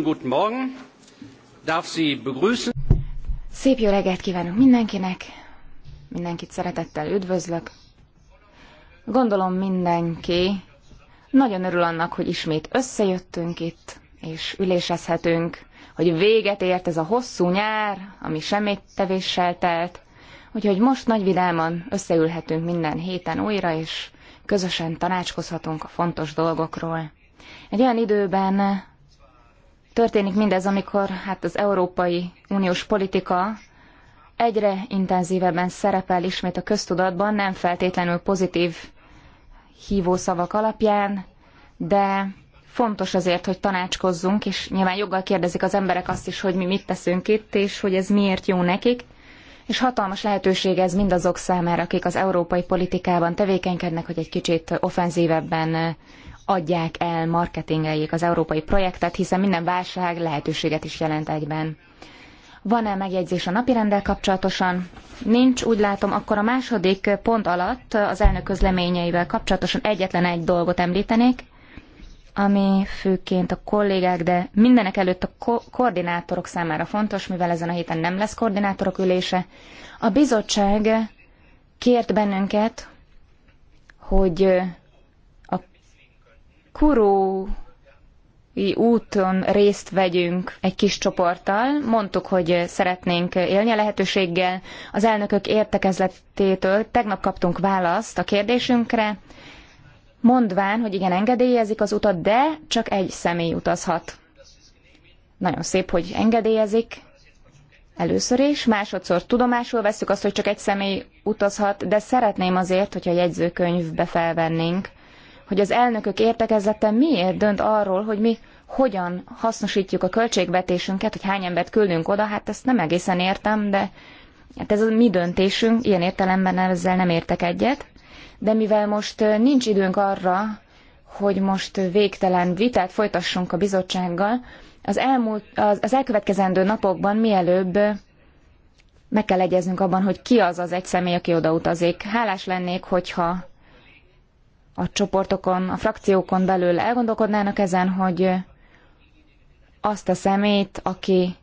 Guten Morgen, darf Sie begrüßen. Szép jó reggelt kívánok mindenkinek, mindenkit szeretettel üdvözlök. Gondolom mindenki nagyon örül annak, hogy ismét összejöttünk itt, és ülésezhetünk, hogy véget ért ez a hosszú nyár, ami semmit tevéssel telt, úgyhogy most nagy vidáman összeülhetünk minden héten újra, és közösen tanácskozhatunk a fontos dolgokról. Egy olyan időben, történik mindez, amikor hát az Európai Uniós politika egyre intenzívebben szerepel ismét a köztudatban, nem feltétlenül pozitív hívószavak alapján, de fontos azért, hogy tanácskozzunk, és nyilván joggal kérdezik az emberek azt is, hogy mi mit teszünk itt, és hogy ez miért jó nekik, és hatalmas lehetőség ez mindazok számára, akik az európai politikában tevékenykednek, hogy egy kicsit offenzívebben adják el, marketingeljék az európai projektet, hiszen minden válság lehetőséget is jelent egyben. Van-e megjegyzés a napirenddel kapcsolatosan? Nincs, úgy látom, akkor a második pont alatt az elnök közleményeivel kapcsolatosan egyetlen egy dolgot említenék, ami főként a kollégák, de mindenek előtt a ko- koordinátorok számára fontos, mivel ezen a héten nem lesz koordinátorok ülése. A bizottság kért bennünket, hogy kurói úton részt vegyünk egy kis csoporttal. Mondtuk, hogy szeretnénk élni a lehetőséggel. Az elnökök értekezletétől tegnap kaptunk választ a kérdésünkre, mondván, hogy igen, engedélyezik az utat, de csak egy személy utazhat. Nagyon szép, hogy engedélyezik, először is, másodszor tudomásul veszük azt, hogy csak egy személy utazhat, de szeretném azért, hogyha a jegyzőkönyvbe felvennénk hogy az elnökök értekezete miért dönt arról, hogy mi hogyan hasznosítjuk a költségvetésünket, hogy hány embert küldünk oda, hát ezt nem egészen értem, de hát ez a mi döntésünk, ilyen értelemben ezzel nem értek egyet. De mivel most nincs időnk arra, hogy most végtelen vitát folytassunk a bizottsággal, az, elmúlt, az, az elkövetkezendő napokban mielőbb meg kell egyeznünk abban, hogy ki az az egy személy, aki odautazik. Hálás lennék, hogyha a csoportokon, a frakciókon belül elgondolkodnának ezen, hogy azt a szemét, aki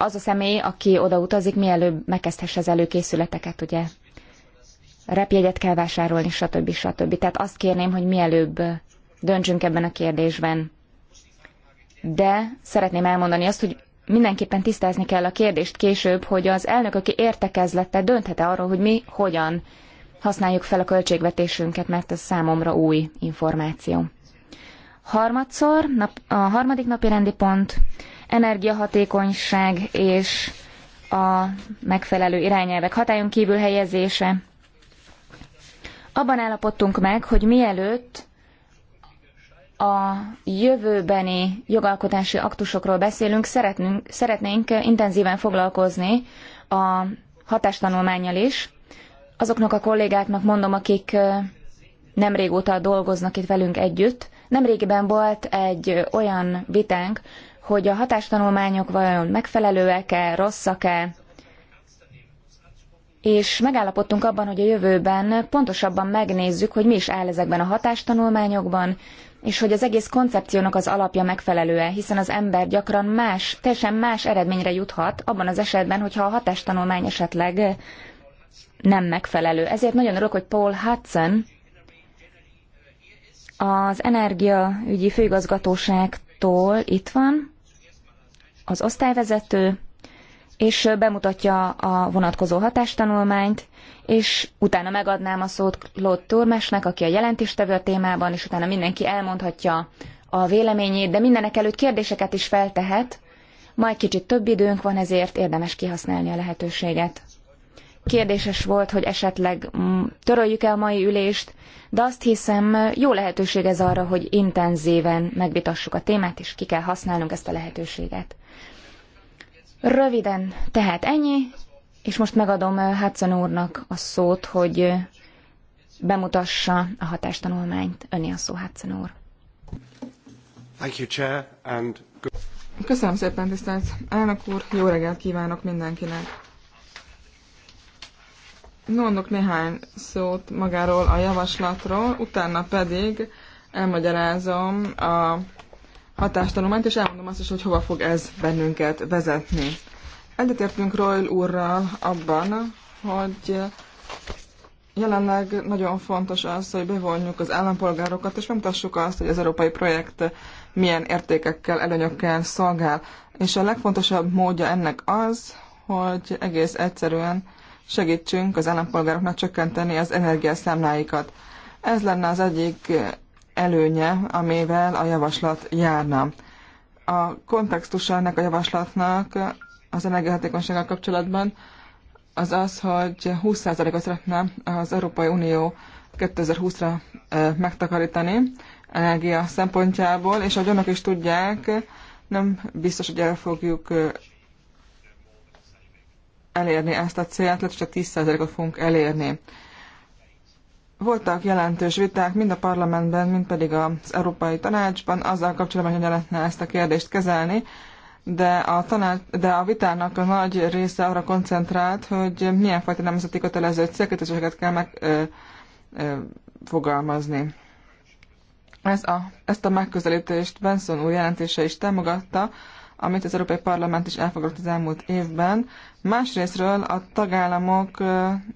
az a személy, aki oda utazik, mielőbb megkezdhesse az előkészületeket, ugye repjegyet kell vásárolni, stb. stb. Tehát azt kérném, hogy mielőbb döntsünk ebben a kérdésben. De szeretném elmondani azt, hogy mindenképpen tisztázni kell a kérdést később, hogy az elnök, aki értekezlette, dönthete arról, hogy mi hogyan használjuk fel a költségvetésünket, mert ez számomra új információ. Harmadszor, nap, a harmadik napi rendi pont, energiahatékonyság és a megfelelő irányelvek hatályon kívül helyezése. Abban állapodtunk meg, hogy mielőtt a jövőbeni jogalkotási aktusokról beszélünk, szeretnénk intenzíven foglalkozni a hatástanulmányjal is, azoknak a kollégáknak mondom, akik nem régóta dolgoznak itt velünk együtt. Nemrégiben volt egy olyan vitánk, hogy a hatástanulmányok vajon megfelelőek-e, rosszak-e, és megállapodtunk abban, hogy a jövőben pontosabban megnézzük, hogy mi is áll ezekben a hatástanulmányokban, és hogy az egész koncepciónak az alapja megfelelő-e, hiszen az ember gyakran más, teljesen más eredményre juthat abban az esetben, hogyha a hatástanulmány esetleg nem megfelelő. Ezért nagyon örök, hogy Paul Hudson az energiaügyi főigazgatóságtól itt van, az osztályvezető, és bemutatja a vonatkozó hatástanulmányt, és utána megadnám a szót Claude Turmesnek, aki a jelentéstevő a témában, és utána mindenki elmondhatja a véleményét, de mindenek előtt kérdéseket is feltehet, majd kicsit több időnk van, ezért érdemes kihasználni a lehetőséget. Kérdéses volt, hogy esetleg mm, töröljük-e a mai ülést, de azt hiszem jó lehetőség ez arra, hogy intenzíven megvitassuk a témát, és ki kell használnunk ezt a lehetőséget. Röviden, tehát ennyi, és most megadom eh, Hudson úrnak a szót, hogy eh, bemutassa a hatástanulmányt. Öné a szó, Hudson úr. Köszönöm szépen, tisztelt elnök úr, jó reggelt kívánok mindenkinek! mondok néhány szót magáról a javaslatról, utána pedig elmagyarázom a hatástanulmányt, és elmondom azt is, hogy hova fog ez bennünket vezetni. Egyetértünk Royal úrral abban, hogy jelenleg nagyon fontos az, hogy bevonjuk az állampolgárokat, és megmutassuk azt, hogy az európai projekt milyen értékekkel, előnyökkel szolgál. És a legfontosabb módja ennek az, hogy egész egyszerűen segítsünk az állampolgároknak csökkenteni az energiaszámláikat. Ez lenne az egyik előnye, amivel a javaslat járna. A kontextusa ennek a javaslatnak az energiahatékonysággal kapcsolatban az az, hogy 20%-ot szeretne az Európai Unió 2020-ra megtakarítani energia szempontjából, és ahogy önök is tudják, nem biztos, hogy el fogjuk elérni ezt a célt, lehet, csak 10%-ot fogunk elérni. Voltak jelentős viták mind a parlamentben, mind pedig az Európai Tanácsban azzal kapcsolatban, hogy lehetne ezt a kérdést kezelni, de a, tanács, de a vitának a nagy része arra koncentrált, hogy milyen fajta nemzeti kötelező célkötözéseket kell megfogalmazni. Ez a, ezt a megközelítést Benson úr jelentése is támogatta, amit az Európai Parlament is elfogadott az elmúlt évben. Másrésztről a tagállamok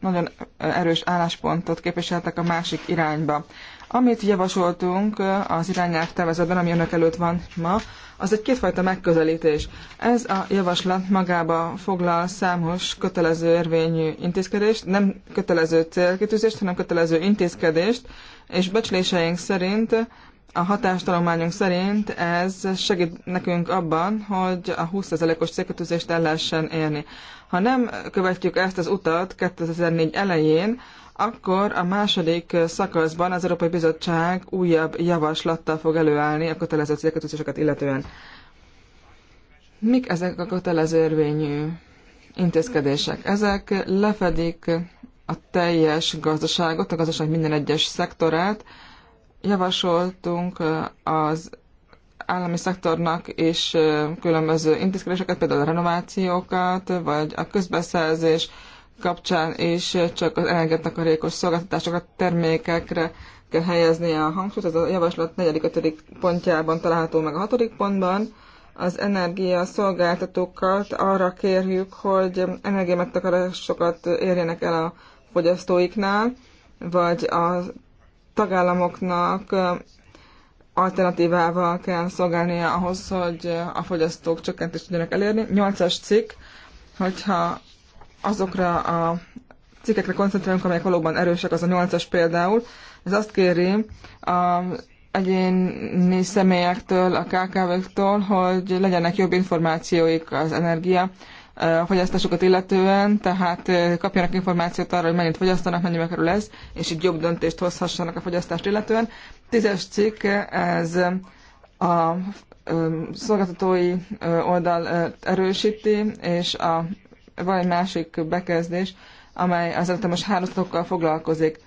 nagyon erős álláspontot képviseltek a másik irányba. Amit javasoltunk az irányelv tervezetben, ami önök előtt van ma, az egy kétfajta megközelítés. Ez a javaslat magába foglal számos kötelező érvényű intézkedést, nem kötelező célkitűzést, hanem kötelező intézkedést, és becsléseink szerint a hatástalományunk szerint ez segít nekünk abban, hogy a 20%-os célkötőzést el lehessen élni. Ha nem követjük ezt az utat 2004 elején, akkor a második szakaszban az Európai Bizottság újabb javaslattal fog előállni a kötelező célkötőzéseket illetően. Mik ezek a kötelező érvényű intézkedések? Ezek lefedik a teljes gazdaságot, a gazdaság minden egyes szektorát, Javasoltunk az állami szektornak és különböző intézkedéseket, például a renovációkat, vagy a közbeszerzés kapcsán is csak az energiatakarékos szolgáltatásokra, termékekre kell helyezni a hangsúlyt. Ez a javaslat 4.-5. pontjában található meg a 6. pontban. Az energia szolgáltatókat arra kérjük, hogy energiamegtakarásokat érjenek el a fogyasztóiknál, vagy a tagállamoknak alternatívával kell szolgálnia ahhoz, hogy a fogyasztók csökkentést tudjanak elérni. Nyolcas cikk, hogyha azokra a cikkekre koncentrálunk, amelyek valóban erősek, az a nyolcas például, ez azt kéri a egyéni személyektől, a KKV-któl, hogy legyenek jobb információik az energia a fogyasztásokat illetően, tehát kapjanak információt arról, hogy mennyit fogyasztanak, mennyibe kerül ez, és így jobb döntést hozhassanak a fogyasztást illetően. Tízes cikk, ez a szolgáltatói oldal erősíti, és a, van egy másik bekezdés, amely az elektromos hálózatokkal foglalkozik.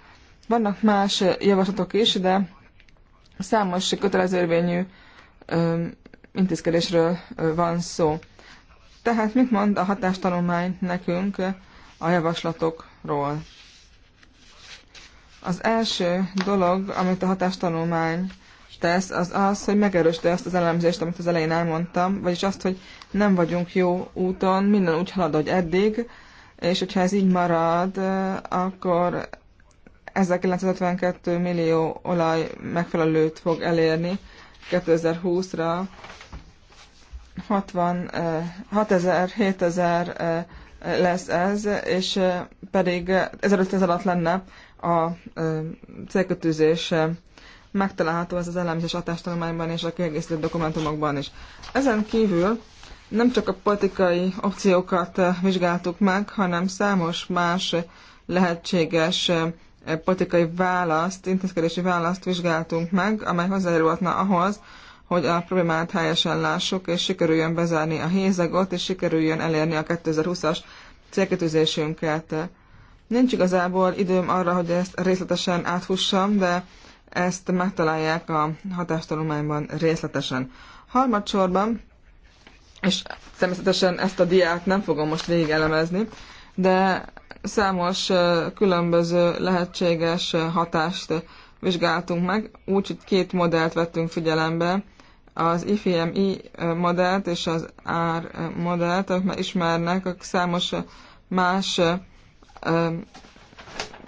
Vannak más javaslatok is, de számos kötelezővényű intézkedésről van szó. Tehát mit mond a hatástanulmány nekünk a javaslatokról? Az első dolog, amit a hatástanulmány tesz, az az, hogy megerősíti azt az elemzést, amit az elején elmondtam, vagyis azt, hogy nem vagyunk jó úton, minden úgy halad, hogy eddig, és hogyha ez így marad, akkor 1952 millió olaj megfelelőt fog elérni 2020-ra, 60, 6000, 7000 lesz ez, és pedig 1500 alatt lenne a célkötőzés megtalálható ez az elemzés hatástanulmányban és a kiegészítő dokumentumokban is. Ezen kívül nem csak a politikai opciókat vizsgáltuk meg, hanem számos más lehetséges politikai választ, intézkedési választ vizsgáltunk meg, amely hozzájárulhatna ahhoz, hogy a problémát helyesen lássuk, és sikerüljön bezárni a hézagot, és sikerüljön elérni a 2020-as célkötőzésünket. Nincs igazából időm arra, hogy ezt részletesen áthussam, de ezt megtalálják a hatástanulmányban részletesen. Harmadsorban, és természetesen ezt a diát nem fogom most végig elemezni, de számos különböző lehetséges hatást vizsgáltunk meg, úgyhogy két modellt vettünk figyelembe, az IFMI modellt és az r modellt, amit már ismernek a számos más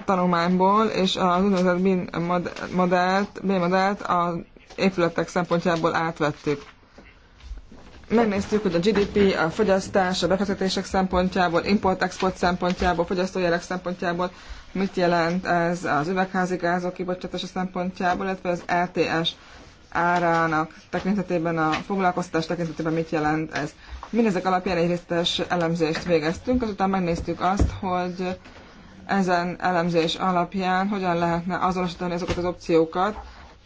tanulmányból, és az úgynevezett BIN modellt, BIN modellt az épületek szempontjából átvettük. Megnéztük, hogy a GDP, a fogyasztás, a befektetések szempontjából, import-export szempontjából, fogyasztójelek szempontjából, mit jelent ez az gázok kibocsátása szempontjából, illetve az LTS e árának tekintetében, a foglalkoztatás tekintetében mit jelent ez. Mindezek alapján egy részletes elemzést végeztünk, azután megnéztük azt, hogy ezen elemzés alapján hogyan lehetne azonosítani azokat az opciókat,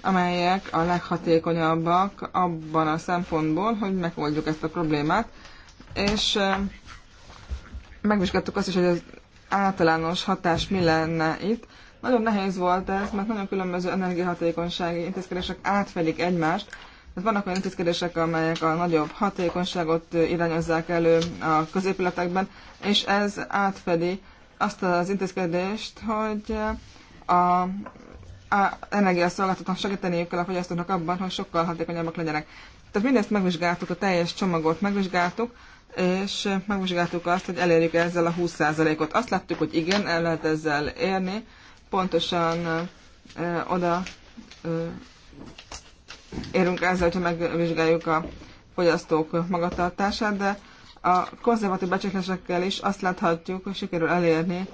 amelyek a leghatékonyabbak abban a szempontból, hogy megoldjuk ezt a problémát, és megvizsgáltuk azt is, hogy az általános hatás mi lenne itt, nagyon nehéz volt ez, mert nagyon különböző energiahatékonysági intézkedések átfedik egymást. Tehát vannak olyan intézkedések, amelyek a nagyobb hatékonyságot irányozzák elő a középületekben, és ez átfedi azt az intézkedést, hogy a a energiaszolgáltatóknak segíteniük kell a fogyasztóknak abban, hogy sokkal hatékonyabbak legyenek. Tehát mindezt megvizsgáltuk, a teljes csomagot megvizsgáltuk, és megvizsgáltuk azt, hogy elérjük ezzel a 20%-ot. Azt láttuk, hogy igen, el lehet ezzel érni, pontosan oda érünk ezzel, hogyha megvizsgáljuk a fogyasztók magatartását, de a konzervatív becslésekkel is azt láthatjuk, hogy sikerül elérni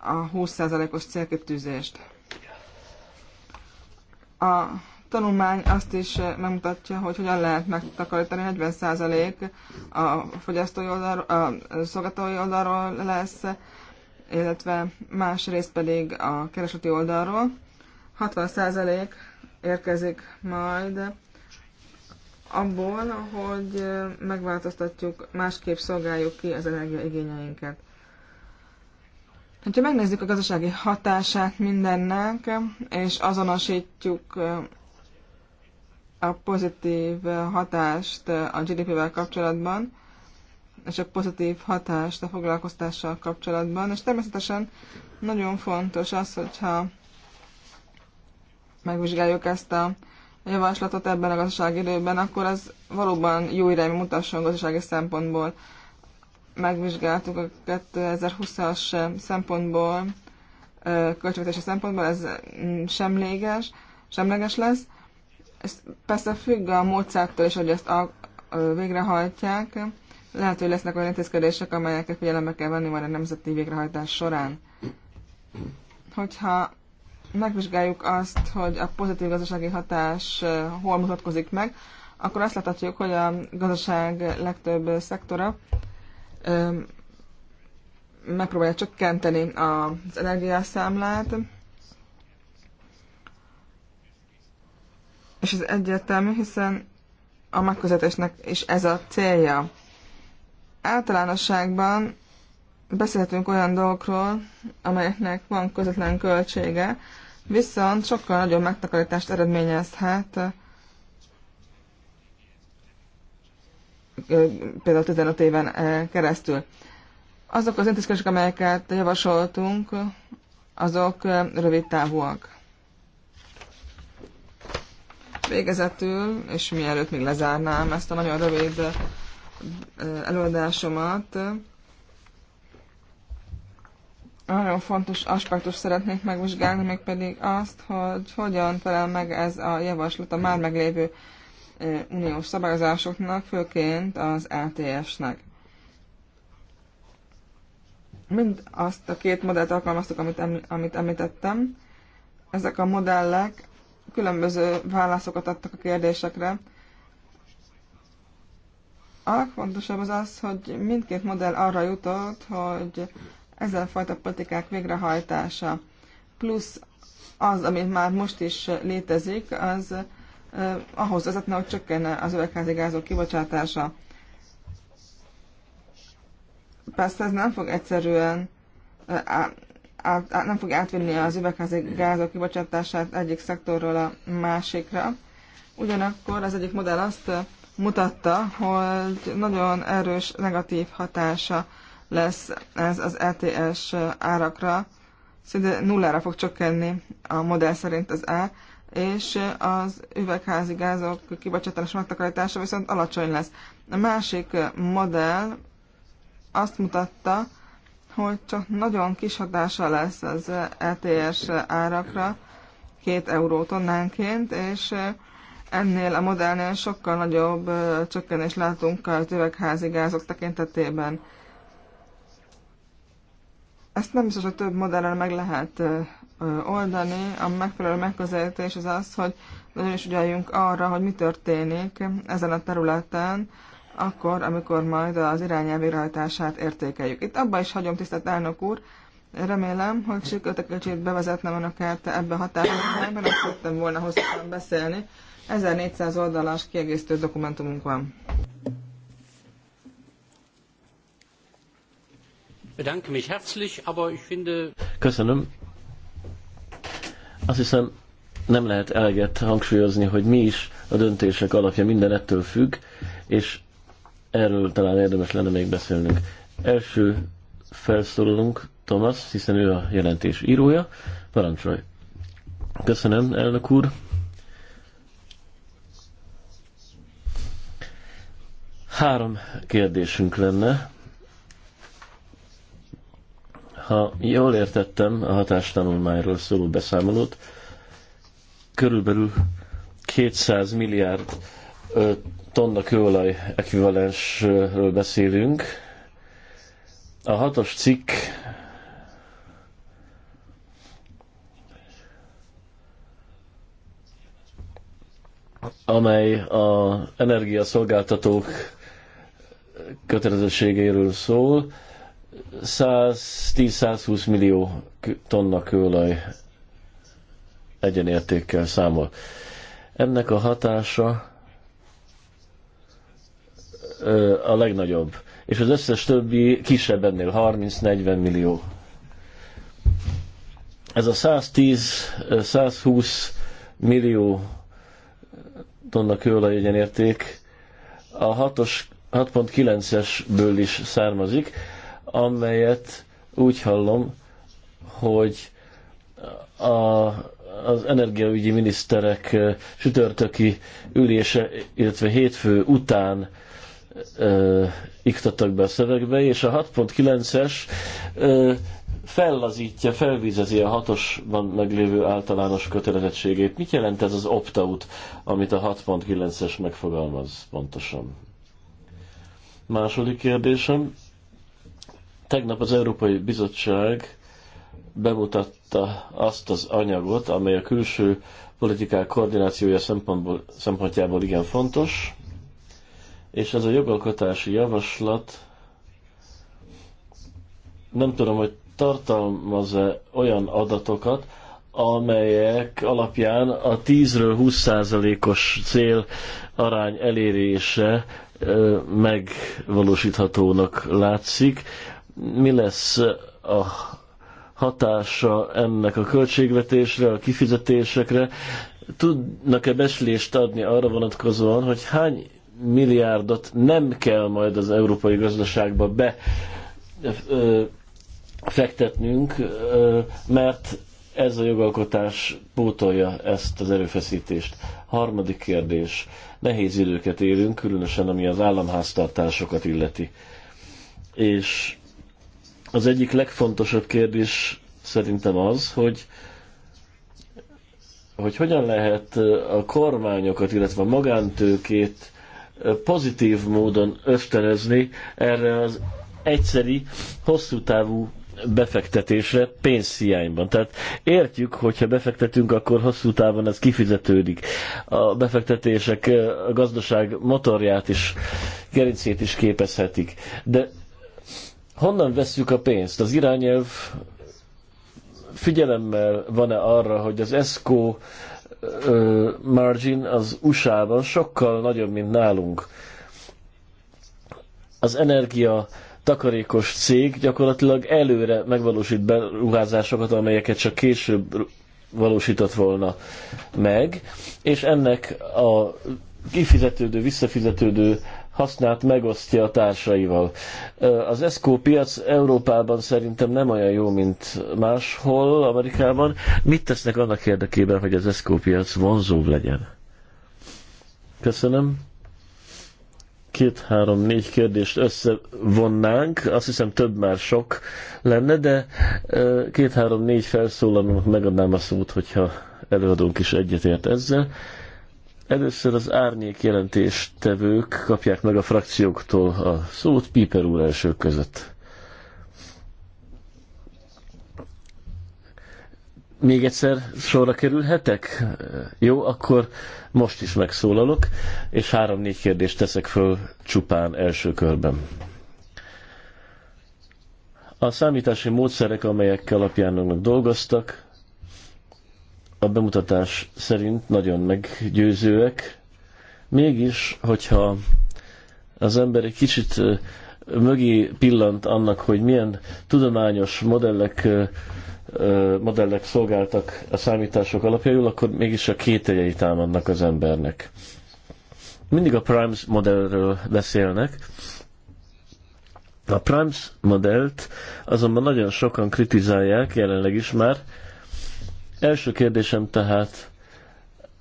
a 20%-os célkitűzést. A tanulmány azt is megmutatja, hogy hogyan lehet megtakarítani 40% a fogyasztói oldalról, a szolgáltatói oldalról lesz illetve részt pedig a keresleti oldalról. 60% érkezik majd abból, hogy megváltoztatjuk, másképp szolgáljuk ki az energiaigényeinket. Ha megnézzük a gazdasági hatását mindennek, és azonosítjuk a pozitív hatást a GDP-vel kapcsolatban, és a pozitív hatást a foglalkoztással kapcsolatban. És természetesen nagyon fontos az, hogyha megvizsgáljuk ezt a javaslatot ebben a gazdasági időben, akkor az valóban jó irányba mutasson gazdasági szempontból. Megvizsgáltuk a 2020-as szempontból, költségvetési szempontból, ez semléges, semleges lesz. Ez persze függ a módszertől is, hogy ezt a, végrehajtják. Lehet, hogy lesznek olyan intézkedések, amelyeket figyelembe kell venni majd a nemzeti végrehajtás során. Hogyha megvizsgáljuk azt, hogy a pozitív gazdasági hatás eh, hol mutatkozik meg, akkor azt láthatjuk, hogy a gazdaság legtöbb szektora eh, megpróbálja csökkenteni az energiaszámlát, és ez egyértelmű, hiszen a megközelítésnek is ez a célja általánosságban beszélhetünk olyan dolgokról, amelyeknek van közvetlen költsége, viszont sokkal nagyobb megtakarítást eredményezhet például 15 éven keresztül. Azok az intézkedések, amelyeket javasoltunk, azok rövid távúak. Végezetül, és mielőtt még lezárnám ezt a nagyon rövid előadásomat. Nagyon fontos aspektus szeretnék megvizsgálni, pedig azt, hogy hogyan felel meg ez a javaslat a már meglévő uniós szabályozásoknak, főként az LTS-nek. E Mind azt a két modellt alkalmaztuk, amit, amit említettem. Ezek a modellek különböző válaszokat adtak a kérdésekre, a legfontosabb az az, hogy mindkét modell arra jutott, hogy a fajta politikák végrehajtása plusz az, ami már most is létezik, az eh, ahhoz vezetne, hogy csökkenne az üvegházi gázok kibocsátása. Persze ez nem fog egyszerűen eh, át, át, nem fog átvinni az üvegházi gázok kibocsátását egyik szektorról a másikra. Ugyanakkor az egyik modell azt mutatta, hogy nagyon erős negatív hatása lesz ez az ETS árakra. Szinte nullára fog csökkenni a modell szerint az ár, és az üvegházi gázok kibocsátás megtakarítása viszont alacsony lesz. A másik modell azt mutatta, hogy csak nagyon kis hatása lesz az ETS árakra, két euró tonnánként, és ennél a modellnél sokkal nagyobb csökkenést látunk a üvegházi gázok tekintetében. Ezt nem biztos, hogy több modellel meg lehet oldani. A megfelelő megközelítés az az, hogy nagyon is ugyanjunk arra, hogy mi történik ezen a területen, akkor, amikor majd az irányelv végrehajtását értékeljük. Itt abba is hagyom, tisztelt elnök úr, remélem, hogy sikerült egy kicsit bevezetnem önöket ebbe a határozatban, nem szerettem volna hosszabban beszélni, 1400 oldalas kiegészítő dokumentumunk van. Köszönöm. Azt hiszem, nem lehet eleget hangsúlyozni, hogy mi is a döntések alapja, minden ettől függ, és erről talán érdemes lenne még beszélnünk. Első felszólalunk Thomas, hiszen ő a jelentés írója. Parancsolj! Köszönöm, elnök úr! Három kérdésünk lenne. Ha jól értettem a hatástanulmányról szóló beszámolót, körülbelül 200 milliárd tonna kőolaj ekvivalensről beszélünk. A hatos cikk amely a energiaszolgáltatók kötelezettségéről szól. 110-120 millió tonna kőolaj egyenértékkel számol. Ennek a hatása a legnagyobb, és az összes többi kisebb ennél, 30-40 millió. Ez a 110-120 millió tonna kőolaj egyenérték a hatos 6.9-esből is származik, amelyet úgy hallom, hogy a, az energiaügyi miniszterek sütörtöki ülése, illetve hétfő után ö, iktattak be a szövegbe, és a 6.9-es ö, fellazítja, felvízezi a hatosban meglévő általános kötelezettségét. Mit jelent ez az opt-out, amit a 6.9-es megfogalmaz pontosan? Második kérdésem. Tegnap az Európai Bizottság bemutatta azt az anyagot, amely a külső politikák koordinációja szempontból, szempontjából igen fontos, és ez a jogalkotási javaslat nem tudom, hogy tartalmaz-e olyan adatokat, amelyek alapján a 10-ről 20%-os cél arány elérése megvalósíthatónak látszik. Mi lesz a hatása ennek a költségvetésre, a kifizetésekre? Tudnak-e beszélést adni arra vonatkozóan, hogy hány milliárdot nem kell majd az európai gazdaságba be fektetnünk, mert ez a jogalkotás pótolja ezt az erőfeszítést. Harmadik kérdés. Nehéz időket élünk, különösen ami az államháztartásokat illeti. És az egyik legfontosabb kérdés szerintem az, hogy hogy hogyan lehet a kormányokat, illetve a magántőkét pozitív módon ösztönözni erre az egyszeri, hosszú távú befektetésre pénzhiányban. Tehát értjük, hogyha befektetünk, akkor hosszú távon ez kifizetődik. A befektetések a gazdaság motorját is, gerincét is képezhetik. De honnan veszük a pénzt? Az irányelv figyelemmel van-e arra, hogy az ESCO margin az USA-ban sokkal nagyobb, mint nálunk. Az energia takarékos cég gyakorlatilag előre megvalósít beruházásokat, amelyeket csak később valósított volna meg, és ennek a kifizetődő, visszafizetődő hasznát megosztja a társaival. Az ESCO piac Európában szerintem nem olyan jó, mint máshol, Amerikában. Mit tesznek annak érdekében, hogy az ESCO piac vonzóbb legyen? Köszönöm két-három-négy kérdést összevonnánk, azt hiszem több már sok lenne, de két-három-négy felszólalónak megadnám a szót, hogyha előadónk is egyetért ezzel. Először az árnyék jelentéstevők kapják meg a frakcióktól a szót, Piper úr első között. Még egyszer sorra kerülhetek? Jó, akkor most is megszólalok, és három-négy kérdést teszek föl csupán első körben. A számítási módszerek, amelyek alapján dolgoztak, a bemutatás szerint nagyon meggyőzőek. Mégis, hogyha az ember egy kicsit mögé pillant annak, hogy milyen tudományos modellek modellek szolgáltak a számítások alapjául, akkor mégis a kételjei támadnak az embernek. Mindig a Primes modellről beszélnek. A Primes modellt azonban nagyon sokan kritizálják, jelenleg is már. Első kérdésem tehát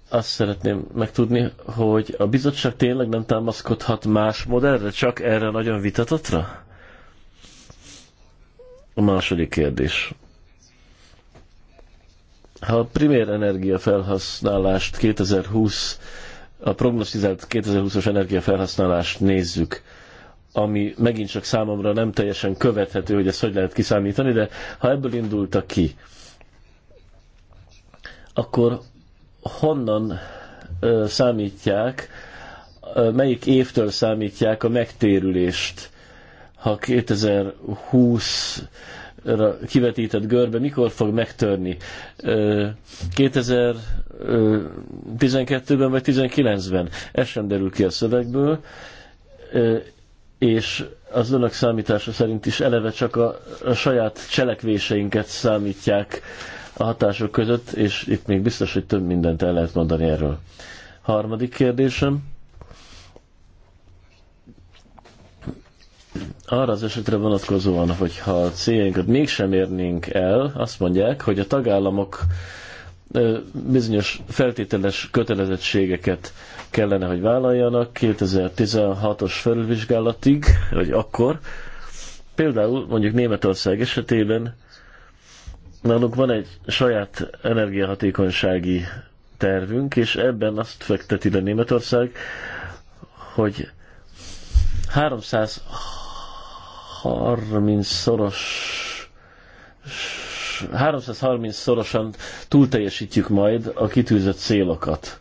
azt szeretném megtudni, hogy a bizottság tényleg nem támaszkodhat más modellre, csak erre nagyon vitatatra? A második kérdés ha a primér energia felhasználást 2020, a prognosztizált 2020-as energiafelhasználást nézzük, ami megint csak számomra nem teljesen követhető, hogy ezt hogy lehet kiszámítani, de ha ebből indultak ki, akkor honnan ö, számítják, ö, melyik évtől számítják a megtérülést, ha 2020 kivetített görbe mikor fog megtörni? 2012-ben vagy 2019 ben Ez sem derül ki a szövegből, és az önök számítása szerint is eleve csak a, a saját cselekvéseinket számítják a hatások között, és itt még biztos, hogy több mindent el lehet mondani erről. Harmadik kérdésem arra az esetre vonatkozóan, hogyha a céljainkat mégsem érnénk el, azt mondják, hogy a tagállamok bizonyos feltételes kötelezettségeket kellene, hogy vállaljanak 2016-os felvizsgálatig, vagy akkor. Például mondjuk Németország esetében nálunk van egy saját energiahatékonysági tervünk, és ebben azt fekteti le Németország, hogy 360 30 szoros 330 szorosan teljesítjük majd a kitűzött célokat.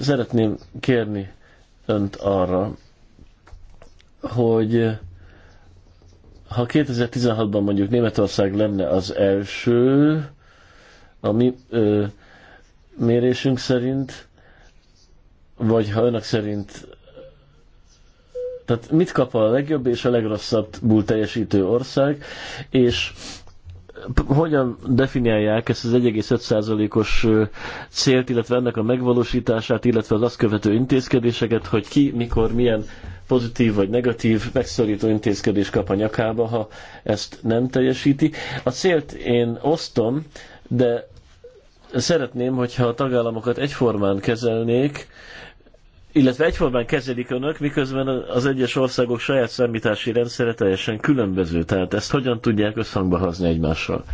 Szeretném kérni önt arra, hogy ha 2016-ban mondjuk Németország lenne az első, a mi ö, mérésünk szerint, vagy ha önök szerint tehát mit kap a legjobb és a legrosszabb búl teljesítő ország, és hogyan definiálják ezt az 1,5%-os célt, illetve ennek a megvalósítását, illetve az azt követő intézkedéseket, hogy ki, mikor, milyen pozitív vagy negatív megszorító intézkedés kap a nyakába, ha ezt nem teljesíti. A célt én osztom, de szeretném, hogyha a tagállamokat egyformán kezelnék, illetve egyformán kezelik önök, miközben az egyes országok saját számítási rendszere teljesen különböző. Tehát ezt hogyan tudják összhangba hozni egymással?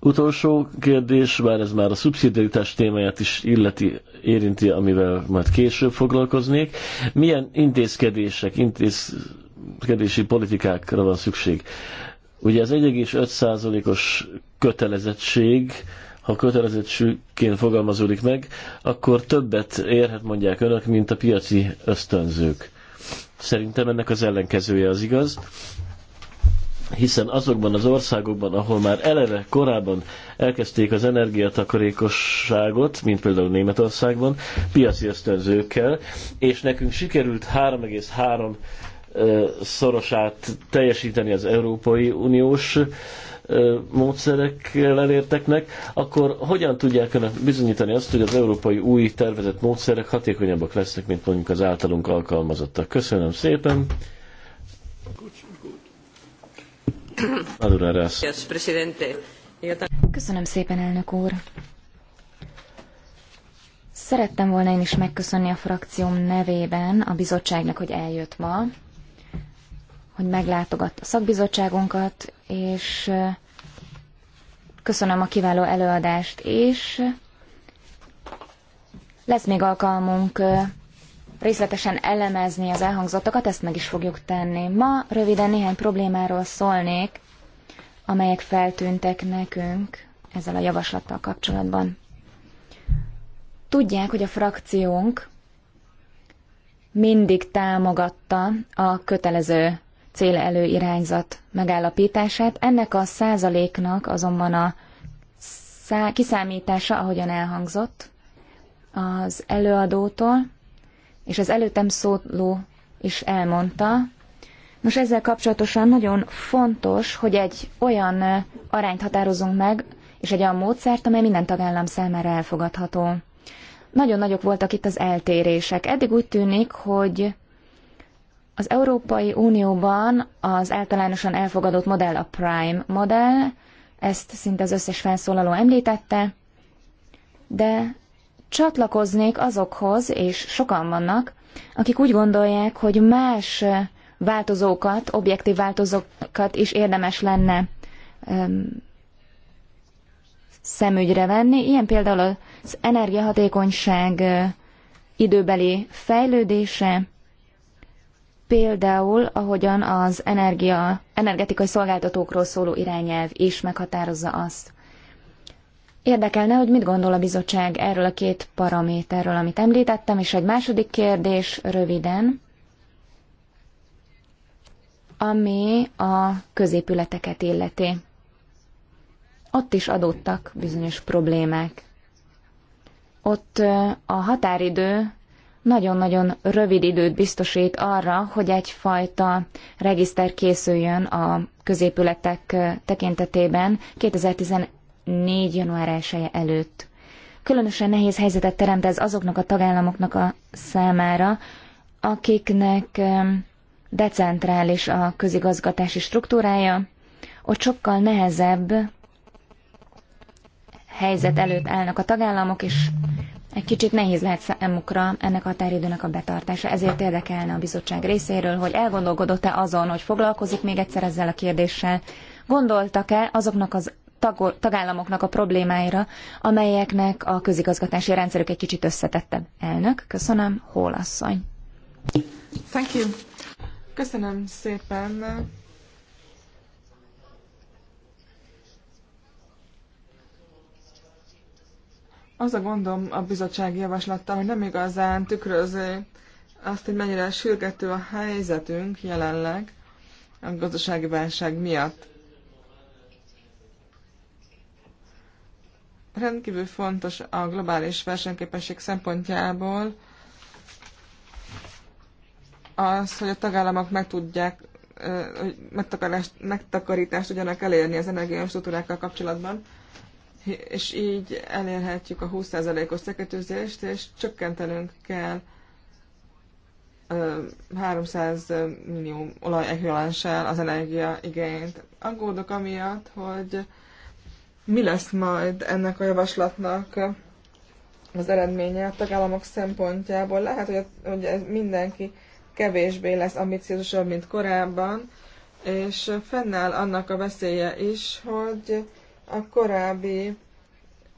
Utolsó kérdés, bár ez már a szubszidiaritás témáját is illeti, érinti, amivel majd később foglalkoznék. Milyen intézkedések, intézkedési politikákra van szükség? Ugye az 1,5%-os kötelezettség, ha kötelezettségként fogalmazódik meg, akkor többet érhet mondják önök, mint a piaci ösztönzők. Szerintem ennek az ellenkezője az igaz, hiszen azokban az országokban, ahol már eleve korábban elkezdték az energiatakarékosságot, mint például Németországban, piaci ösztönzőkkel, és nekünk sikerült 3,3 szorosát teljesíteni az Európai Uniós módszerekkel elérteknek, akkor hogyan tudják önök bizonyítani azt, hogy az európai új tervezett módszerek hatékonyabbak lesznek, mint mondjuk az általunk alkalmazottak? Köszönöm szépen! Köszönöm szépen, elnök úr! Szerettem volna én is megköszönni a frakcióm nevében a bizottságnak, hogy eljött ma, hogy meglátogatta a szakbizottságunkat, és köszönöm a kiváló előadást, és lesz még alkalmunk részletesen elemezni az elhangzottakat, ezt meg is fogjuk tenni. Ma röviden néhány problémáról szólnék, amelyek feltűntek nekünk ezzel a javaslattal kapcsolatban. Tudják, hogy a frakciónk mindig támogatta a kötelező célelőirányzat irányzat megállapítását. Ennek a százaléknak azonban a szá- kiszámítása, ahogyan elhangzott az előadótól, és az előttem szóló is elmondta. Nos, ezzel kapcsolatosan nagyon fontos, hogy egy olyan arányt határozunk meg, és egy olyan módszert, amely minden tagállam számára elfogadható. Nagyon nagyok voltak itt az eltérések. Eddig úgy tűnik, hogy az Európai Unióban az általánosan elfogadott modell a Prime modell, ezt szinte az összes felszólaló említette, de csatlakoznék azokhoz, és sokan vannak, akik úgy gondolják, hogy más változókat, objektív változókat is érdemes lenne öm, szemügyre venni. Ilyen például az energiahatékonyság időbeli fejlődése, Például, ahogyan az energia, energetikai szolgáltatókról szóló irányelv is meghatározza azt. Érdekelne, hogy mit gondol a bizottság erről a két paraméterről, amit említettem, és egy második kérdés röviden, ami a középületeket illeti. Ott is adódtak bizonyos problémák. Ott a határidő nagyon-nagyon rövid időt biztosít arra, hogy egyfajta regiszter készüljön a középületek tekintetében 2014. január 1 -e előtt. Különösen nehéz helyzetet teremt ez azoknak a tagállamoknak a számára, akiknek decentrális a közigazgatási struktúrája, ott sokkal nehezebb helyzet előtt állnak a tagállamok, és egy kicsit nehéz lehet számukra ennek a határidőnek a betartása, ezért érdekelne a bizottság részéről, hogy elgondolkodott-e azon, hogy foglalkozik még egyszer ezzel a kérdéssel, gondoltak-e azoknak az tagállamoknak a problémáira, amelyeknek a közigazgatási rendszerük egy kicsit összetettebb. Elnök, köszönöm, Hólasszony. Thank you. Köszönöm szépen. Az a gondom a bizottsági javaslattal, hogy nem igazán tükrözi azt, hogy mennyire sürgető a helyzetünk jelenleg a gazdasági válság miatt. Rendkívül fontos a globális versenyképesség szempontjából az, hogy a tagállamok meg tudják, hogy megtakarítást, tudjanak elérni az struktúrákkal kapcsolatban és így elérhetjük a 20%-os szeketőzést, és csökkentenünk kell 300 millió olaj az energia igényt. Aggódok amiatt, hogy mi lesz majd ennek a javaslatnak az eredménye a tagállamok szempontjából. Lehet, hogy, hogy ez mindenki kevésbé lesz ambiciózusabb, mint korábban, és fennáll annak a veszélye is, hogy a korábbi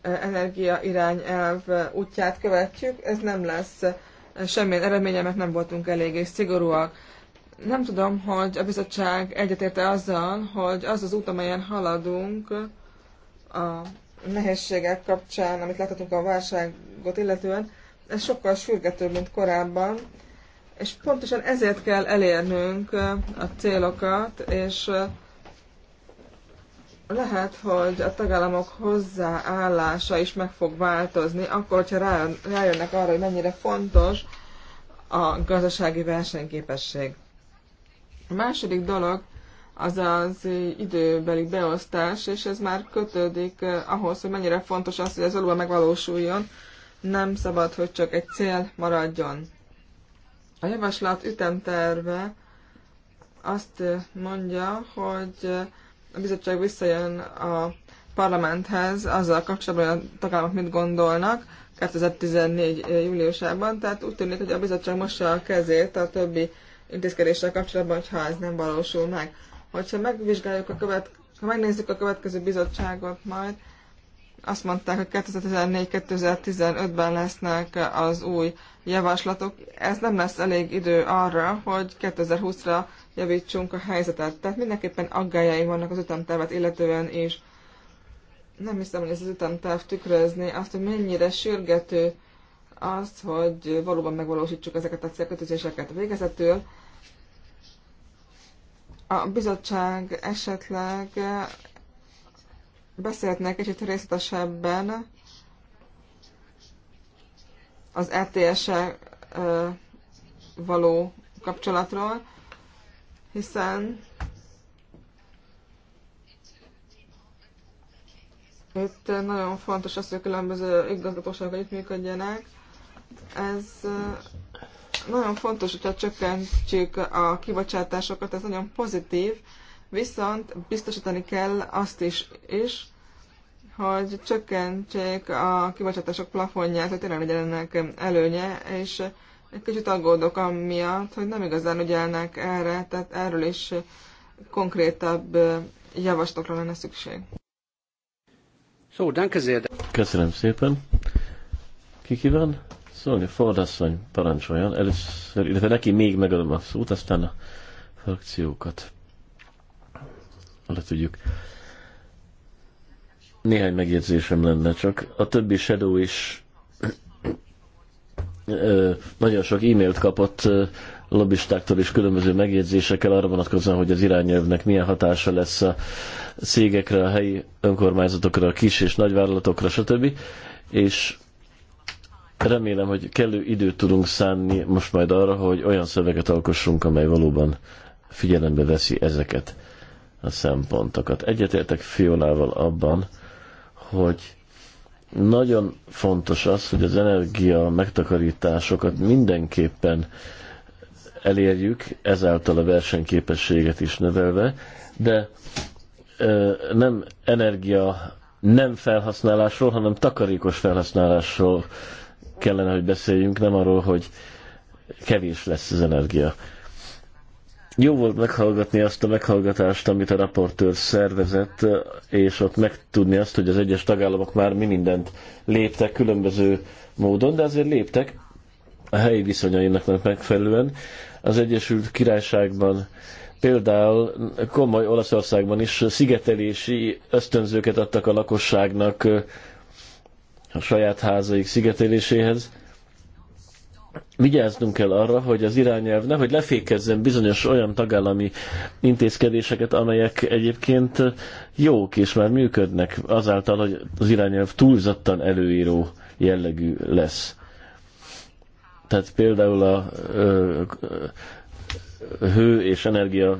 eh, energia irányelv eh, útját követjük, ez nem lesz eh, semmilyen eredménye, mert nem voltunk eléggé szigorúak. Nem tudom, hogy a bizottság egyetérte azzal, hogy az az út, amelyen haladunk a nehézségek kapcsán, amit láthatunk a válságot illetően, ez sokkal sürgetőbb, mint korábban, és pontosan ezért kell elérnünk a célokat, és lehet, hogy a tagállamok hozzáállása is meg fog változni, akkor, hogyha rájönnek arra, hogy mennyire fontos a gazdasági versenyképesség. A második dolog az az időbeli beosztás, és ez már kötődik eh, ahhoz, hogy mennyire fontos az, hogy ez valóban megvalósuljon, nem szabad, hogy csak egy cél maradjon. A javaslat ütemterve azt eh, mondja, hogy eh, a bizottság visszajön a parlamenthez azzal kapcsolatban, hogy a tagállamok mit gondolnak 2014. júliusában, tehát úgy tűnik, hogy a bizottság mossa a kezét a többi intézkedéssel kapcsolatban, hogyha ez nem valósul meg. Hogyha megvizsgáljuk a követ, ha megnézzük a következő bizottságot majd, azt mondták, hogy 2014-2015-ben lesznek az új javaslatok. Ez nem lesz elég idő arra, hogy 2020-ra javítsunk a helyzetet. Tehát mindenképpen aggájaim vannak az ütemtervet illetően, és nem hiszem, hogy ez az ütemterv tükrözni azt, hogy mennyire sürgető az, hogy valóban megvalósítsuk ezeket a célkötözéseket végezetül. A bizottság esetleg beszélhetnek kicsit részletesebben az ETS-e való kapcsolatról, hiszen itt nagyon fontos az, hogy különböző igazgatóságok működjenek, Ez nagyon fontos, hogyha csökkentjük a kibocsátásokat, ez nagyon pozitív, viszont biztosítani kell azt is, is hogy csökkentsék a kibocsátások plafonját, hogy tényleg legyenek előnye, és egy kicsit aggódok amiatt, hogy nem igazán ügyelnek erre, tehát erről is konkrétabb javaslatokra lenne szükség. So, danke sehr. Köszönöm szépen. Ki kíván? Szólni, fordasszony parancsoljon. Először, illetve neki még megadom a szót, aztán a frakciókat le tudjuk. Néhány megjegyzésem lenne csak. A többi Shadow is nagyon sok e-mailt kapott lobbistáktól és különböző megjegyzésekkel arra vonatkozóan, hogy az irányelvnek milyen hatása lesz a cégekre, a helyi önkormányzatokra, a kis és nagyvállalatokra, stb. És remélem, hogy kellő időt tudunk szánni most majd arra, hogy olyan szöveget alkossunk, amely valóban figyelembe veszi ezeket a szempontokat. Egyetértek Fionával abban, hogy nagyon fontos az, hogy az energia megtakarításokat mindenképpen elérjük, ezáltal a versenyképességet is növelve, de nem energia nem felhasználásról, hanem takarékos felhasználásról kellene, hogy beszéljünk, nem arról, hogy kevés lesz az energia. Jó volt meghallgatni azt a meghallgatást, amit a raportőr szervezett, és ott megtudni azt, hogy az egyes tagállamok már mi mindent léptek különböző módon, de azért léptek a helyi viszonyainak megfelelően. Az Egyesült Királyságban például komoly Olaszországban is szigetelési ösztönzőket adtak a lakosságnak a saját házaik szigeteléséhez vigyáznunk kell arra, hogy az irányelv nehogy lefékezzen bizonyos olyan tagállami intézkedéseket, amelyek egyébként jók és már működnek, azáltal, hogy az irányelv túlzottan előíró jellegű lesz. Tehát például a ö, ö, hő és energia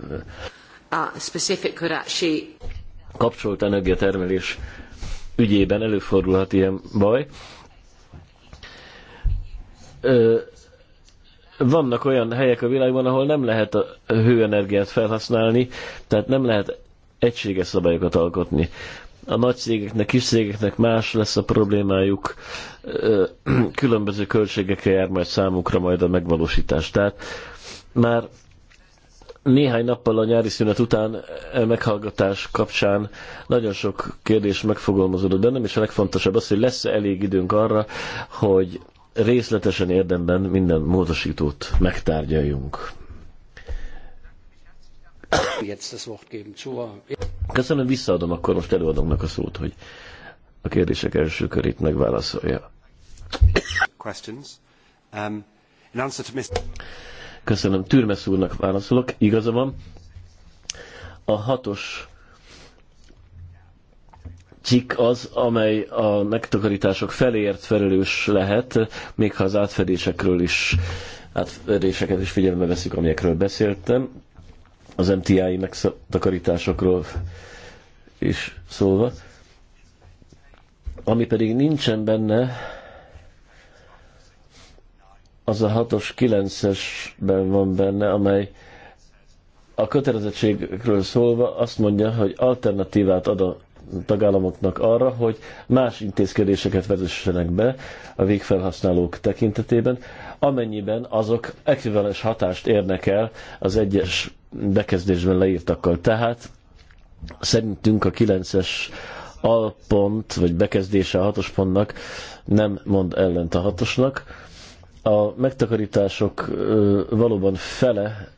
specific kapcsolt energiatermelés ügyében előfordulhat ilyen baj, ö, vannak olyan helyek a világban, ahol nem lehet a hőenergiát felhasználni, tehát nem lehet egységes szabályokat alkotni. A nagy cégeknek, kis cégeknek más lesz a problémájuk, ö, különböző költségekkel jár majd számukra majd a megvalósítás. Tehát már néhány nappal a nyári szünet után e, meghallgatás kapcsán nagyon sok kérdés megfogalmazódott bennem, és a legfontosabb az, hogy lesz-e elég időnk arra, hogy részletesen érdemben minden módosítót megtárgyaljunk. Köszönöm, visszaadom akkor most előadónak a szót, hogy a kérdések első körét megválaszolja. Um, Köszönöm, Türmes úrnak válaszolok, igaza van. A hatos cikk az, amely a megtakarítások feléért felelős lehet, még ha az átfedésekről is, átfedéseket is figyelembe veszük, amelyekről beszéltem. Az MTI megtakarításokról is szólva. Ami pedig nincsen benne, az a 6-os, 9-esben van benne, amely a kötelezettségről szólva azt mondja, hogy alternatívát ad a tagállamoknak arra, hogy más intézkedéseket vezessenek be a végfelhasználók tekintetében, amennyiben azok ekvivalens hatást érnek el az egyes bekezdésben leírtakkal. Tehát szerintünk a 9-es alpont, vagy bekezdése a hatos pontnak nem mond ellent a hatosnak. A megtakarítások valóban fele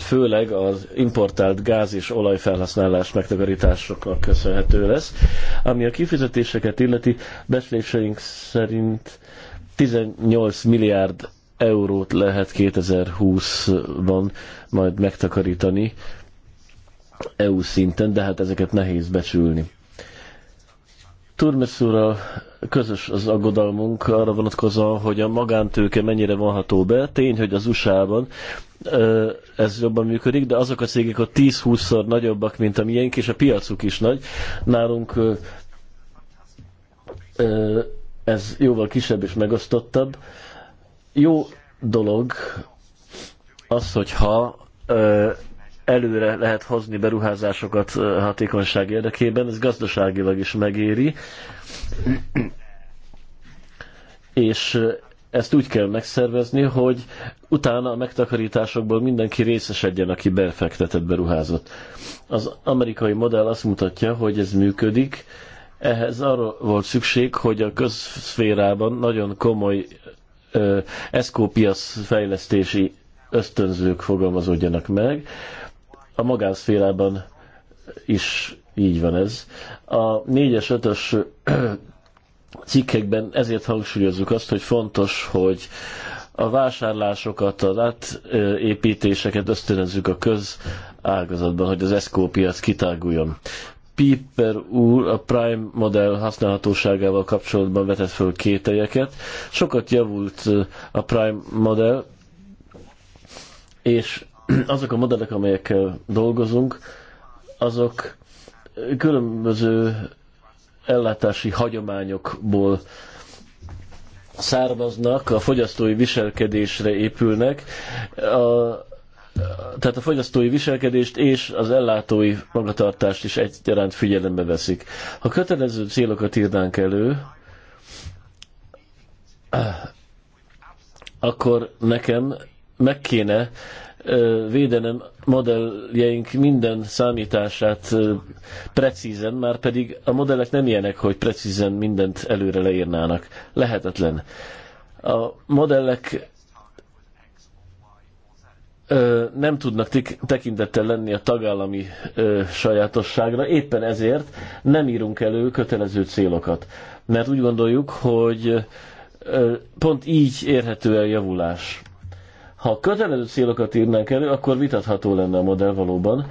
főleg az importált gáz és olajfelhasználás megtakarításoknak köszönhető lesz. Ami a kifizetéseket illeti, beszéléseink szerint 18 milliárd eurót lehet 2020-ban majd megtakarítani EU szinten, de hát ezeket nehéz becsülni. Turmes úrral közös az aggodalmunk arra vonatkozóan, hogy a magántőke mennyire vonható be. Tény, hogy az USA-ban ez jobban működik, de azok a cégek ott 10-20-szor nagyobbak, mint a miénk, és a piacuk is nagy. Nálunk ez jóval kisebb és megosztottabb. Jó dolog az, hogyha előre lehet hozni beruházásokat hatékonyság érdekében, ez gazdaságilag is megéri, és ezt úgy kell megszervezni, hogy utána a megtakarításokból mindenki részesedjen, aki befektetett, beruházott. Az amerikai modell azt mutatja, hogy ez működik, ehhez arra volt szükség, hogy a közszférában nagyon komoly eszkópiasz fejlesztési ösztönzők fogalmazódjanak meg, a magánszférában is így van ez. A 4-es, 5-ös cikkekben ezért hangsúlyozzuk azt, hogy fontos, hogy a vásárlásokat, az átépítéseket ösztönözzük a közágazatban, hogy az ESCO piac kitáguljon. Piper úr a Prime modell használhatóságával kapcsolatban vetett föl kételyeket. Sokat javult a Prime modell, és azok a modellek, amelyekkel dolgozunk, azok különböző ellátási hagyományokból származnak, a fogyasztói viselkedésre épülnek, a, tehát a fogyasztói viselkedést és az ellátói magatartást is egyaránt figyelembe veszik. Ha kötelező célokat írnánk elő, akkor nekem meg kéne védenem modelljeink minden számítását precízen, már pedig a modellek nem ilyenek, hogy precízen mindent előre leírnának. Lehetetlen. A modellek nem tudnak tekintettel lenni a tagállami sajátosságra, éppen ezért nem írunk elő kötelező célokat. Mert úgy gondoljuk, hogy pont így érhető el javulás ha kötelező célokat írnánk elő, akkor vitatható lenne a modell valóban,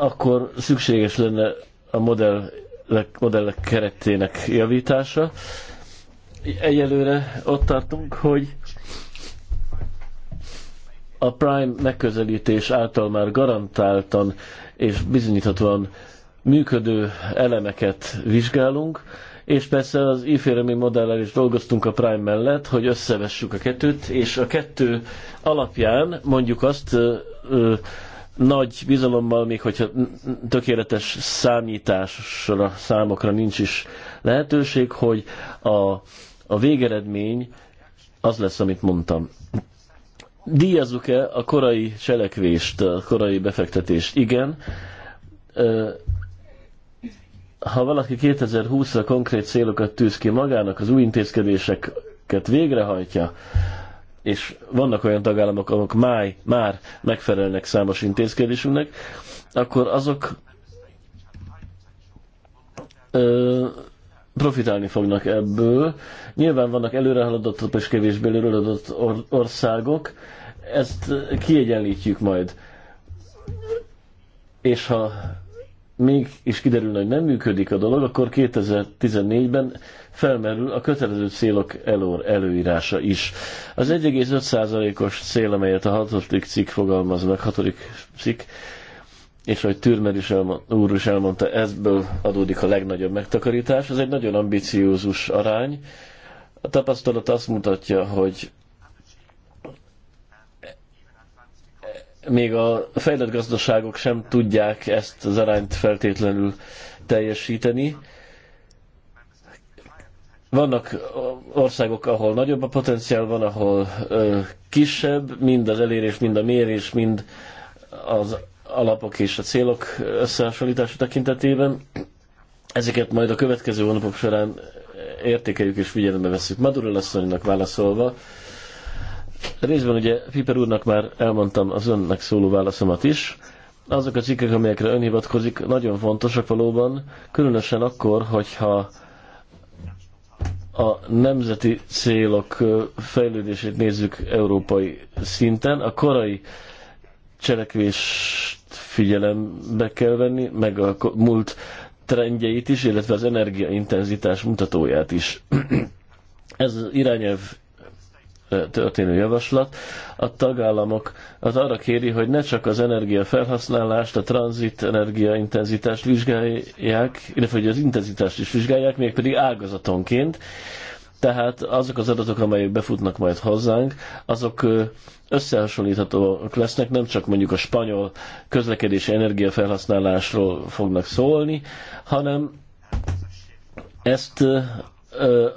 akkor szükséges lenne a modellek, modellek keretének javítása. Egyelőre ott tartunk, hogy a Prime megközelítés által már garantáltan és bizonyíthatóan működő elemeket vizsgálunk, és persze az iféremi modellel is dolgoztunk a Prime mellett, hogy összevessük a kettőt, és a kettő alapján mondjuk azt ö, ö, nagy bizalommal, még hogyha tökéletes számításra, számokra nincs is lehetőség, hogy a, a végeredmény az lesz, amit mondtam. Díjazzuk-e a korai cselekvést, a korai befektetést? Igen. Ö, ha valaki 2020-ra konkrét célokat tűz ki magának, az új intézkedéseket végrehajtja, és vannak olyan tagállamok, amik máj, már megfelelnek számos intézkedésünknek, akkor azok ö, profitálni fognak ebből. Nyilván vannak előrehaladott és kevésbé előrehaladott or- országok, ezt kiegyenlítjük majd. És ha még is kiderül, hogy nem működik a dolog, akkor 2014-ben felmerül a kötelező célok elor előírása is. Az 1,5%-os cél, amelyet a hatodik cikk fogalmaz meg, hatodik cikk, és ahogy Türmer is elmond, úr is elmondta, ezből adódik a legnagyobb megtakarítás. Ez egy nagyon ambiciózus arány. A tapasztalat azt mutatja, hogy még a fejlett gazdaságok sem tudják ezt az arányt feltétlenül teljesíteni. Vannak országok, ahol nagyobb a potenciál, van, ahol ö, kisebb, mind az elérés, mind a mérés, mind az alapok és a célok összehasonlítása tekintetében. Ezeket majd a következő hónapok során értékeljük és figyelembe veszük. Maduro asszonynak válaszolva, Részben ugye Piper úrnak már elmondtam az önnek szóló válaszomat is. Azok a cikkek, amelyekre ön hivatkozik, nagyon fontosak valóban, különösen akkor, hogyha a nemzeti célok fejlődését nézzük európai szinten, a korai cselekvést figyelembe kell venni, meg a múlt trendjeit is, illetve az energiaintenzitás mutatóját is. Ez az irányelv történő javaslat. A tagállamok az arra kéri, hogy ne csak az energia felhasználást, a tranzit energia intenzitást vizsgálják, illetve hogy az intenzitást is vizsgálják, mégpedig ágazatonként. Tehát azok az adatok, amelyek befutnak majd hozzánk, azok összehasonlíthatóak lesznek, nem csak mondjuk a spanyol közlekedési energiafelhasználásról fognak szólni, hanem ezt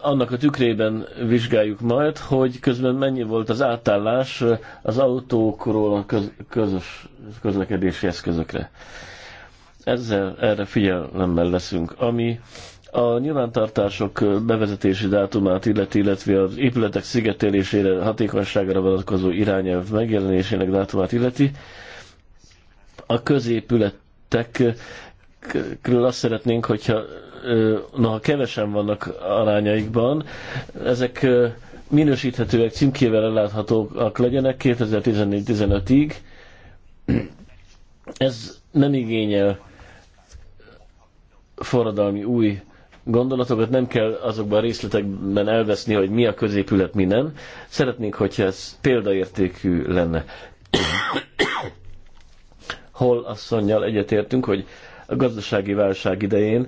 annak a tükrében vizsgáljuk majd, hogy közben mennyi volt az átállás az autókról a köz, közös közlekedési eszközökre. Ezzel erre figyelemmel leszünk. Ami a nyilvántartások bevezetési dátumát illeti, illetve az épületek szigetelésére, hatékonyságára vonatkozó irányelv megjelenésének dátumát illeti, a középületekről azt szeretnénk, hogyha noha kevesen vannak arányaikban, ezek minősíthetőek, címkével elláthatóak legyenek 2014-15-ig. Ez nem igényel forradalmi új gondolatokat, nem kell azokban a részletekben elveszni, hogy mi a középület, mi nem. Szeretnénk, hogyha ez példaértékű lenne. Hol asszonynal egyetértünk, hogy a gazdasági válság idején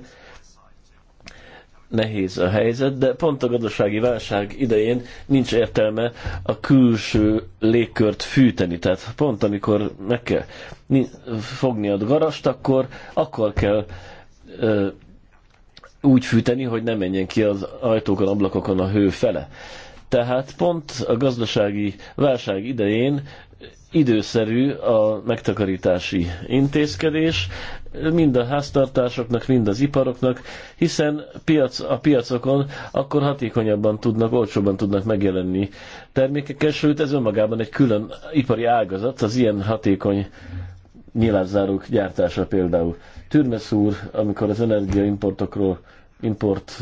nehéz a helyzet, de pont a gazdasági válság idején nincs értelme a külső légkört fűteni. Tehát pont amikor meg kell fogni a garast, akkor, akkor kell ö, úgy fűteni, hogy ne menjen ki az ajtókon, ablakokon a hő fele. Tehát pont a gazdasági válság idején időszerű a megtakarítási intézkedés, mind a háztartásoknak, mind az iparoknak, hiszen piac, a piacokon akkor hatékonyabban tudnak, olcsóban tudnak megjelenni termékekkel, sőt ez önmagában egy külön ipari ágazat, az ilyen hatékony nyilázzárók gyártása például. Türmes úr, amikor az energiaimportokról import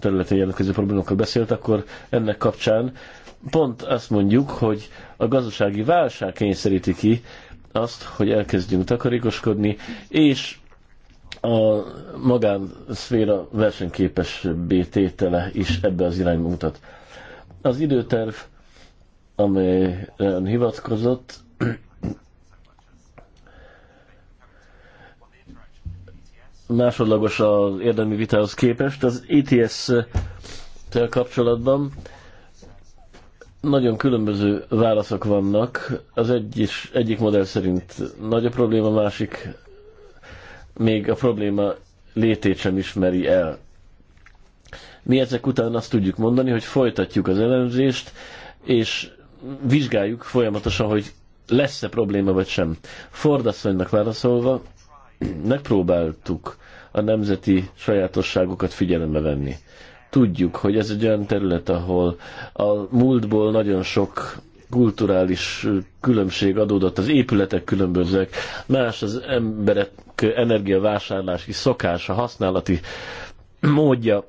területén jelentkező problémákról beszélt, akkor ennek kapcsán pont azt mondjuk, hogy a gazdasági válság kényszeríti ki azt, hogy elkezdjünk takarékoskodni, és a magánszféra versenyképes tétele is ebbe az irányba mutat. Az időterv, amely hivatkozott, másodlagos az érdemi vitához képest. Az ETS-tel kapcsolatban nagyon különböző válaszok vannak. Az is, egyik modell szerint nagy a probléma, másik még a probléma létét sem ismeri el. Mi ezek után azt tudjuk mondani, hogy folytatjuk az elemzést, és vizsgáljuk folyamatosan, hogy lesz-e probléma vagy sem. Fordasszonynak válaszolva, megpróbáltuk a nemzeti sajátosságokat figyelembe venni tudjuk, hogy ez egy olyan terület, ahol a múltból nagyon sok kulturális különbség adódott, az épületek különbözőek, más az emberek energiavásárlási szokása, használati módja,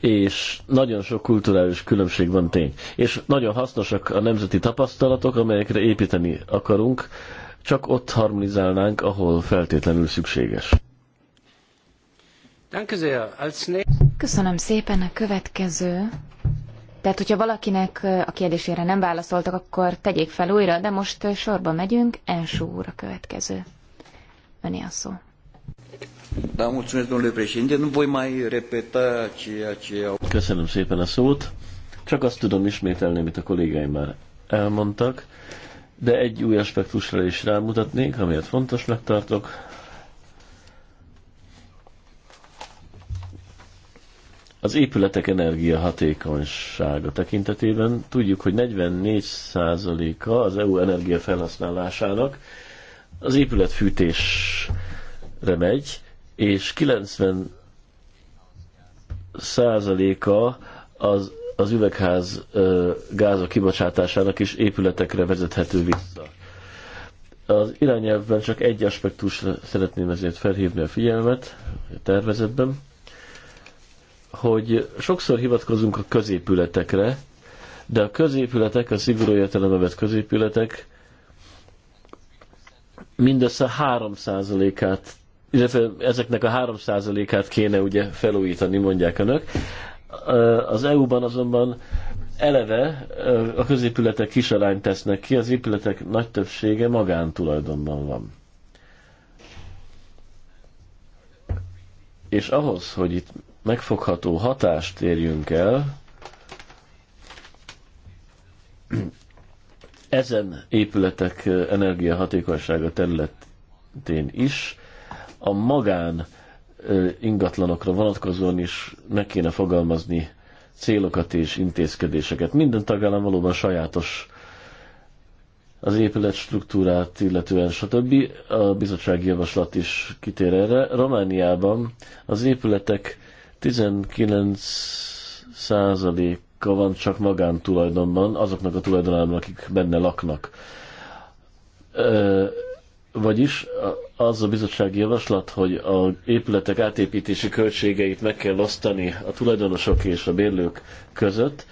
és nagyon sok kulturális különbség van tény. És nagyon hasznosak a nemzeti tapasztalatok, amelyekre építeni akarunk, csak ott harmonizálnánk, ahol feltétlenül szükséges. Köszönöm szépen a következő. Tehát, hogyha valakinek a kérdésére nem válaszoltak, akkor tegyék fel újra, de most sorba megyünk, első úr a következő. Öné a szó. Köszönöm szépen a szót. Csak azt tudom ismételni, amit a kollégáim már elmondtak, de egy új aspektusra is rámutatnék, amelyet fontosnak tartok. Az épületek energiahatékonysága tekintetében tudjuk, hogy 44%-a az EU energiafelhasználásának az épület fűtésre megy, és 90 százaléka az, az üvegház ö, gázok kibocsátásának is épületekre vezethető vissza. Az irányelvben csak egy aspektusra szeretném ezért felhívni a figyelmet, a tervezetben hogy sokszor hivatkozunk a középületekre, de a középületek, a szigorú értelemben középületek mindössze 3%-át, illetve ezeknek a 3%-át kéne ugye felújítani, mondják önök. Az EU-ban azonban eleve a középületek kisarányt tesznek ki, az épületek nagy többsége magántulajdonban van. És ahhoz, hogy itt megfogható hatást érjünk el, ezen épületek energiahatékonysága területén is a magán ingatlanokra vonatkozóan is meg kéne fogalmazni célokat és intézkedéseket. Minden tagállam valóban sajátos az épület struktúrát, illetően stb. A bizottsági javaslat is kitér erre. Romániában az épületek 19 százaléka van csak magántulajdonban azoknak a tulajdonában, akik benne laknak. vagyis az a bizottsági javaslat, hogy a épületek átépítési költségeit meg kell osztani a tulajdonosok és a bérlők között,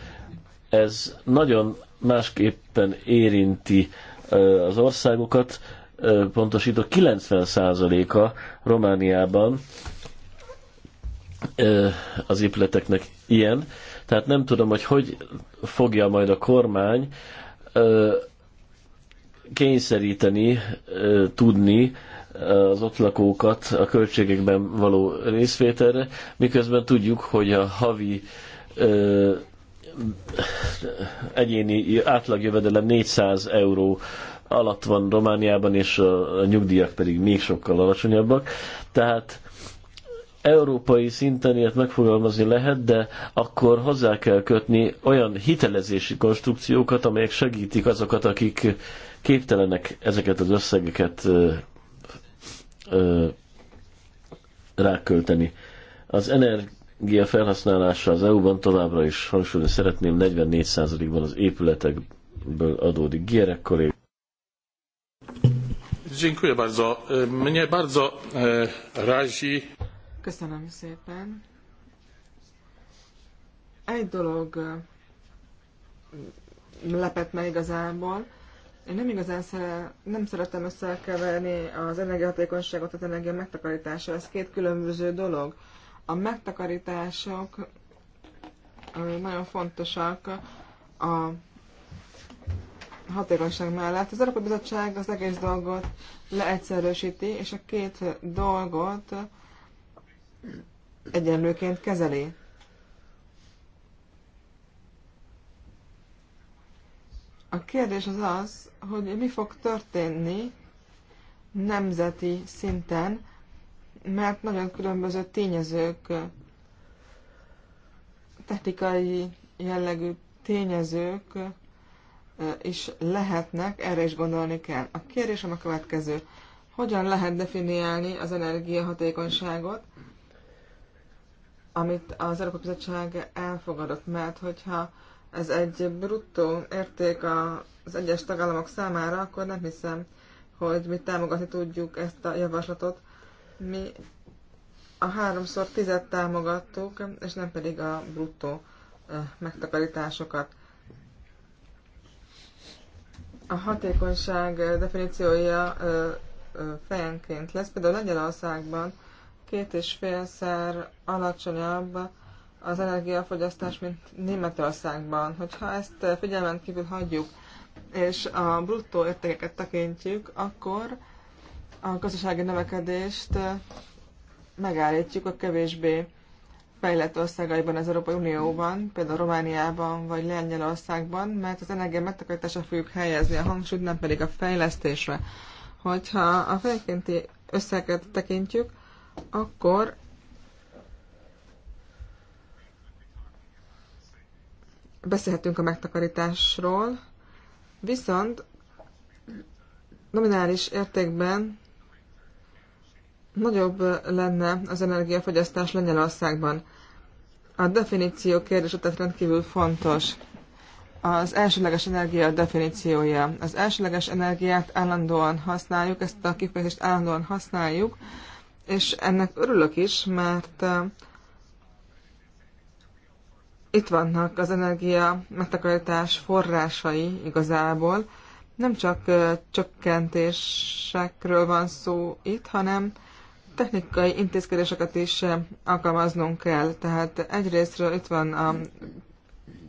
ez nagyon másképpen érinti az országokat, pontosító 90%-a Romániában az épületeknek ilyen. Tehát nem tudom, hogy hogy fogja majd a kormány kényszeríteni, tudni az ott lakókat a költségekben való részvételre, miközben tudjuk, hogy a havi egyéni átlagjövedelem 400 euró alatt van Romániában, és a nyugdíjak pedig még sokkal alacsonyabbak. Tehát európai szinten ilyet megfogalmazni lehet, de akkor hozzá kell kötni olyan hitelezési konstrukciókat, amelyek segítik azokat, akik képtelenek ezeket az összegeket ö, ö, rákölteni. Az energia felhasználása az EU-ban továbbra is hangsúlyozni szeretném, 44%-ban az épületekből adódik. Gyerek kollég. Dziękuję bardzo. E, mnie bardzo e, razi Köszönöm szépen. Egy dolog mm, lepett meg igazából. Én nem igazán szere, nem szeretem összekeverni az energiahatékonyságot az energia megtakarítása. Ez két különböző dolog. A megtakarítások nagyon fontosak a hatékonyság mellett. Az Európai Bizottság az egész dolgot leegyszerűsíti, és a két dolgot egyenlőként kezeli. A kérdés az az, hogy mi fog történni nemzeti szinten, mert nagyon különböző tényezők, technikai jellegű tényezők is lehetnek, erre is gondolni kell. A kérdésem a következő. Hogyan lehet definiálni az energiahatékonyságot? amit az Európai Bizottság elfogadott, mert hogyha ez egy bruttó érték az egyes tagállamok számára, akkor nem hiszem, hogy mi támogatni tudjuk ezt a javaslatot. Mi a háromszor tizet támogattuk, és nem pedig a bruttó megtakarításokat. A hatékonyság definíciója fejenként lesz. Például Lengyelországban két és félszer alacsonyabb az energiafogyasztás, mint Németországban. Hogyha ezt figyelmen kívül hagyjuk, és a bruttó értékeket tekintjük, akkor a gazdasági növekedést megállítjuk a kevésbé fejlett országaiban az Európai Unióban, például Romániában vagy Lengyelországban, mert az energia megtakarításra fogjuk helyezni a hangsúlyt, nem pedig a fejlesztésre. Hogyha a fejként összeget tekintjük, akkor beszélhetünk a megtakarításról, viszont nominális értékben nagyobb lenne az energiafogyasztás Lengyelországban. A definíció kérdése tehát rendkívül fontos. Az elsőleges energia definíciója. Az elsőleges energiát állandóan használjuk, ezt a kifejezést állandóan használjuk, és ennek örülök is, mert itt vannak az energia megtakarítás forrásai igazából. Nem csak csökkentésekről van szó itt, hanem technikai intézkedéseket is alkalmaznunk kell. Tehát egyrésztről itt van a,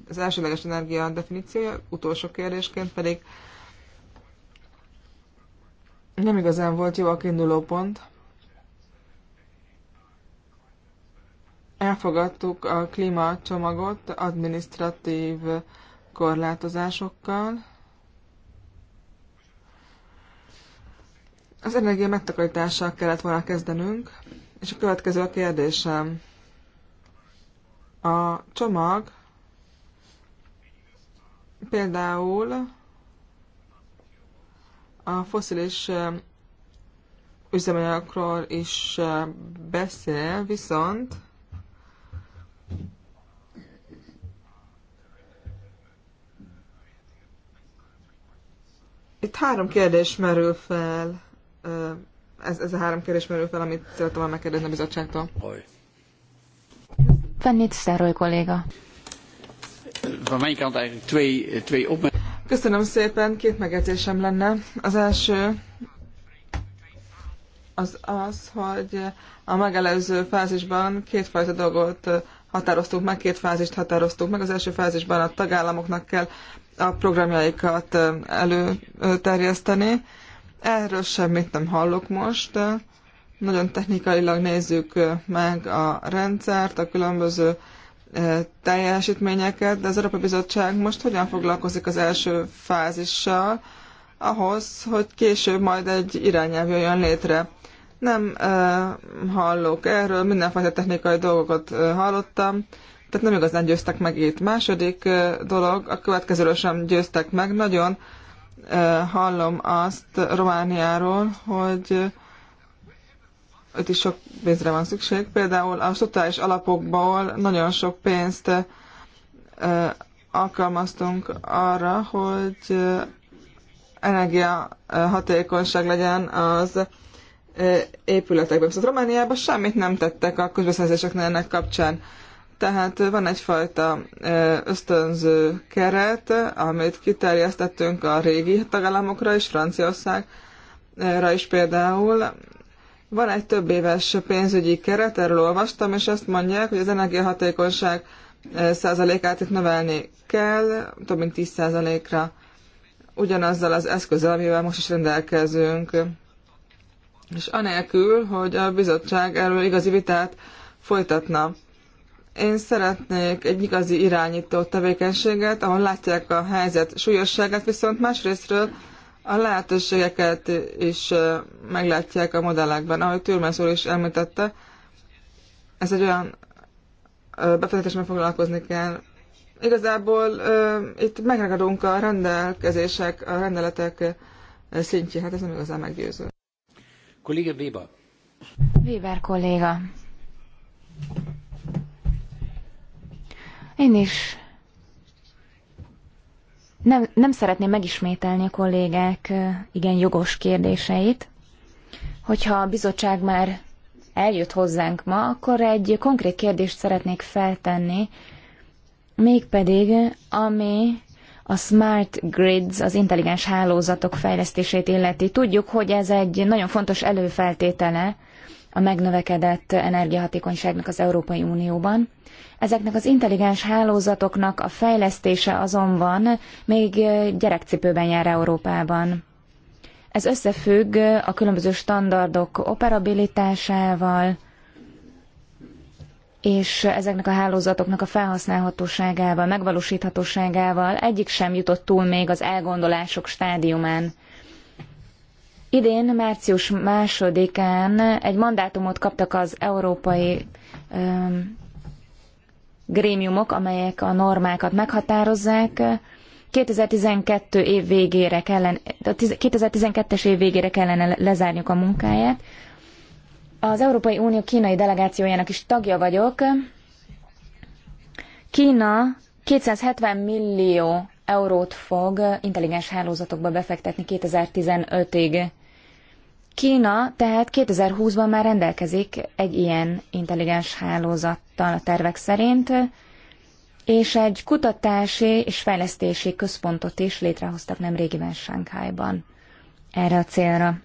az elsőleges energia definíciója, utolsó kérdésként pedig nem igazán volt jó a kiinduló pont, Elfogadtuk a klímacsomagot administratív korlátozásokkal. Az energia megtakarítással kellett volna kezdenünk, és a következő a kérdésem. A csomag például a foszilis eh, üzemanyagokról is eh, beszél, viszont Itt három kérdés merül fel, ez, ez a három kérdés merül fel, amit szeretem megkérdezni a bizottságtól. Van itt Szerói kolléga. Van mijn kant Köszönöm szépen, két megjegyzésem lenne. Az első az az, hogy a megelőző fázisban kétfajta dolgot határoztunk meg, két fázist határoztunk meg. Az első fázisban a tagállamoknak kell a programjaikat előterjeszteni. Erről semmit nem hallok most. Nagyon technikailag nézzük meg a rendszert, a különböző teljesítményeket, de az Európai Bizottság most hogyan foglalkozik az első fázissal, ahhoz, hogy később majd egy irányelv jön létre. Nem e, hallok erről, mindenfajta technikai dolgokat e, hallottam, tehát nem igazán győztek meg itt. Második dolog, a következőről sem győztek meg. Nagyon hallom azt Romániáról, hogy ott is sok pénzre van szükség. Például a totális alapokból nagyon sok pénzt alkalmaztunk arra, hogy energia hatékonyság legyen az épületekben. Viszont szóval Romániában semmit nem tettek a közbeszerzéseknél ennek kapcsán. Tehát van egyfajta ösztönző keret, amit kiterjesztettünk a régi tagállamokra és Franciaországra is például. Van egy több éves pénzügyi keret, erről olvastam, és azt mondják, hogy az energiahatékonyság százalékát itt növelni kell, több mint 10 százalékra, ugyanazzal az eszközzel, amivel most is rendelkezünk. És anélkül, hogy a bizottság erről igazi vitát folytatna. Én szeretnék egy igazi irányító tevékenységet, ahol látják a helyzet súlyosságát, viszont másrésztről a lehetőségeket is meglátják a modellekben. Ahogy Türmes úr is említette, ez egy olyan befektetésben foglalkozni kell. Igazából itt megragadunk a rendelkezések, a rendeletek szintjén, hát ez nem igazán meggyőző. Kolléga Weber. Weber kolléga. Én is nem, nem szeretném megismételni a kollégák igen jogos kérdéseit. Hogyha a bizottság már eljött hozzánk ma, akkor egy konkrét kérdést szeretnék feltenni, mégpedig ami a smart grids, az intelligens hálózatok fejlesztését illeti. Tudjuk, hogy ez egy nagyon fontos előfeltétele a megnövekedett energiahatékonyságnak az Európai Unióban, Ezeknek az intelligens hálózatoknak a fejlesztése azonban még gyerekcipőben jár Európában. Ez összefügg a különböző standardok operabilitásával, és ezeknek a hálózatoknak a felhasználhatóságával, megvalósíthatóságával egyik sem jutott túl még az elgondolások stádiumán. Idén, március másodikán egy mandátumot kaptak az Európai grémiumok, amelyek a normákat meghatározzák. 2012 év végére kellene, 2012-es év végére kellene lezárniuk a munkáját. Az Európai Unió kínai delegációjának is tagja vagyok. Kína 270 millió eurót fog intelligens hálózatokba befektetni 2015-ig. Kína tehát 2020-ban már rendelkezik egy ilyen intelligens hálózattal a tervek szerint, és egy kutatási és fejlesztési központot is létrehoztak nem régiben Sánkhájban erre a célra.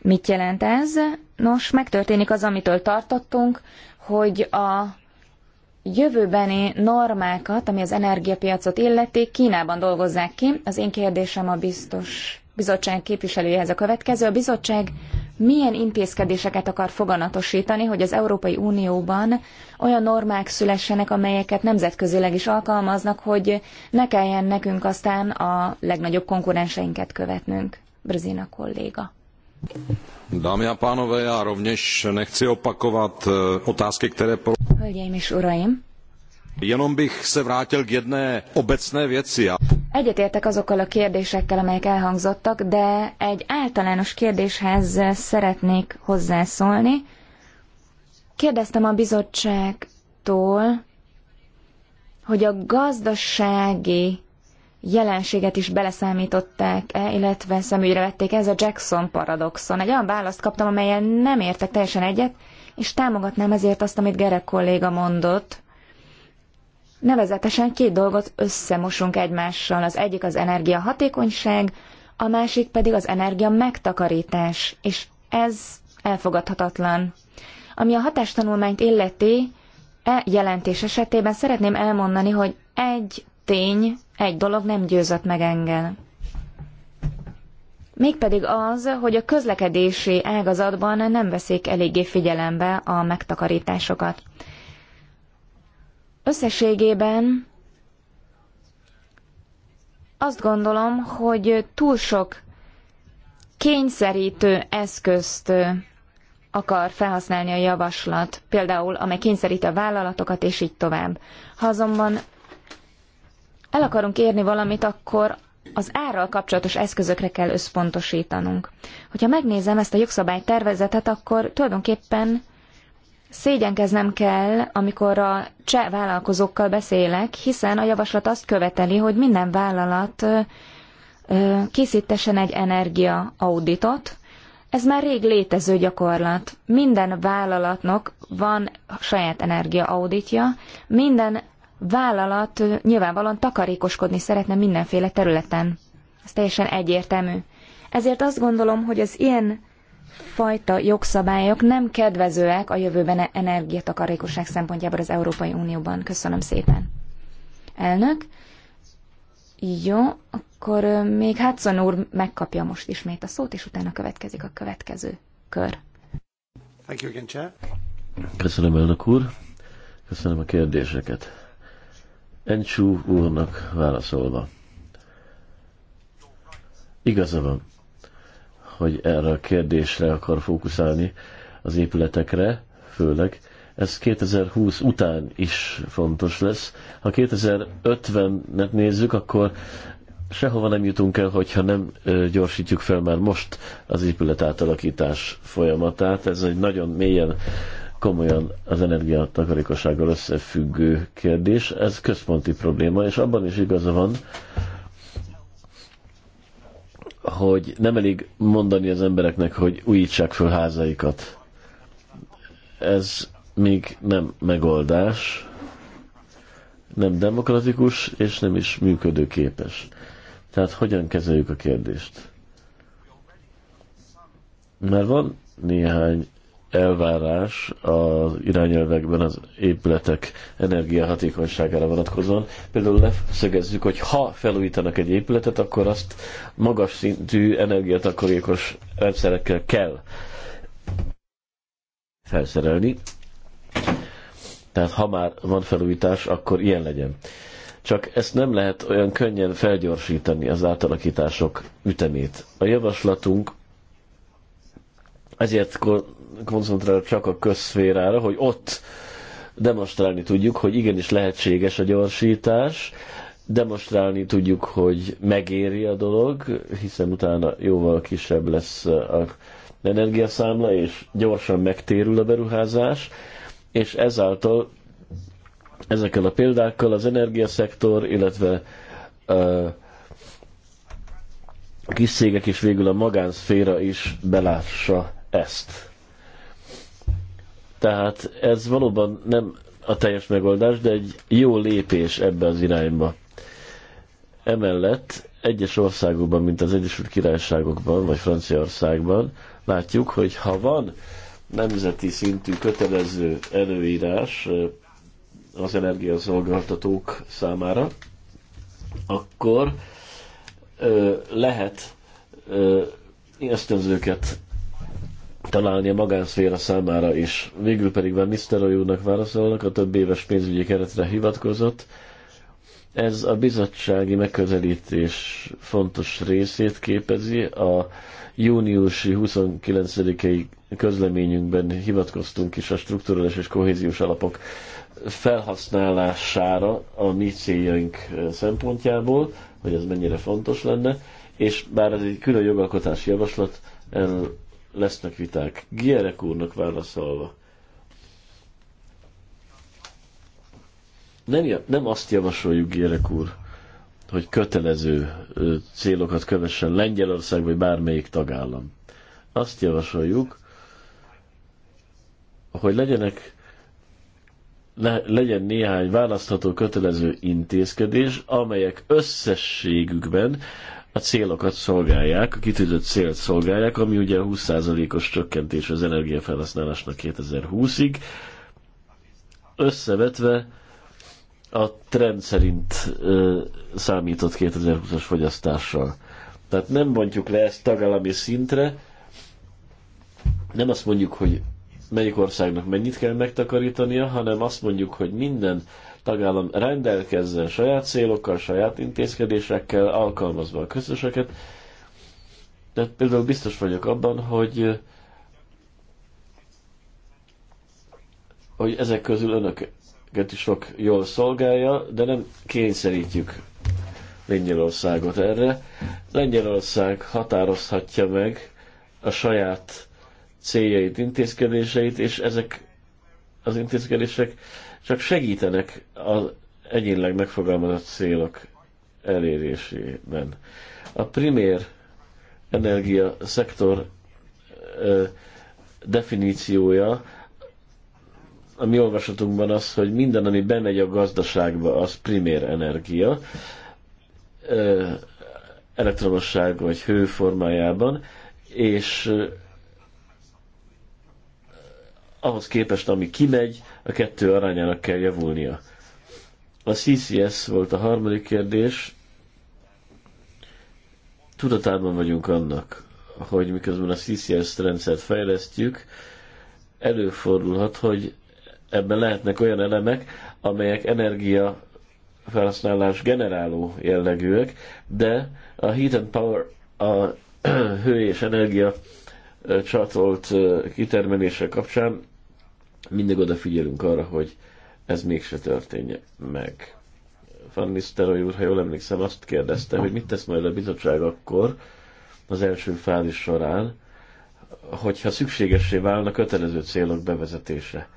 Mit jelent ez? Nos, megtörténik az, amitől tartottunk, hogy a jövőbeni normákat, ami az energiapiacot illeti, Kínában dolgozzák ki. Az én kérdésem a biztos bizottság képviselőjehez a következő. A bizottság milyen intézkedéseket akar foganatosítani, hogy az Európai Unióban olyan normák szülessenek, amelyeket nemzetközileg is alkalmaznak, hogy ne kelljen nekünk aztán a legnagyobb konkurenseinket követnünk. Brzina kolléga. Dámy a pánové, já rovněž nechci opakovat eh, otázky, které... Hölgyeim és uraim, Jenom bych se vrátil k jedné obecné věci. Egyetértek azokkal a kérdésekkel, amelyek elhangzottak, de egy általános kérdéshez szeretnék hozzászólni. Kérdeztem a bizottságtól, hogy a gazdasági jelenséget is beleszámították-e, illetve szemügyre vették ez a Jackson paradoxon. Egy olyan választ kaptam, amelyen nem értek teljesen egyet, és támogatnám ezért azt, amit Gerek kolléga mondott, Nevezetesen két dolgot összemosunk egymással. Az egyik az energiahatékonyság, a másik pedig az energia megtakarítás, és ez elfogadhatatlan. Ami a hatástanulmányt illeti, e jelentés esetében szeretném elmondani, hogy egy tény, egy dolog nem győzött meg engem. Mégpedig az, hogy a közlekedési ágazatban nem veszik eléggé figyelembe a megtakarításokat. Összességében azt gondolom, hogy túl sok kényszerítő eszközt akar felhasználni a javaslat, például amely kényszeríti a vállalatokat, és így tovább. Ha azonban el akarunk érni valamit, akkor az árral kapcsolatos eszközökre kell összpontosítanunk. Hogyha megnézem ezt a jogszabálytervezetet, akkor tulajdonképpen Szégyenkeznem kell, amikor a cseh vállalkozókkal beszélek, hiszen a javaslat azt követeli, hogy minden vállalat készítessen egy energia auditot. Ez már rég létező gyakorlat. Minden vállalatnak van saját energia auditja, minden vállalat nyilvánvalóan takarékoskodni szeretne mindenféle területen. Ez teljesen egyértelmű. Ezért azt gondolom, hogy az ilyen fajta jogszabályok nem kedvezőek a jövőben e- energiatakarékosság szempontjából az Európai Unióban. Köszönöm szépen. Elnök. Jó, akkor még Hudson úr megkapja most ismét a szót, és utána következik a következő kör. Thank you again, Chair. Köszönöm, elnök úr. Köszönöm a kérdéseket. Enchu úrnak válaszolva. Igaza van hogy erre a kérdésre akar fókuszálni az épületekre, főleg. Ez 2020 után is fontos lesz. Ha 2050-et nézzük, akkor sehova nem jutunk el, hogyha nem gyorsítjuk fel már most az épület átalakítás folyamatát. Ez egy nagyon mélyen, komolyan az energiatakarékossággal összefüggő kérdés. Ez központi probléma, és abban is igaza van, hogy nem elég mondani az embereknek, hogy újítsák föl házaikat. Ez még nem megoldás, nem demokratikus, és nem is működőképes. Tehát hogyan kezeljük a kérdést? Mert van néhány elvárás az irányelvekben az épületek energiahatékonyságára vonatkozóan. Például leszögezzük, hogy ha felújítanak egy épületet, akkor azt magas szintű energiatakarékos rendszerekkel kell felszerelni. Tehát ha már van felújítás, akkor ilyen legyen. Csak ezt nem lehet olyan könnyen felgyorsítani az átalakítások ütemét. A javaslatunk ezért koncentrál csak a közszférára, hogy ott demonstrálni tudjuk, hogy igenis lehetséges a gyorsítás, demonstrálni tudjuk, hogy megéri a dolog, hiszen utána jóval kisebb lesz a energiaszámla, és gyorsan megtérül a beruházás, és ezáltal ezekkel a példákkal az energiaszektor, illetve uh, a kis cégek és végül a magánszféra is belássa ezt. Tehát ez valóban nem a teljes megoldás, de egy jó lépés ebbe az irányba. Emellett egyes országokban, mint az Egyesült Királyságokban, vagy Franciaországban látjuk, hogy ha van nemzeti szintű kötelező előírás az energiaszolgáltatók számára, akkor lehet ösztönzőket találni a magánszféra számára is. Végül pedig már Nisztelói úrnak válaszolnak, a több éves pénzügyi keretre hivatkozott. Ez a bizottsági megközelítés fontos részét képezi. A júniusi 29-i közleményünkben hivatkoztunk is a strukturális és kohéziós alapok felhasználására a mi céljaink szempontjából, hogy ez mennyire fontos lenne, és bár ez egy külön jogalkotási javaslat, lesznek viták. Gierek úrnak válaszolva. Nem, nem azt javasoljuk, Gierek úr, hogy kötelező célokat kövessen Lengyelország vagy bármelyik tagállam. Azt javasoljuk, hogy legyenek le, legyen néhány választható kötelező intézkedés, amelyek összességükben a célokat szolgálják, a kitűzött célt szolgálják, ami ugye 20%-os csökkentés az energiafelhasználásnak 2020-ig. Összevetve a trend szerint ö, számított 2020-as fogyasztással. Tehát nem bontjuk le ezt tagállami szintre, nem azt mondjuk, hogy melyik országnak mennyit kell megtakarítania, hanem azt mondjuk, hogy minden tagállam rendelkezzen saját célokkal, saját intézkedésekkel, alkalmazva a közöseket. De például biztos vagyok abban, hogy hogy ezek közül önöket is sok jól szolgálja, de nem kényszerítjük Lengyelországot erre. Lengyelország határozhatja meg a saját céljait, intézkedéseit, és ezek az intézkedések csak segítenek az egyénileg megfogalmazott célok elérésében. A primér energia szektor definíciója a mi olvasatunkban az, hogy minden, ami bemegy a gazdaságba, az primér energia, elektromosság vagy hő formájában, és ahhoz képest, ami kimegy, a kettő arányának kell javulnia. A CCS volt a harmadik kérdés. Tudatában vagyunk annak, hogy miközben a CCS rendszert fejlesztjük, előfordulhat, hogy ebben lehetnek olyan elemek, amelyek energia felhasználás generáló jellegűek, de a heat and power, a hő és energia csatolt kitermelése kapcsán mindig odafigyelünk arra, hogy ez mégse történje meg. Van Nisztelrooy úr, ha jól emlékszem, azt kérdezte, hogy mit tesz majd a bizottság akkor az első fázis során, hogyha szükségessé válna kötelező célok bevezetése.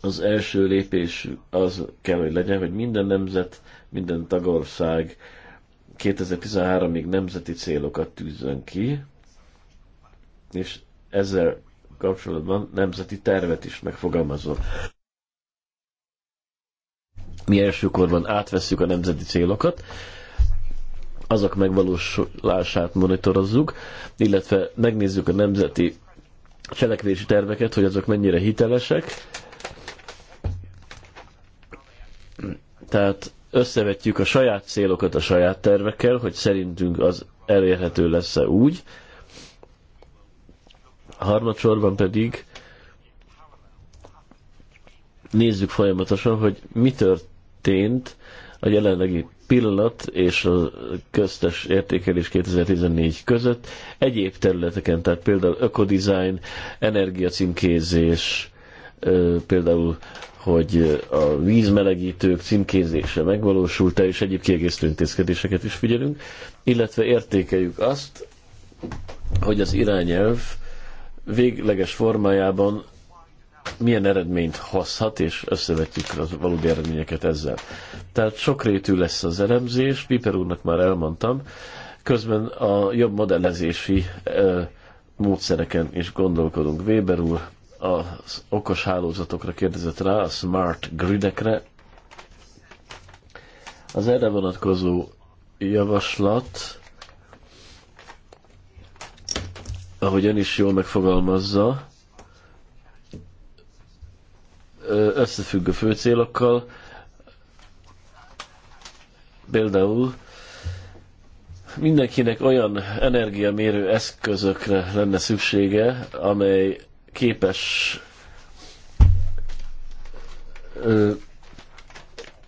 Az első lépés az kell, hogy legyen, hogy minden nemzet, minden tagország 2013-ig nemzeti célokat tűzön ki, és ezzel kapcsolatban nemzeti tervet is megfogalmazol. Mi elsőkorban átvesszük a nemzeti célokat, azok megvalósulását monitorozzuk, illetve megnézzük a nemzeti cselekvési terveket, hogy azok mennyire hitelesek. Tehát összevetjük a saját célokat a saját tervekkel, hogy szerintünk az elérhető lesz-e úgy, harmadsorban pedig nézzük folyamatosan, hogy mi történt a jelenlegi pillanat és a köztes értékelés 2014 között egyéb területeken, tehát például ökodizájn, energiacímkézés, például, hogy a vízmelegítők címkézése megvalósult-e, és egyéb kiegészítő intézkedéseket is figyelünk, illetve értékeljük azt, hogy az irányelv végleges formájában milyen eredményt hozhat, és összevetjük az valódi eredményeket ezzel. Tehát sokrétű lesz az elemzés, Piper úrnak már elmondtam, közben a jobb modellezési ö, módszereken is gondolkodunk. Weber úr az okos hálózatokra kérdezett rá, a smart gridekre. Az erre vonatkozó javaslat ahogy ön is jól megfogalmazza, összefügg a fő célokkal. Például mindenkinek olyan energiamérő eszközökre lenne szüksége, amely képes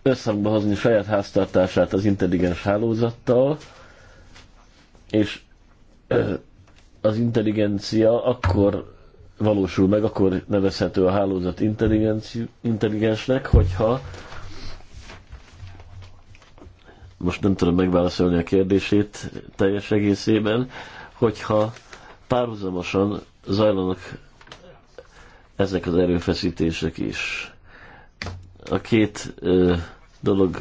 összhangba hozni saját háztartását az intelligens hálózattal, és az intelligencia akkor valósul meg, akkor nevezhető a hálózat intelligensnek, hogyha most nem tudom megválaszolni a kérdését teljes egészében, hogyha párhuzamosan zajlanak ezek az erőfeszítések is. A két ö, dolog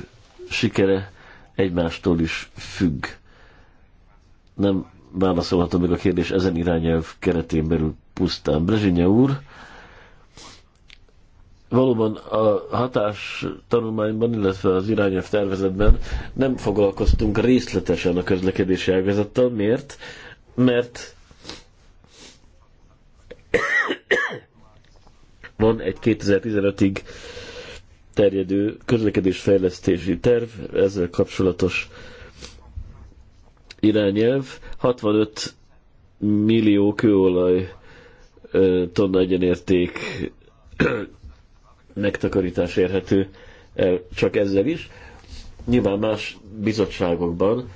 sikere egymástól is függ. Nem válaszolhatom meg a kérdés ezen irányelv keretén belül pusztán. Brezsinya úr, valóban a hatás tanulmányban, illetve az irányelv tervezetben nem foglalkoztunk részletesen a közlekedési ágazattal. Miért? Mert van egy 2015-ig terjedő közlekedésfejlesztési terv, ezzel kapcsolatos irányelv 65 millió kőolaj tonna egyenérték megtakarítás érhető el csak ezzel is. Nyilván más bizottságokban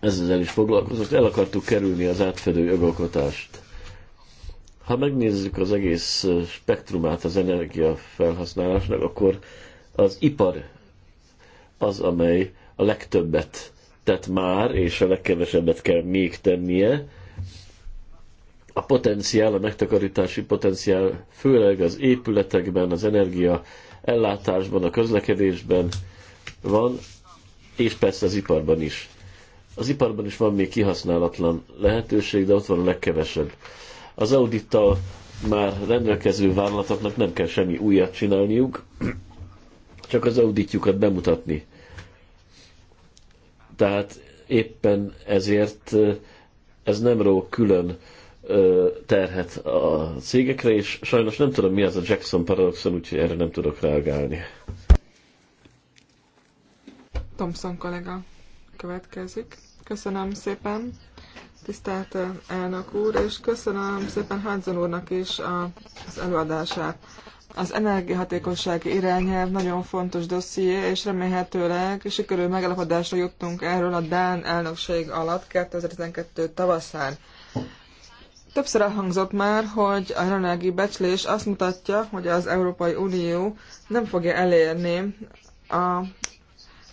ezzel is foglalkozott, el akartuk kerülni az átfedő jogalkotást. Ha megnézzük az egész spektrumát az energiafelhasználásnak, akkor az ipar az, amely a legtöbbet tett már, és a legkevesebbet kell még tennie. A potenciál, a megtakarítási potenciál, főleg az épületekben, az energia ellátásban, a közlekedésben van, és persze az iparban is. Az iparban is van még kihasználatlan lehetőség, de ott van a legkevesebb. Az audittal már rendelkező vállalatoknak nem kell semmi újat csinálniuk, csak az auditjukat bemutatni tehát éppen ezért ez nem ró külön terhet a cégekre, és sajnos nem tudom, mi az a Jackson paradoxon, úgyhogy erre nem tudok reagálni. Thompson kollega következik. Köszönöm szépen, tisztelt elnök úr, és köszönöm szépen Hudson úrnak is az előadását. Az energiahatékossági irányelv nagyon fontos dosszié, és remélhetőleg sikerül megállapodásra juttunk erről a Dán elnökség alatt 2012 tavaszán. Többször elhangzott már, hogy a jelenlegi becslés azt mutatja, hogy az Európai Unió nem fogja elérni a,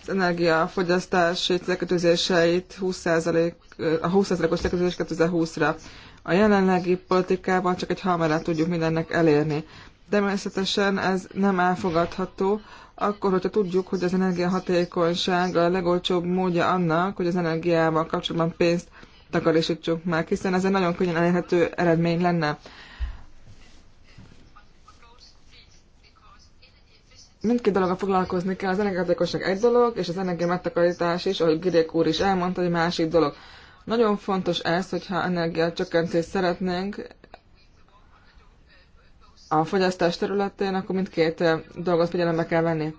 az energiafogyasztási célkötőzéseit 20%, a 20%-os célkötőzés 2020-ra. A jelenlegi politikában csak egy hamarát tudjuk mindennek elérni természetesen ez nem elfogadható, akkor, hogyha tudjuk, hogy az energiahatékonyság a legolcsóbb módja annak, hogy az energiával kapcsolatban pénzt takarítsuk meg, hiszen ez egy nagyon könnyen elérhető eredmény lenne. mindkét dologra foglalkozni kell, az energiahatékonyság egy dolog, és az energia megtakarítás is, ahogy Girék úr is elmondta, egy másik dolog. Nagyon fontos ez, hogyha energiacsökkentést szeretnénk, a fogyasztás területén, akkor mindkét eh, dolgot figyelembe kell venni.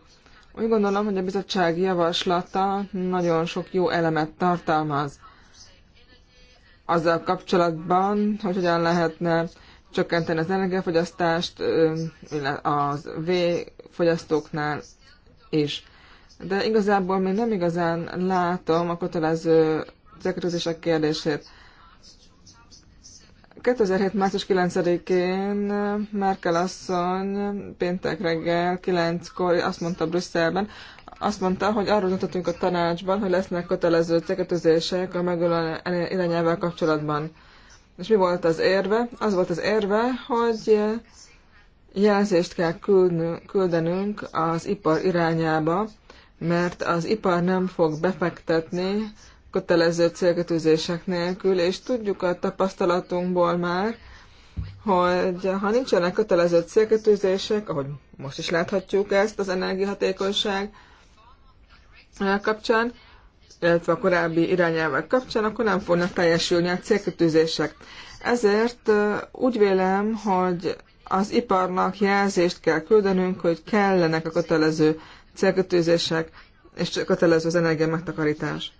Úgy gondolom, hogy a bizottság javaslata nagyon sok jó elemet tartalmaz. Azzal kapcsolatban, hogy hogyan lehetne csökkenteni az energiafogyasztást az V-fogyasztóknál is. De igazából még nem igazán látom a kötelező célkötőzések kérdését. 2007. március 9-én Merkel asszony péntek reggel 9-kor azt mondta Brüsszelben, azt mondta, hogy arról döntöttünk a tanácsban, hogy lesznek kötelező cekötözések a megölő irányelvvel kapcsolatban. És mi volt az érve? Az volt az érve, hogy jelzést kell küldenünk az ipar irányába, mert az ipar nem fog befektetni kötelező célkötőzések nélkül, és tudjuk a tapasztalatunkból már, hogy ha nincsenek kötelező célkötőzések, ahogy most is láthatjuk ezt az energiahatékonyság eh, kapcsán, illetve a korábbi irányelvek kapcsán, akkor nem fognak teljesülni a célkötőzések. Ezért eh, úgy vélem, hogy az iparnak jelzést kell küldenünk, hogy kellenek a kötelező célkötőzések és kötelező az energia megtakarítás.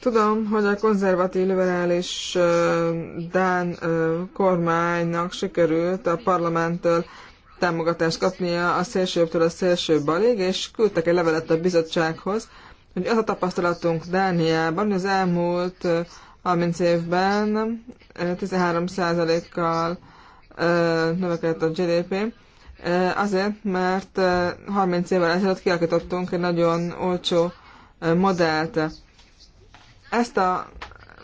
Tudom, hogy a konzervatív liberális Dán kormánynak sikerült a parlamenttől támogatást kapnia a szélsőbbtől a szélső balig, és küldtek egy levelet a bizottsághoz, hogy az a tapasztalatunk Dániában, hogy az elmúlt 30 évben 13%-kal növekedett a GDP, azért, mert 30 évvel ezelőtt kialakítottunk egy nagyon olcsó modellt. Ezt a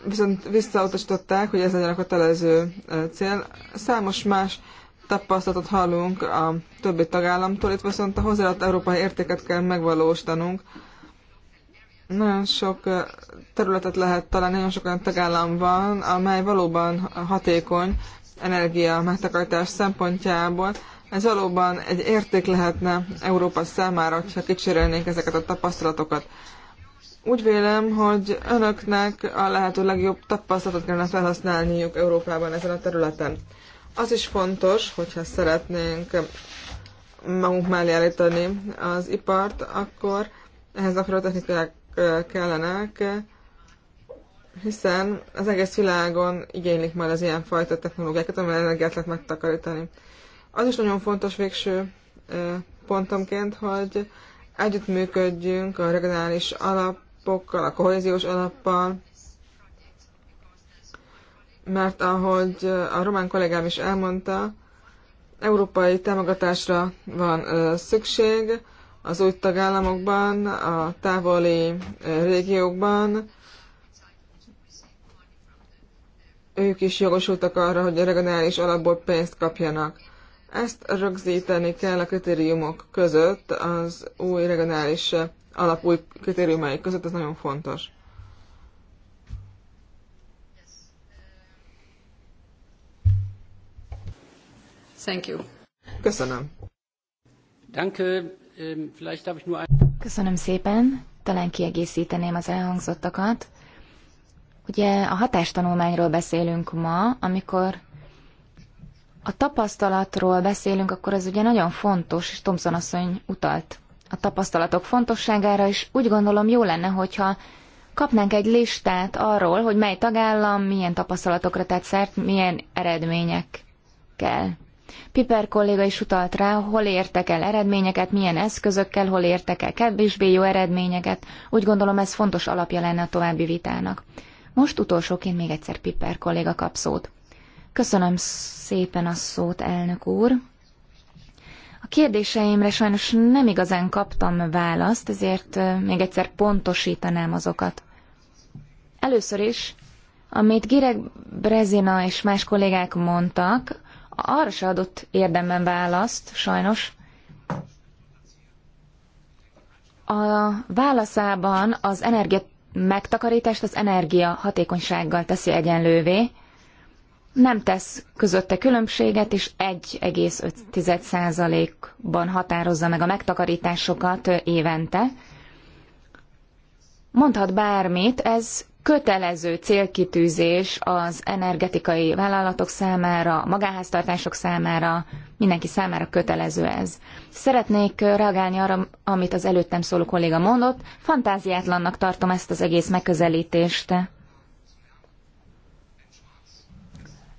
viszont visszautasították, hogy ez legyen a kötelező cél. Számos más tapasztalatot hallunk a többi tagállamtól, itt viszont a hozzáadott európai értéket kell megvalósítanunk. Nagyon sok területet lehet talán, nagyon sok olyan tagállam van, amely valóban hatékony energia megtakarítás szempontjából. Ez valóban egy érték lehetne Európa számára, ha kicsérelnénk ezeket a tapasztalatokat. Úgy vélem, hogy önöknek a lehető legjobb tapasztalatot kellene felhasználniuk Európában ezen a területen. Az is fontos, hogyha szeretnénk magunk mellé állítani az ipart, akkor ehhez akkor technikák kellenek, hiszen az egész világon igénylik majd az ilyenfajta technológiákat, amivel energiát lehet megtakarítani. Az is nagyon fontos végső pontomként, hogy együttműködjünk a regionális alap alapokkal, a kohéziós alappal, mert ahogy a román kollégám is elmondta, európai támogatásra van szükség az új tagállamokban, a távoli régiókban. Ők is jogosultak arra, hogy a regionális alapból pénzt kapjanak. Ezt rögzíteni kell a kritériumok között az új regionális alapúj kritériumai között, ez nagyon fontos. Thank you. Köszönöm. Danke. Ähm, vielleicht darf ich nur ein... Köszönöm szépen. Talán kiegészíteném az elhangzottakat. Ugye a hatástanulmányról beszélünk ma, amikor a tapasztalatról beszélünk, akkor ez ugye nagyon fontos, és Thomson asszony utalt a tapasztalatok fontosságára, és úgy gondolom jó lenne, hogyha kapnánk egy listát arról, hogy mely tagállam milyen tapasztalatokra tett szert, milyen eredményekkel. Piper kolléga is utalt rá, hol értek el eredményeket, milyen eszközökkel, hol értek el kevésbé jó eredményeket. Úgy gondolom ez fontos alapja lenne a további vitának. Most utolsóként még egyszer Piper kolléga kap szót. Köszönöm szépen a szót, elnök úr. A kérdéseimre sajnos nem igazán kaptam választ, ezért még egyszer pontosítanám azokat. Először is, amit Gireg Brezina és más kollégák mondtak, arra se adott érdemben választ, sajnos. A válaszában az energia megtakarítást az energia hatékonysággal teszi egyenlővé, nem tesz közötte különbséget, és 1,5%-ban határozza meg a megtakarításokat évente. Mondhat bármit, ez kötelező célkitűzés az energetikai vállalatok számára, a magánháztartások számára, mindenki számára kötelező ez. Szeretnék reagálni arra, amit az előttem szóló kolléga mondott, fantáziátlannak tartom ezt az egész megközelítést.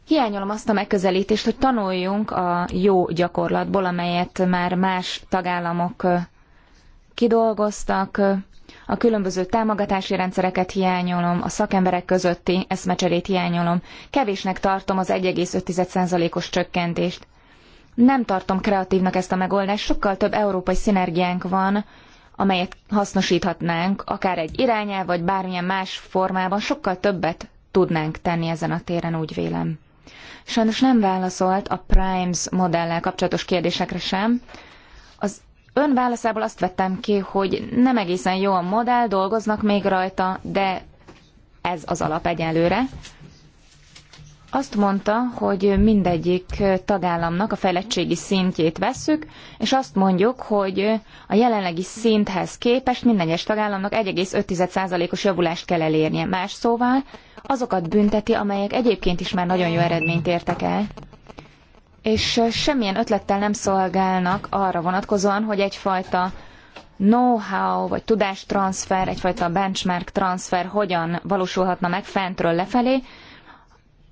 Hiányolom azt a megközelítést, hogy tanuljunk a jó gyakorlatból, amelyet már más tagállamok kidolgoztak, a különböző támogatási rendszereket hiányolom, a szakemberek közötti eszmecserét hiányolom, kevésnek tartom az 1,5%-os csökkentést. Nem tartom kreatívnak ezt a megoldást, sokkal több európai szinergiánk van, amelyet hasznosíthatnánk, akár egy irányel, vagy bármilyen más formában, sokkal többet tudnánk tenni ezen a téren, úgy vélem. Sajnos nem válaszolt a Primes modellel kapcsolatos kérdésekre sem. Az ön válaszából azt vettem ki, hogy nem egészen jó a modell, dolgoznak még rajta, de ez az alap egyelőre. Azt mondta, hogy mindegyik tagállamnak a fejlettségi szintjét vesszük, és azt mondjuk, hogy a jelenlegi szinthez képest minden egyes tagállamnak 1,5%-os javulást kell elérnie. Más szóval azokat bünteti, amelyek egyébként is már nagyon jó eredményt értek el, és semmilyen ötlettel nem szolgálnak arra vonatkozóan, hogy egyfajta know-how vagy tudástranszfer, egyfajta benchmark transfer hogyan valósulhatna meg fentről lefelé.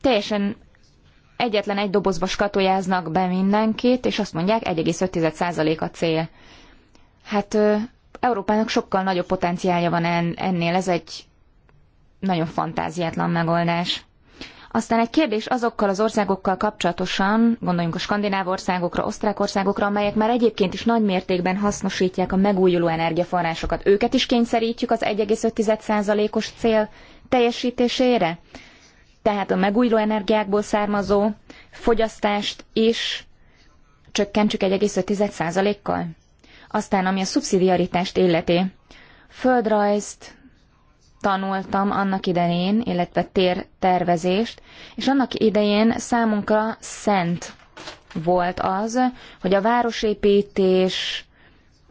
Teljesen egyetlen egy dobozba skatolyáznak be mindenkit, és azt mondják 1,5% a cél. Hát Európának sokkal nagyobb potenciálja van ennél, ez egy nagyon fantáziátlan megoldás. Aztán egy kérdés azokkal az országokkal kapcsolatosan, gondoljunk a skandináv országokra, osztrák országokra, amelyek már egyébként is nagy mértékben hasznosítják a megújuló energiaforrásokat. Őket is kényszerítjük az 1,5%-os cél teljesítésére? Tehát a megújuló energiákból származó fogyasztást is csökkentsük 1,5%-kal? Aztán, ami a szubszidiaritást illeti, földrajzt, tanultam annak idején, illetve tértervezést, és annak idején számunkra szent volt az, hogy a városépítés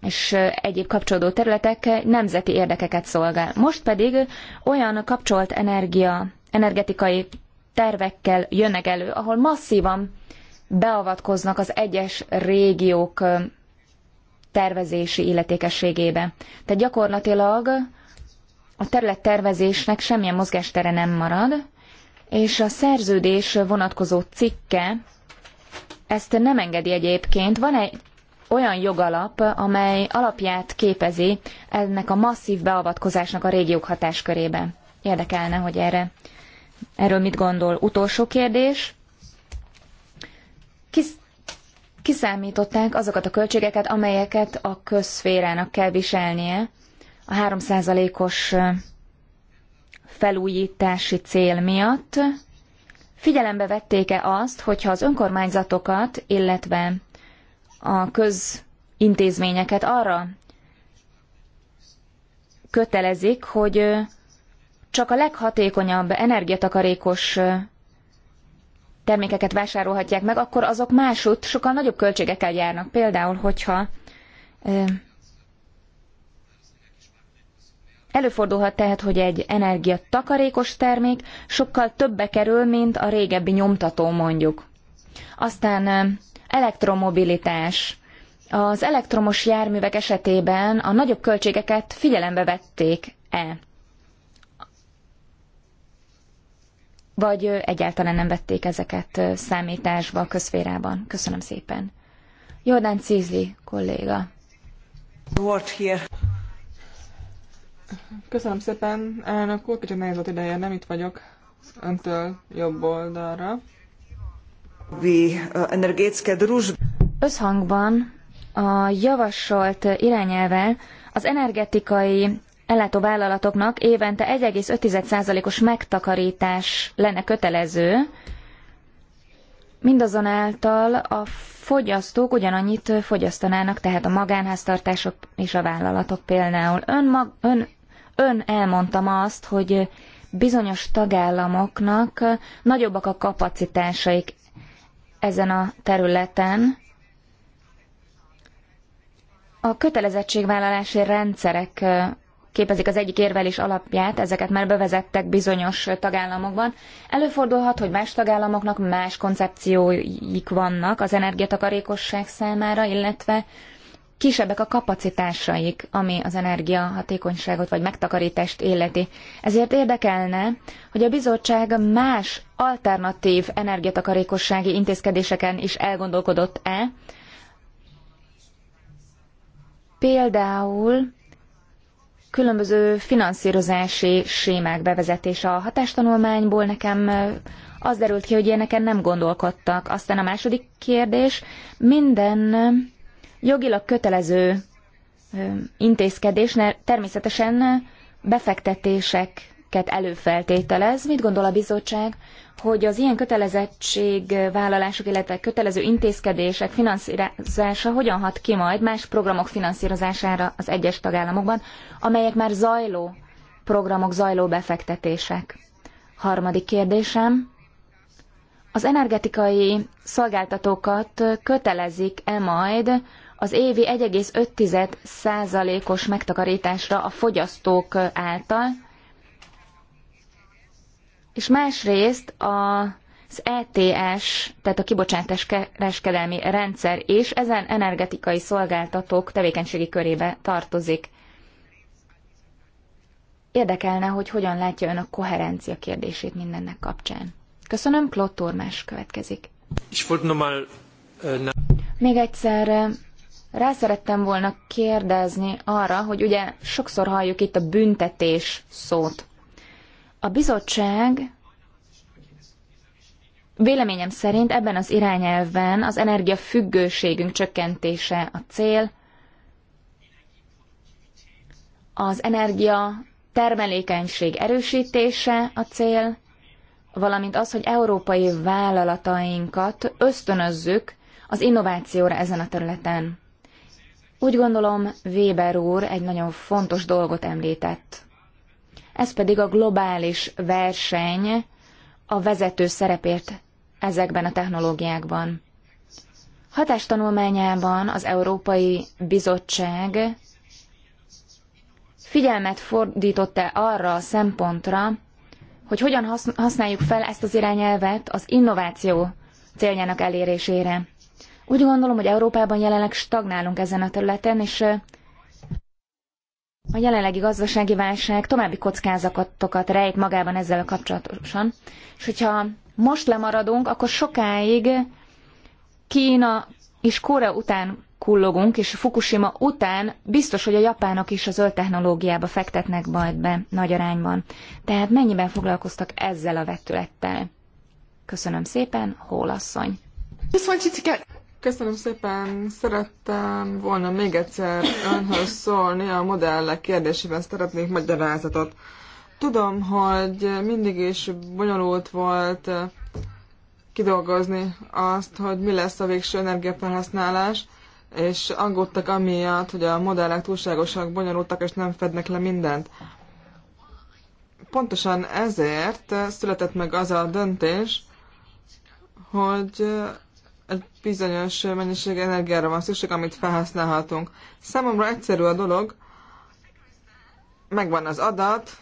és egyéb kapcsolódó területek nemzeti érdekeket szolgál. Most pedig olyan kapcsolt energia, energetikai tervekkel jönnek elő, ahol masszívan beavatkoznak az egyes régiók tervezési illetékességébe. Tehát gyakorlatilag a területtervezésnek semmilyen mozgástere nem marad, és a szerződés vonatkozó cikke ezt nem engedi egyébként. Van egy olyan jogalap, amely alapját képezi ennek a masszív beavatkozásnak a régiók hatáskörébe. Érdekelne, hogy erre, erről mit gondol. Utolsó kérdés. Kis, kiszámították azokat a költségeket, amelyeket a közszférának kell viselnie, a 3%-os felújítási cél miatt figyelembe vették-e azt, hogyha az önkormányzatokat, illetve a közintézményeket arra kötelezik, hogy csak a leghatékonyabb energiatakarékos termékeket vásárolhatják meg, akkor azok másút sokkal nagyobb költségekkel járnak. Például, hogyha Előfordulhat tehát, hogy egy energiatakarékos termék sokkal többe kerül, mint a régebbi nyomtató mondjuk. Aztán elektromobilitás. Az elektromos járművek esetében a nagyobb költségeket figyelembe vették-e? Vagy egyáltalán nem vették ezeket számításba a közférában? Köszönöm szépen. Jordán Cízli kolléga. here. Köszönöm szépen, elnök úr, kicsit nehéz volt ideje, nem itt vagyok öntől jobb oldalra. Uh, Összhangban a javasolt irányelvel az energetikai ellátóvállalatoknak évente 1,5%-os megtakarítás lenne kötelező, mindazonáltal a fogyasztók ugyanannyit fogyasztanának, tehát a magánháztartások és a vállalatok például. Ön, mag, ön Ön elmondtam azt, hogy bizonyos tagállamoknak nagyobbak a kapacitásaik ezen a területen. A kötelezettségvállalási rendszerek képezik az egyik érvelés alapját, ezeket már bevezettek bizonyos tagállamokban. Előfordulhat, hogy más tagállamoknak más koncepcióik vannak az energiatakarékosság számára, illetve kisebbek a kapacitásaik, ami az energiahatékonyságot vagy megtakarítást illeti. Ezért érdekelne, hogy a bizottság más alternatív energiatakarékossági intézkedéseken is elgondolkodott-e, például különböző finanszírozási sémák bevezetése a hatástanulmányból nekem az derült ki, hogy ilyeneken nem gondolkodtak. Aztán a második kérdés, minden jogilag kötelező intézkedés természetesen befektetéseket előfeltételez. Mit gondol a bizottság, hogy az ilyen kötelezettségvállalások, illetve kötelező intézkedések finanszírozása hogyan hat ki majd más programok finanszírozására az egyes tagállamokban, amelyek már zajló programok, zajló befektetések? Harmadik kérdésem. Az energetikai szolgáltatókat kötelezik-e majd az évi 1,5%-os megtakarításra a fogyasztók által, és másrészt az ETS, tehát a kibocsátás kereskedelmi rendszer is ezen energetikai szolgáltatók tevékenységi körébe tartozik. Érdekelne, hogy hogyan látja ön a koherencia kérdését mindennek kapcsán. Köszönöm, más következik. Még egyszer rá szerettem volna kérdezni arra, hogy ugye sokszor halljuk itt a büntetés szót. A bizottság véleményem szerint ebben az irányelven az energiafüggőségünk csökkentése a cél, az energia termelékenység erősítése a cél, valamint az, hogy európai vállalatainkat ösztönözzük az innovációra ezen a területen. Úgy gondolom, Weber úr egy nagyon fontos dolgot említett. Ez pedig a globális verseny a vezető szerepért ezekben a technológiákban. Hatástanulmányában az Európai Bizottság figyelmet fordította arra a szempontra, hogy hogyan használjuk fel ezt az irányelvet az innováció céljának elérésére. Úgy gondolom, hogy Európában jelenleg stagnálunk ezen a területen, és a jelenlegi gazdasági válság további kockázatokat rejt magában ezzel kapcsolatosan, és hogyha most lemaradunk, akkor sokáig Kína és Korea után kullogunk, és Fukushima után biztos, hogy a japánok is a zöld technológiába fektetnek majd be nagy arányban. Tehát mennyiben foglalkoztak ezzel a vetülettel? Köszönöm szépen, Hólasszony. Köszönöm szépen, szerettem volna még egyszer önhöz szólni a modellek kérdésében, szeretnék magyarázatot. Tudom, hogy mindig is bonyolult volt kidolgozni azt, hogy mi lesz a végső energiafelhasználás, és aggódtak amiatt, hogy a modellek túlságosak, bonyolultak, és nem fednek le mindent. Pontosan ezért született meg az a döntés, hogy bizonyos mennyiség energiára van szükség, amit felhasználhatunk. Számomra egyszerű a dolog, megvan az adat,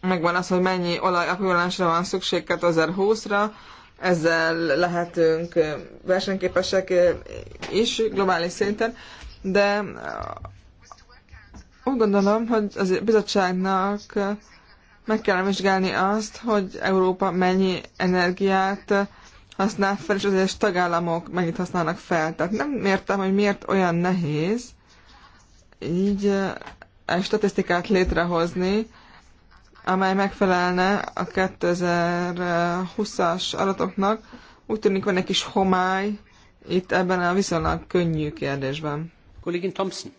megvan az, hogy mennyi olajekvivalensre van szükség 2020-ra, ezzel lehetünk versenyképesek is globális szinten, de úgy gondolom, hogy az bizottságnak meg kell vizsgálni azt, hogy Európa mennyi energiát használ fel, és az egyes tagállamok mennyit használnak fel. Tehát nem értem, hogy miért olyan nehéz így egy statisztikát létrehozni, amely megfelelne a 2020-as adatoknak. Úgy tűnik van egy kis homály itt ebben a viszonylag könnyű kérdésben. Kollégin Thompson.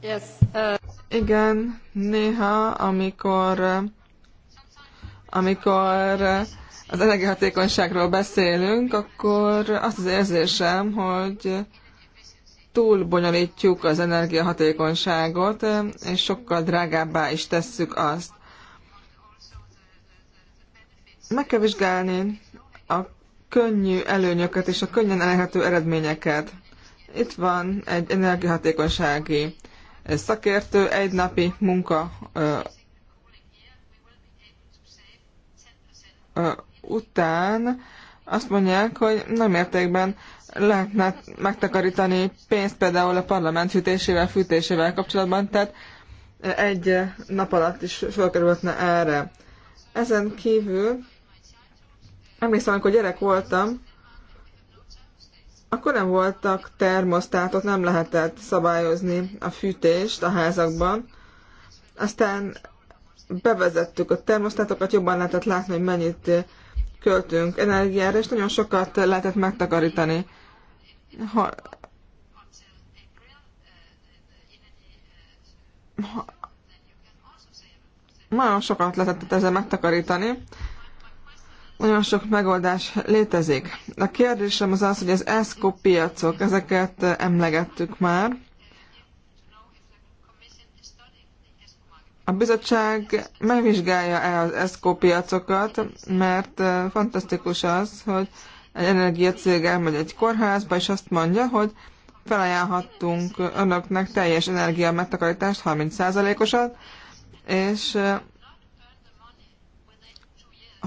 Yes, uh... Igen, néha, amikor, amikor az energiahatékonyságról beszélünk, akkor azt az érzésem, hogy túl bonyolítjuk az energiahatékonyságot, és sokkal drágábbá is tesszük azt. Meg kell vizsgálni a könnyű előnyöket és a könnyen elérhető eredményeket. Itt van egy energiahatékonysági szakértő egy napi munka után azt mondják, hogy nem mértékben lehetne megtakarítani pénzt például a parlament fűtésével, fűtésével kapcsolatban, tehát egy nap alatt is felkerülhetne erre. Ezen kívül emlékszem, amikor gyerek voltam, akkor nem voltak termosztátok, nem lehetett szabályozni a fűtést a házakban. Aztán bevezettük a termosztátokat, jobban lehetett látni, hogy mennyit költünk energiára, és nagyon sokat lehetett megtakarítani. Ha, ha, nagyon sokat lehetett ezzel megtakarítani, nagyon sok megoldás létezik. A kérdésem az az, hogy az ESCO piacok, ezeket emlegettük már. A bizottság megvizsgálja-e az ESCO piacokat, mert eh, fantasztikus az, hogy egy energiacég elmegy egy kórházba, és azt mondja, hogy felajánlhattunk önöknek teljes energia megtakarítást, 30%-osat, és eh,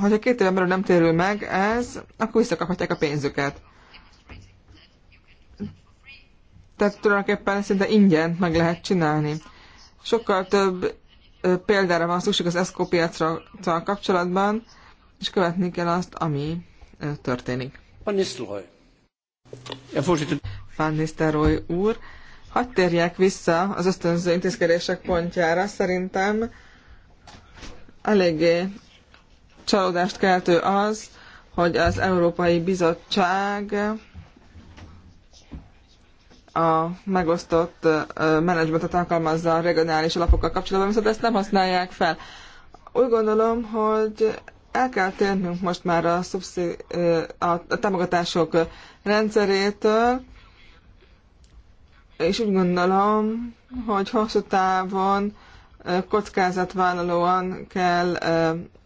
a két éven nem térül meg ez, akkor visszakaphatják a pénzüket. Tehát tulajdonképpen szinte ingyen meg lehet csinálni. Sokkal több példára van szükség az ESCO piacra kapcsolatban, és követni kell azt, ami történik. Van Nistelrooy. Van Nistelrooy úr. Hadd térjek vissza az ösztönző intézkedések pontjára. Szerintem eléggé Csalódást keltő az, hogy az Európai Bizottság a megosztott menedzsmentet alkalmazza a regionális alapokkal kapcsolatban, viszont ezt nem használják fel. Úgy gondolom, hogy el kell térnünk most már a, szubszi, a, a támogatások rendszerétől, és úgy gondolom, hogy hosszú távon kockázatvállalóan kell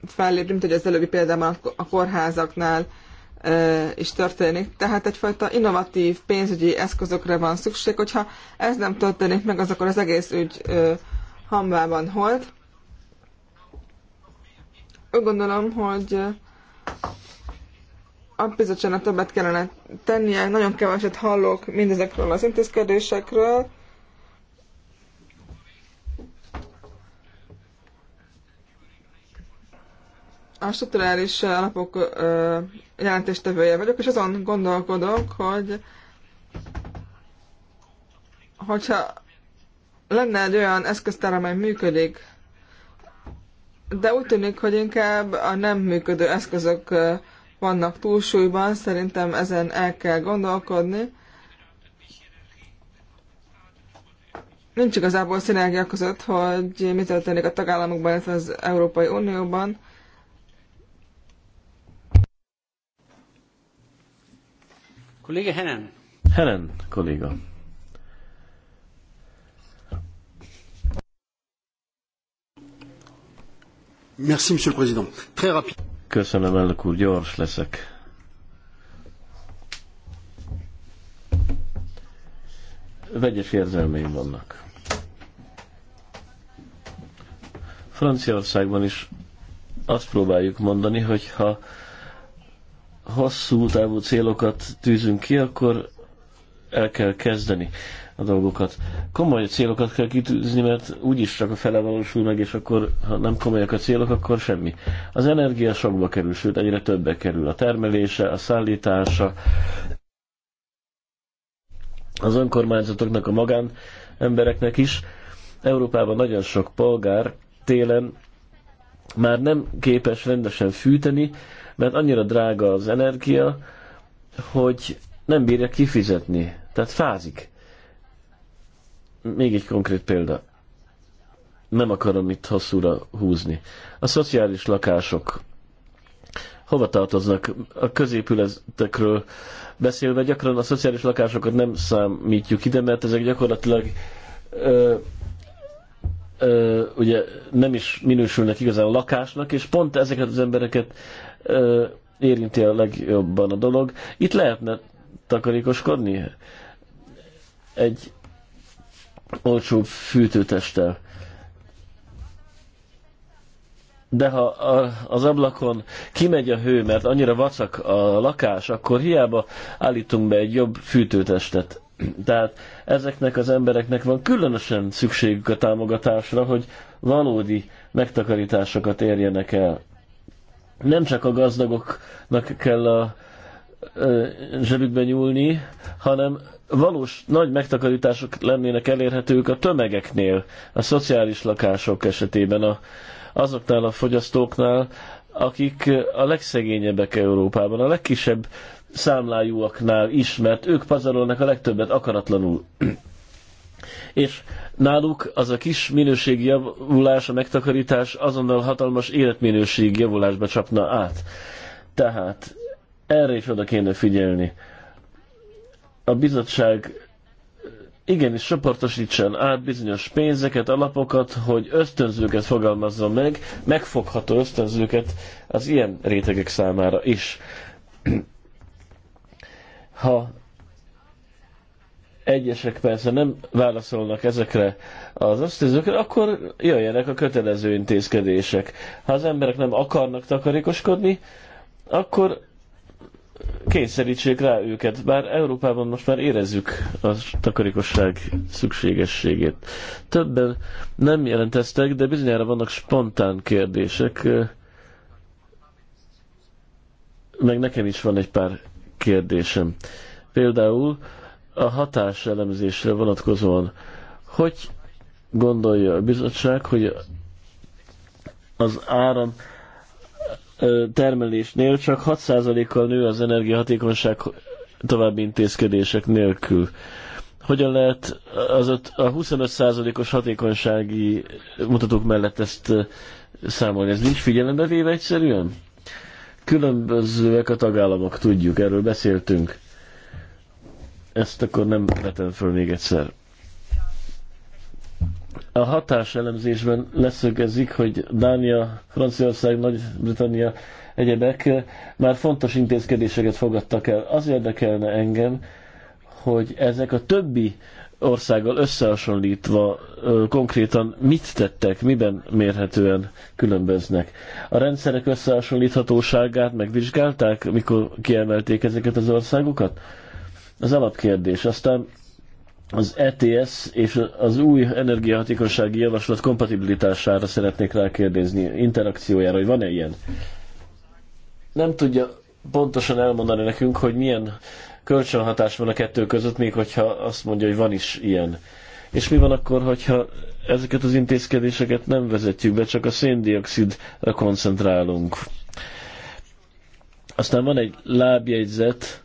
fellépni, mint hogy az előbbi példában a kórházaknál is történik. Tehát egyfajta innovatív pénzügyi eszközökre van szükség, hogyha ez nem történik meg, az akkor az egész ügy hamvában hold. Úgy gondolom, hogy a bizottságnak többet kellene tennie, nagyon keveset hallok mindezekről az intézkedésekről, a strukturális alapok jelentéstevője vagyok, és azon gondolkodok, hogy hogyha lenne egy olyan eszköztár, amely működik, de úgy tűnik, hogy inkább a nem működő eszközök vannak túlsúlyban, szerintem ezen el kell gondolkodni. Nincs igazából szinergia között, hogy mi történik a tagállamokban, illetve az Európai Unióban. Kolléga Henen. Merci, monsieur le président. Très rapide. Köszönöm, elnök úr, gyors leszek. Vegyes érzelmeim vannak. Franciaországban is azt próbáljuk mondani, hogy ha hosszú távú célokat tűzünk ki, akkor el kell kezdeni a dolgokat. Komoly célokat kell kitűzni, mert úgyis csak a fele valósul meg, és akkor, ha nem komolyak a célok, akkor semmi. Az energia sokba kerül, sőt egyre többe kerül. A termelése, a szállítása, az önkormányzatoknak, a magán embereknek is. Európában nagyon sok polgár télen már nem képes rendesen fűteni, mert annyira drága az energia, hogy nem bírja kifizetni. Tehát fázik. Még egy konkrét példa. Nem akarom itt hosszúra húzni. A szociális lakások hova tartoznak? A középületekről beszélve gyakran a szociális lakásokat nem számítjuk ide, mert ezek gyakorlatilag ö, ö, ugye nem is minősülnek igazán lakásnak, és pont ezeket az embereket érinti a legjobban a dolog. Itt lehetne takarékoskodni egy olcsó fűtőtesttel. De ha a, az ablakon kimegy a hő, mert annyira vacak a lakás, akkor hiába állítunk be egy jobb fűtőtestet. Tehát ezeknek az embereknek van különösen szükségük a támogatásra, hogy valódi megtakarításokat érjenek el nem csak a gazdagoknak kell a zsebükbe nyúlni, hanem valós nagy megtakarítások lennének elérhetők a tömegeknél, a szociális lakások esetében, a, azoknál a fogyasztóknál, akik a legszegényebbek Európában, a legkisebb számlájúaknál is, mert ők pazarolnak a legtöbbet akaratlanul és náluk az a kis minőségi javulás, a megtakarítás azonnal hatalmas életminőségi javulásba csapna át. Tehát erre is oda kéne figyelni. A bizottság igenis csoportosítsen át bizonyos pénzeket, alapokat, hogy ösztönzőket fogalmazza meg, megfogható ösztönzőket az ilyen rétegek számára is. Ha egyesek persze nem válaszolnak ezekre az ösztönzőkre, akkor jöjjenek a kötelező intézkedések. Ha az emberek nem akarnak takarékoskodni, akkor kényszerítsék rá őket, bár Európában most már érezzük a takarékosság szükségességét. Többen nem jelenteztek, de bizonyára vannak spontán kérdések. Meg nekem is van egy pár kérdésem. Például a hatáselemzésre vonatkozóan, hogy gondolja a bizottság, hogy az áram termelésnél csak 6%-kal nő az energiahatékonyság további intézkedések nélkül. Hogyan lehet az öt, a 25%-os hatékonysági mutatók mellett ezt számolni? Ez nincs figyelembe véve egyszerűen? Különbözőek a tagállamok, tudjuk, erről beszéltünk. Ezt akkor nem vetem föl még egyszer. A hatáselemzésben leszögezik, hogy Dánia, Franciaország, Nagy-Britannia, egyebek már fontos intézkedéseket fogadtak el. Az érdekelne engem, hogy ezek a többi országgal összehasonlítva konkrétan mit tettek, miben mérhetően különböznek. A rendszerek összehasonlíthatóságát megvizsgálták, mikor kiemelték ezeket az országokat? az alapkérdés. Aztán az ETS és az új energiahatékonysági javaslat kompatibilitására szeretnék rákérdezni, interakciójára, hogy van-e ilyen. Nem tudja pontosan elmondani nekünk, hogy milyen kölcsönhatás van a kettő között, még hogyha azt mondja, hogy van is ilyen. És mi van akkor, hogyha ezeket az intézkedéseket nem vezetjük be, csak a széndiokszidra koncentrálunk. Aztán van egy lábjegyzet,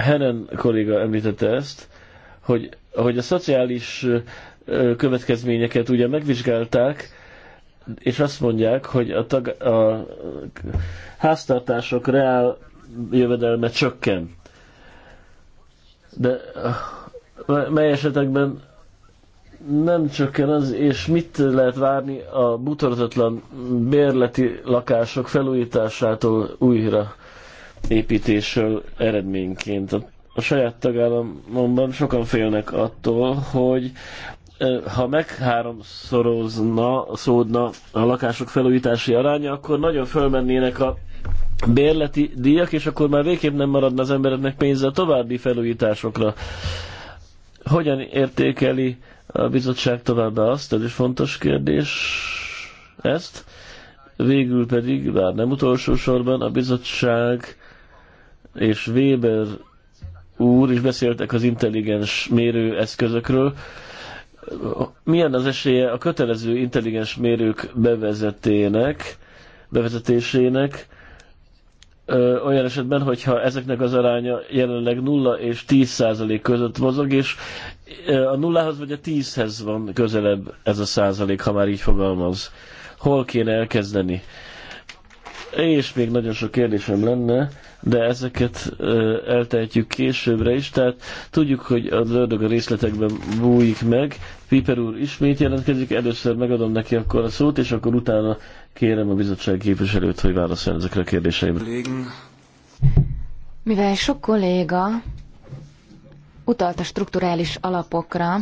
Henen kolléga említette ezt, hogy, hogy a szociális következményeket ugye megvizsgálták, és azt mondják, hogy a, tag, a háztartások reál jövedelme csökken. De mely esetekben nem csökken az, és mit lehet várni a butorzatlan bérleti lakások felújításától újra építésről eredményként. A saját tagállamomban sokan félnek attól, hogy ha megháromszorozna, szódna a lakások felújítási aránya, akkor nagyon fölmennének a bérleti díjak, és akkor már végképp nem maradna az embereknek pénze a további felújításokra. Hogyan értékeli a bizottság továbbá azt, ez is fontos kérdés ezt. Végül pedig, bár nem utolsó sorban, a bizottság és Weber úr is beszéltek az intelligens mérőeszközökről. Milyen az esélye a kötelező intelligens mérők bevezetének, bevezetésének, olyan esetben, hogyha ezeknek az aránya jelenleg 0 és 10 százalék között mozog, és a nullához vagy a 10-hez van közelebb ez a százalék, ha már így fogalmaz. Hol kéne elkezdeni? és még nagyon sok kérdésem lenne, de ezeket eltehetjük későbbre is, tehát tudjuk, hogy az ördög a részletekben bújik meg. Piper úr ismét jelentkezik, először megadom neki akkor a szót, és akkor utána kérem a bizottság képviselőt, hogy válaszoljon ezekre a kérdéseimre. Mivel sok kolléga utalt a strukturális alapokra,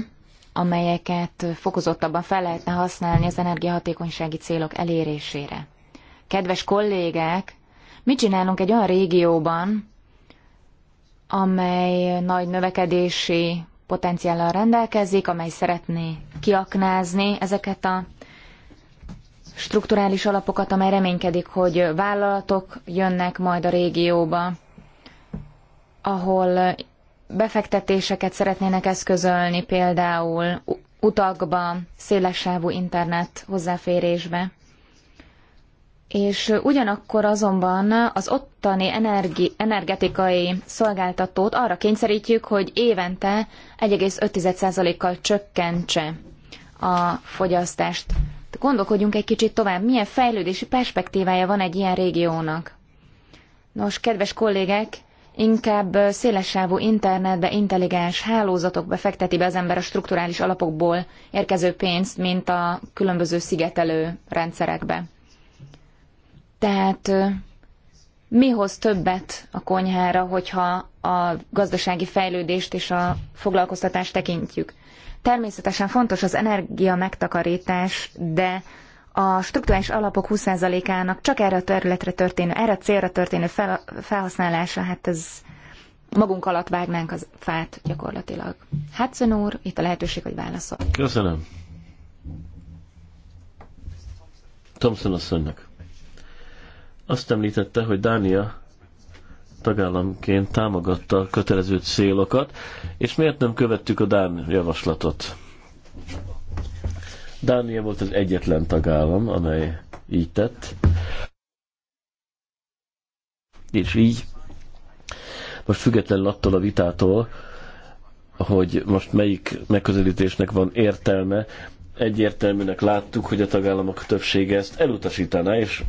amelyeket fokozottabban fel lehetne használni az energiahatékonysági célok elérésére kedves kollégák, mit csinálunk egy olyan régióban, amely nagy növekedési potenciállal rendelkezik, amely szeretné kiaknázni ezeket a strukturális alapokat, amely reménykedik, hogy vállalatok jönnek majd a régióba, ahol befektetéseket szeretnének eszközölni, például utakba, szélessávú internet hozzáférésbe és ugyanakkor azonban az ottani energi, energetikai szolgáltatót arra kényszerítjük, hogy évente 1,5%-kal csökkentse a fogyasztást. Gondolkodjunk egy kicsit tovább, milyen fejlődési perspektívája van egy ilyen régiónak. Nos, kedves kollégek, inkább szélessávú internetbe, intelligens hálózatokba fekteti be az ember a strukturális alapokból érkező pénzt, mint a különböző szigetelő rendszerekbe. Tehát mi hoz többet a konyhára, hogyha a gazdasági fejlődést és a foglalkoztatást tekintjük? Természetesen fontos az energia megtakarítás, de a struktúrális alapok 20%-ának csak erre a területre történő, erre a célra történő fel, felhasználása, hát ez magunk alatt vágnánk az fát gyakorlatilag. Hát úr, itt a lehetőség, hogy válaszol. Köszönöm. Thompson asszonynak. Azt említette, hogy Dánia tagállamként támogatta a kötelező célokat, és miért nem követtük a Dán javaslatot? Dánia volt az egyetlen tagállam, amely így tett. És így, most függetlenül attól a vitától, hogy most melyik megközelítésnek van értelme, egyértelműnek láttuk, hogy a tagállamok többsége ezt elutasítaná, és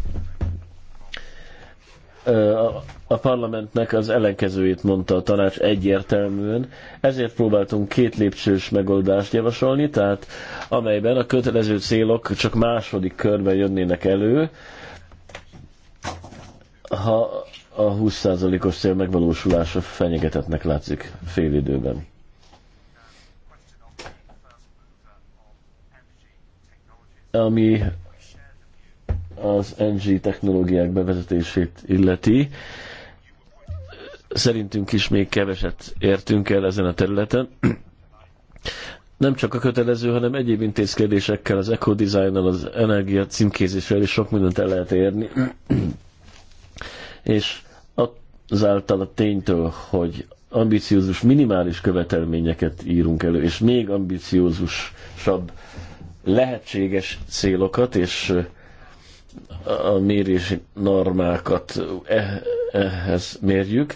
a parlamentnek az ellenkezőjét mondta a tanács egyértelműen, ezért próbáltunk két lépcsős megoldást javasolni, tehát amelyben a kötelező célok csak második körben jönnének elő, ha a 20%-os cél megvalósulása fenyegetetnek látszik fél időben. Ami az NG technológiák bevezetését illeti, szerintünk is még keveset értünk el ezen a területen. Nem csak a kötelező, hanem egyéb intézkedésekkel, az eco ekodizájnnal, az energia címkézéssel is sok mindent el lehet érni. És azáltal a ténytől, hogy ambiciózus minimális követelményeket írunk elő, és még ambiciózusabb lehetséges célokat és a mérési normákat eh, ehhez mérjük.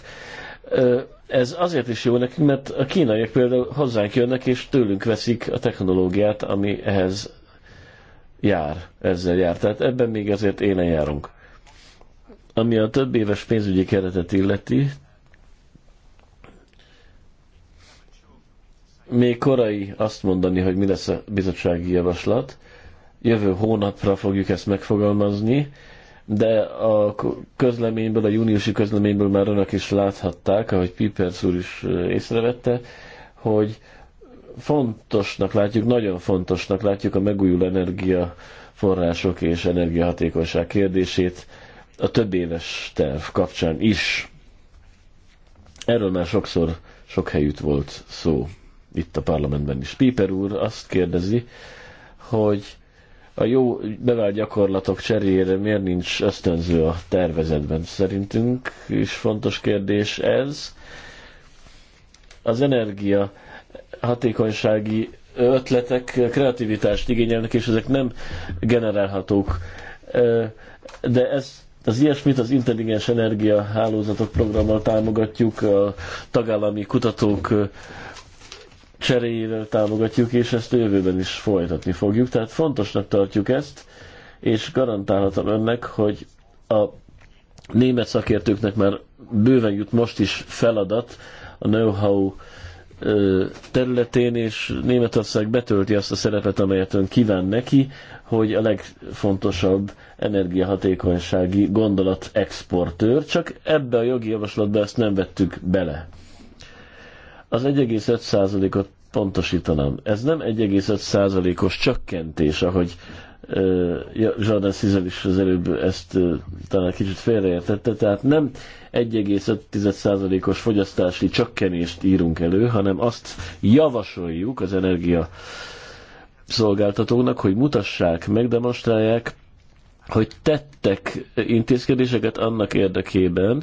Ez azért is jó nekünk, mert a kínaiak például hozzánk jönnek, és tőlünk veszik a technológiát, ami ehhez jár, ezzel jár. Tehát ebben még azért élen járunk. Ami a több éves pénzügyi keretet illeti, még korai azt mondani, hogy mi lesz a bizottsági javaslat jövő hónapra fogjuk ezt megfogalmazni, de a közleményből, a júniusi közleményből már önök is láthatták, ahogy Pipers úr is észrevette, hogy fontosnak látjuk, nagyon fontosnak látjuk a megújuló energia források és energiahatékonyság kérdését a több éves terv kapcsán is. Erről már sokszor sok helyütt volt szó itt a parlamentben is. Piper úr azt kérdezi, hogy a jó bevált gyakorlatok cseréjére miért nincs ösztönző a tervezetben? Szerintünk is fontos kérdés ez. Az energia hatékonysági ötletek kreativitást igényelnek, és ezek nem generálhatók. De ez az ilyesmit az intelligens energia hálózatok programmal támogatjuk, a tagállami kutatók cseréjével támogatjuk, és ezt a jövőben is folytatni fogjuk. Tehát fontosnak tartjuk ezt, és garantálhatom önnek, hogy a német szakértőknek már bőven jut most is feladat a know-how területén, és Németország betölti azt a szerepet, amelyet ön kíván neki, hogy a legfontosabb energiahatékonysági gondolat exportőr, csak ebbe a jogi javaslatba ezt nem vettük bele az 1,5%-ot pontosítanám. Ez nem 1,5%-os csökkentés, ahogy Jordan Szizel is az előbb ezt talán kicsit félreértette, tehát nem 1,5%-os fogyasztási csökkenést írunk elő, hanem azt javasoljuk az energia szolgáltatóknak, hogy mutassák, megdemonstrálják, hogy tettek intézkedéseket annak érdekében,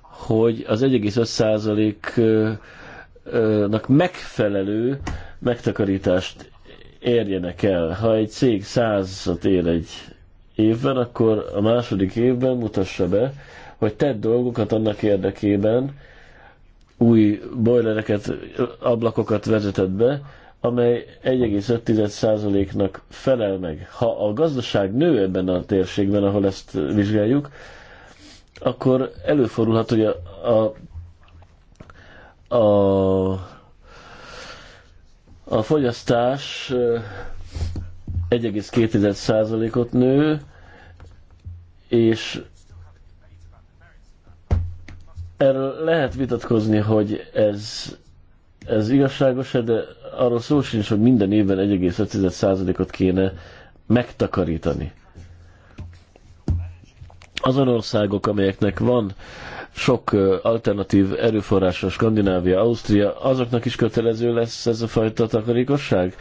hogy az 1,5 megfelelő megtakarítást érjenek el. Ha egy cég százat ér egy évben, akkor a második évben mutassa be, hogy tett dolgokat annak érdekében, új bojlereket, ablakokat vezetett be, amely 1,5%-nak felel meg. Ha a gazdaság nő ebben a térségben, ahol ezt vizsgáljuk, akkor előfordulhat, hogy a, a a, a fogyasztás 1,2%-ot nő, és erről lehet vitatkozni, hogy ez, ez igazságos -e, de arról szó sincs, hogy minden évben 1,5%-ot kéne megtakarítani. Azon országok, amelyeknek van sok alternatív erőforrásra Skandinávia, Ausztria, azoknak is kötelező lesz ez a fajta takarékosság?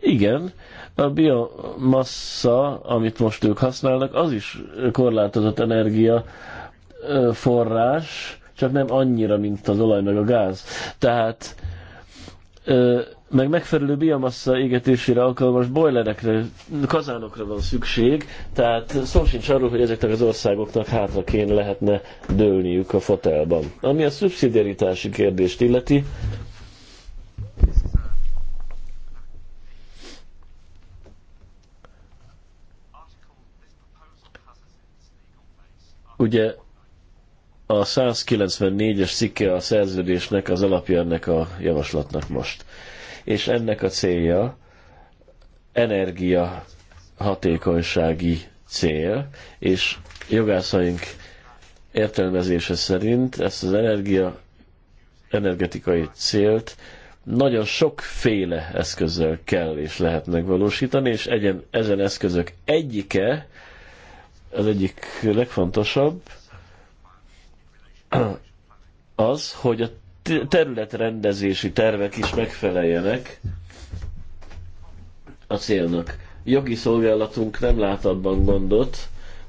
Igen, a biomassa, amit most ők használnak, az is korlátozott energia forrás, csak nem annyira, mint az olaj meg a gáz. Tehát meg megfelelő biomassa égetésére alkalmas bojlerekre, kazánokra van szükség, tehát szó sincs arról, hogy ezeknek az országoknak hátra kéne lehetne dőlniük a fotelban. Ami a szubszidiaritási kérdést illeti, ugye a 194-es szikke a szerződésnek az alapja ennek a javaslatnak most és ennek a célja energia hatékonysági cél, és jogászaink értelmezése szerint ezt az energia, energetikai célt nagyon sokféle eszközzel kell és lehet megvalósítani, és egyen, ezen eszközök egyike, az egyik legfontosabb, az, hogy a területrendezési tervek is megfeleljenek a célnak. Jogi szolgálatunk nem lát abban gondot,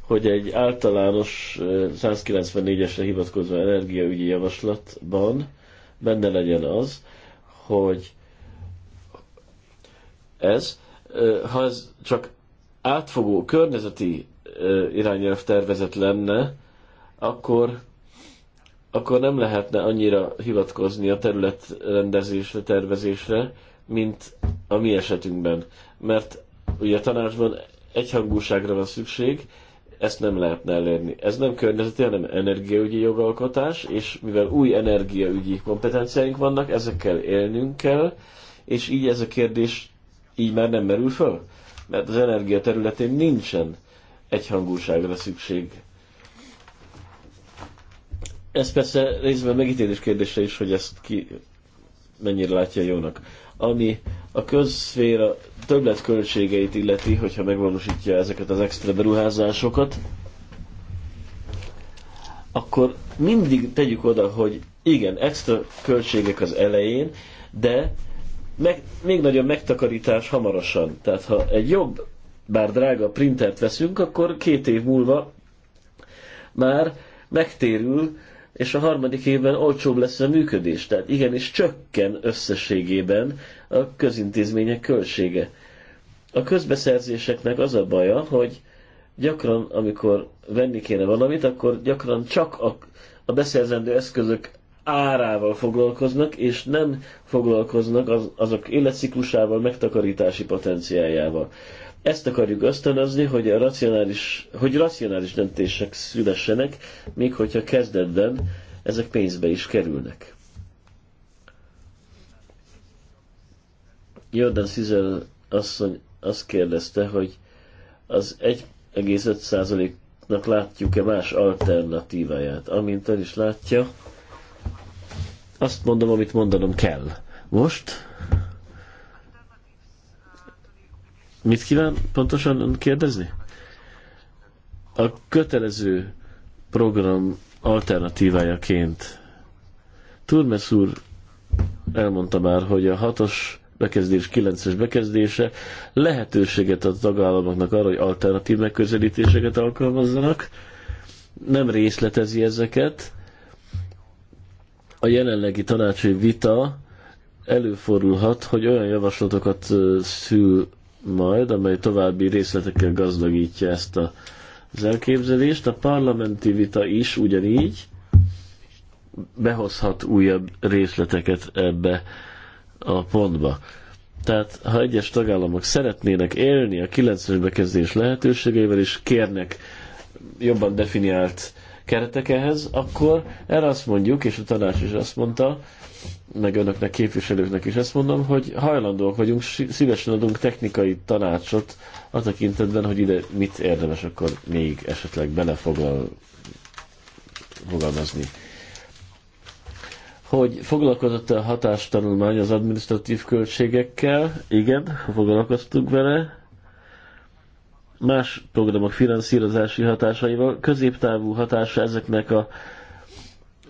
hogy egy általános 194-esre eh, hivatkozva energiaügyi javaslatban benne legyen az, hogy ez, eh, ha ez csak átfogó környezeti eh, irányelv tervezet lenne, akkor akkor nem lehetne annyira hivatkozni a területrendezésre, tervezésre, mint a mi esetünkben. Mert ugye a tanácsban egyhangúságra van szükség, ezt nem lehetne elérni. Ez nem környezeti, hanem energiaügyi jogalkotás, és mivel új energiaügyi kompetenciáink vannak, ezekkel élnünk kell, és így ez a kérdés így már nem merül föl, mert az energia területén nincsen egyhangúságra szükség ez persze részben megítélés kérdése is, hogy ezt ki mennyire látja jónak. Ami a közszféra költségeit illeti, hogyha megvalósítja ezeket az extra beruházásokat, akkor mindig tegyük oda, hogy igen, extra költségek az elején, de meg, még nagyobb megtakarítás hamarosan. Tehát ha egy jobb, bár drága printert veszünk, akkor két év múlva már megtérül és a harmadik évben olcsóbb lesz a működés. Tehát igenis csökken összességében a közintézmények költsége. A közbeszerzéseknek az a baja, hogy gyakran, amikor venni kéne valamit, akkor gyakran csak a, a beszerzendő eszközök árával foglalkoznak, és nem foglalkoznak az, azok életciklusával, megtakarítási potenciájával. Ezt akarjuk ösztönözni, hogy, a racionális, hogy racionális döntések szülessenek, még hogyha kezdetben ezek pénzbe is kerülnek. Jordan Szizel asszony azt kérdezte, hogy az 1,5%-nak látjuk-e más alternatíváját. Amint el is látja, azt mondom, amit mondanom kell. Most Mit kíván pontosan kérdezni? A kötelező program alternatívájaként Turmes úr elmondta már, hogy a hatos bekezdés, kilences bekezdése lehetőséget ad tagállamoknak arra, hogy alternatív megközelítéseket alkalmazzanak. Nem részletezi ezeket. A jelenlegi tanácsi vita előfordulhat, hogy olyan javaslatokat szül majd, amely további részletekkel gazdagítja ezt a, az elképzelést. A parlamenti vita is ugyanígy behozhat újabb részleteket ebbe a pontba. Tehát, ha egyes tagállamok szeretnének élni a 90-es bekezdés lehetőségeivel, és kérnek jobban definiált uh, keretek ehhez, akkor erre azt mondjuk, és a tanács is azt mondta, meg önöknek, képviselőknek is ezt mondom, hogy hajlandóak vagyunk, szívesen adunk technikai tanácsot a tekintetben, hogy ide mit érdemes akkor még esetleg belefogalmazni. Hogy foglalkozott a hatástanulmány az administratív költségekkel? Igen, foglalkoztunk vele más programok finanszírozási hatásaival. Középtávú hatása ezeknek a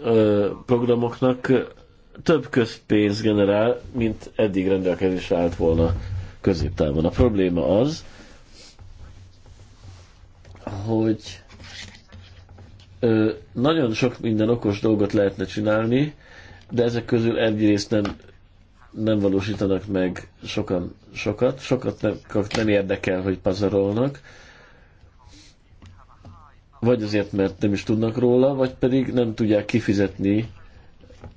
ö, programoknak több közpénz generál, mint eddig rendelkezésre állt volna középtávon. A probléma az, hogy ö, nagyon sok minden okos dolgot lehetne csinálni, de ezek közül egyrészt nem nem valósítanak meg sokan sokat, sokat nem, nem érdekel, hogy pazarolnak, vagy azért, mert nem is tudnak róla, vagy pedig nem tudják kifizetni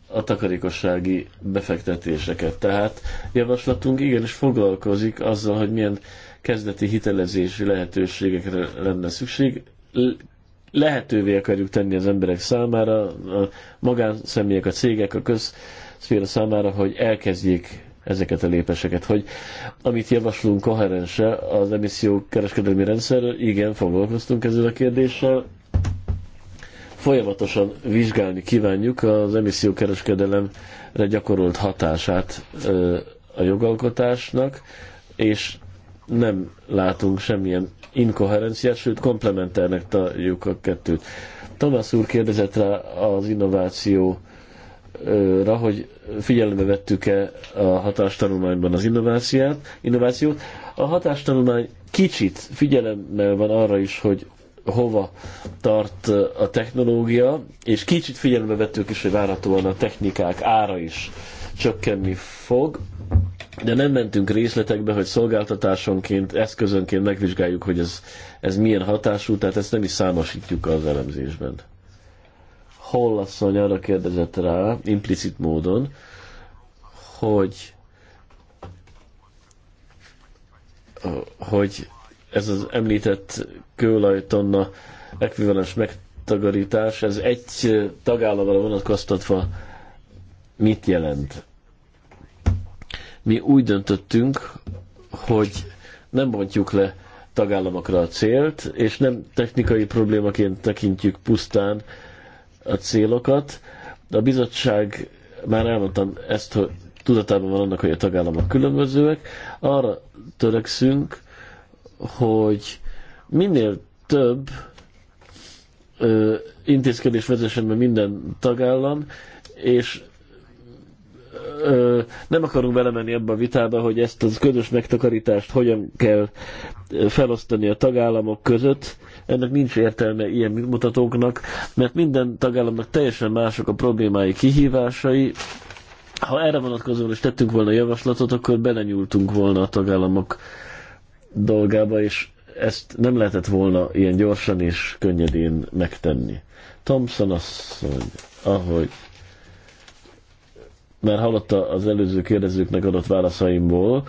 a takarékossági befektetéseket. Tehát javaslatunk igenis foglalkozik azzal, hogy milyen kezdeti hitelezési lehetőségekre lenne szükség. Lehetővé akarjuk tenni az emberek számára, a magánszemélyek, a cégek, a köz szféra számára, hogy elkezdjék ezeket a lépéseket, hogy amit javaslunk koherense az emisszió kereskedelmi rendszer, igen, foglalkoztunk ezzel a kérdéssel, folyamatosan vizsgálni kívánjuk az kereskedelemre gyakorolt hatását a jogalkotásnak, és nem látunk semmilyen inkoherenciát, sőt komplementernek találjuk a kettőt. Tomás úr kérdezett rá az innováció ra, hogy figyelembe vettük-e a hatástanulmányban az innovációt. innovációt. A hatástanulmány kicsit figyelembe van arra is, hogy hova tart a technológia, és kicsit figyelembe vettük is, hogy várhatóan a technikák ára is csökkenni fog, de nem mentünk részletekbe, hogy szolgáltatásonként, eszközönként megvizsgáljuk, hogy ez, ez milyen hatású, tehát ezt nem is számosítjuk az elemzésben. Hall asszony arra kérdezett rá, implicit módon, hogy hogy ez az említett kőolajtonna ekvivalens megtagarítás, ez egy tagállamra vonatkoztatva mit jelent? Mi úgy döntöttünk, hogy nem bontjuk le tagállamokra a célt, és nem technikai problémaként tekintjük pusztán, a célokat. A bizottság, már elmondtam ezt, hogy tudatában van annak, hogy a tagállamok különbözőek. Arra törekszünk, hogy minél több ö, intézkedés vezessen be minden tagállam, és ö, nem akarunk belemenni ebbe a vitába, hogy ezt az közös megtakarítást hogyan kell felosztani a tagállamok között, ennek nincs értelme ilyen mutatóknak, mert minden tagállamnak teljesen mások a problémái, kihívásai. Ha erre vonatkozóan is tettünk volna javaslatot, akkor belenyúltunk volna a tagállamok dolgába, és ezt nem lehetett volna ilyen gyorsan és könnyedén megtenni. Thompson asszony, ahogy már hallotta az előző kérdezőknek adott válaszaimból,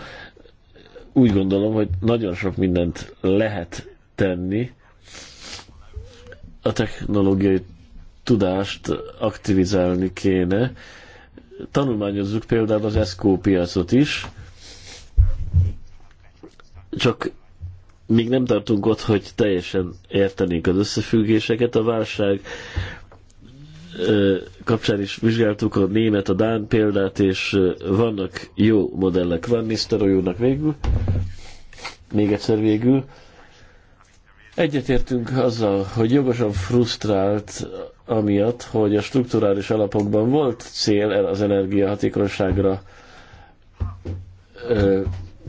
úgy gondolom, hogy nagyon sok mindent lehet tenni a technológiai tudást aktivizálni kéne. Tanulmányozzuk például az ESCO piacot is, csak még nem tartunk ott, hogy teljesen értenénk az összefüggéseket. A válság kapcsán is vizsgáltuk a német, a dán példát, és vannak jó modellek. Van Nisztarolyónak végül, még egyszer végül, Egyetértünk azzal, hogy jogosan frusztrált amiatt, hogy a strukturális alapokban volt cél az energiahatékonyságra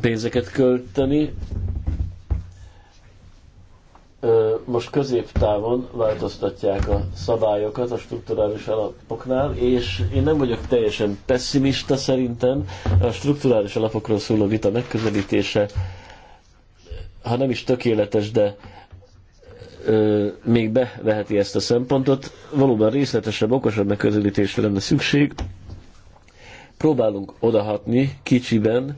pénzeket költeni. Most középtávon változtatják a szabályokat a strukturális alapoknál, és én nem vagyok teljesen pessimista szerintem. A strukturális alapokról szóló vita megközelítése, ha nem is tökéletes, de ö, még beveheti ezt a szempontot. Valóban részletesebb, okosabb megközelítésre lenne szükség. Próbálunk odahatni kicsiben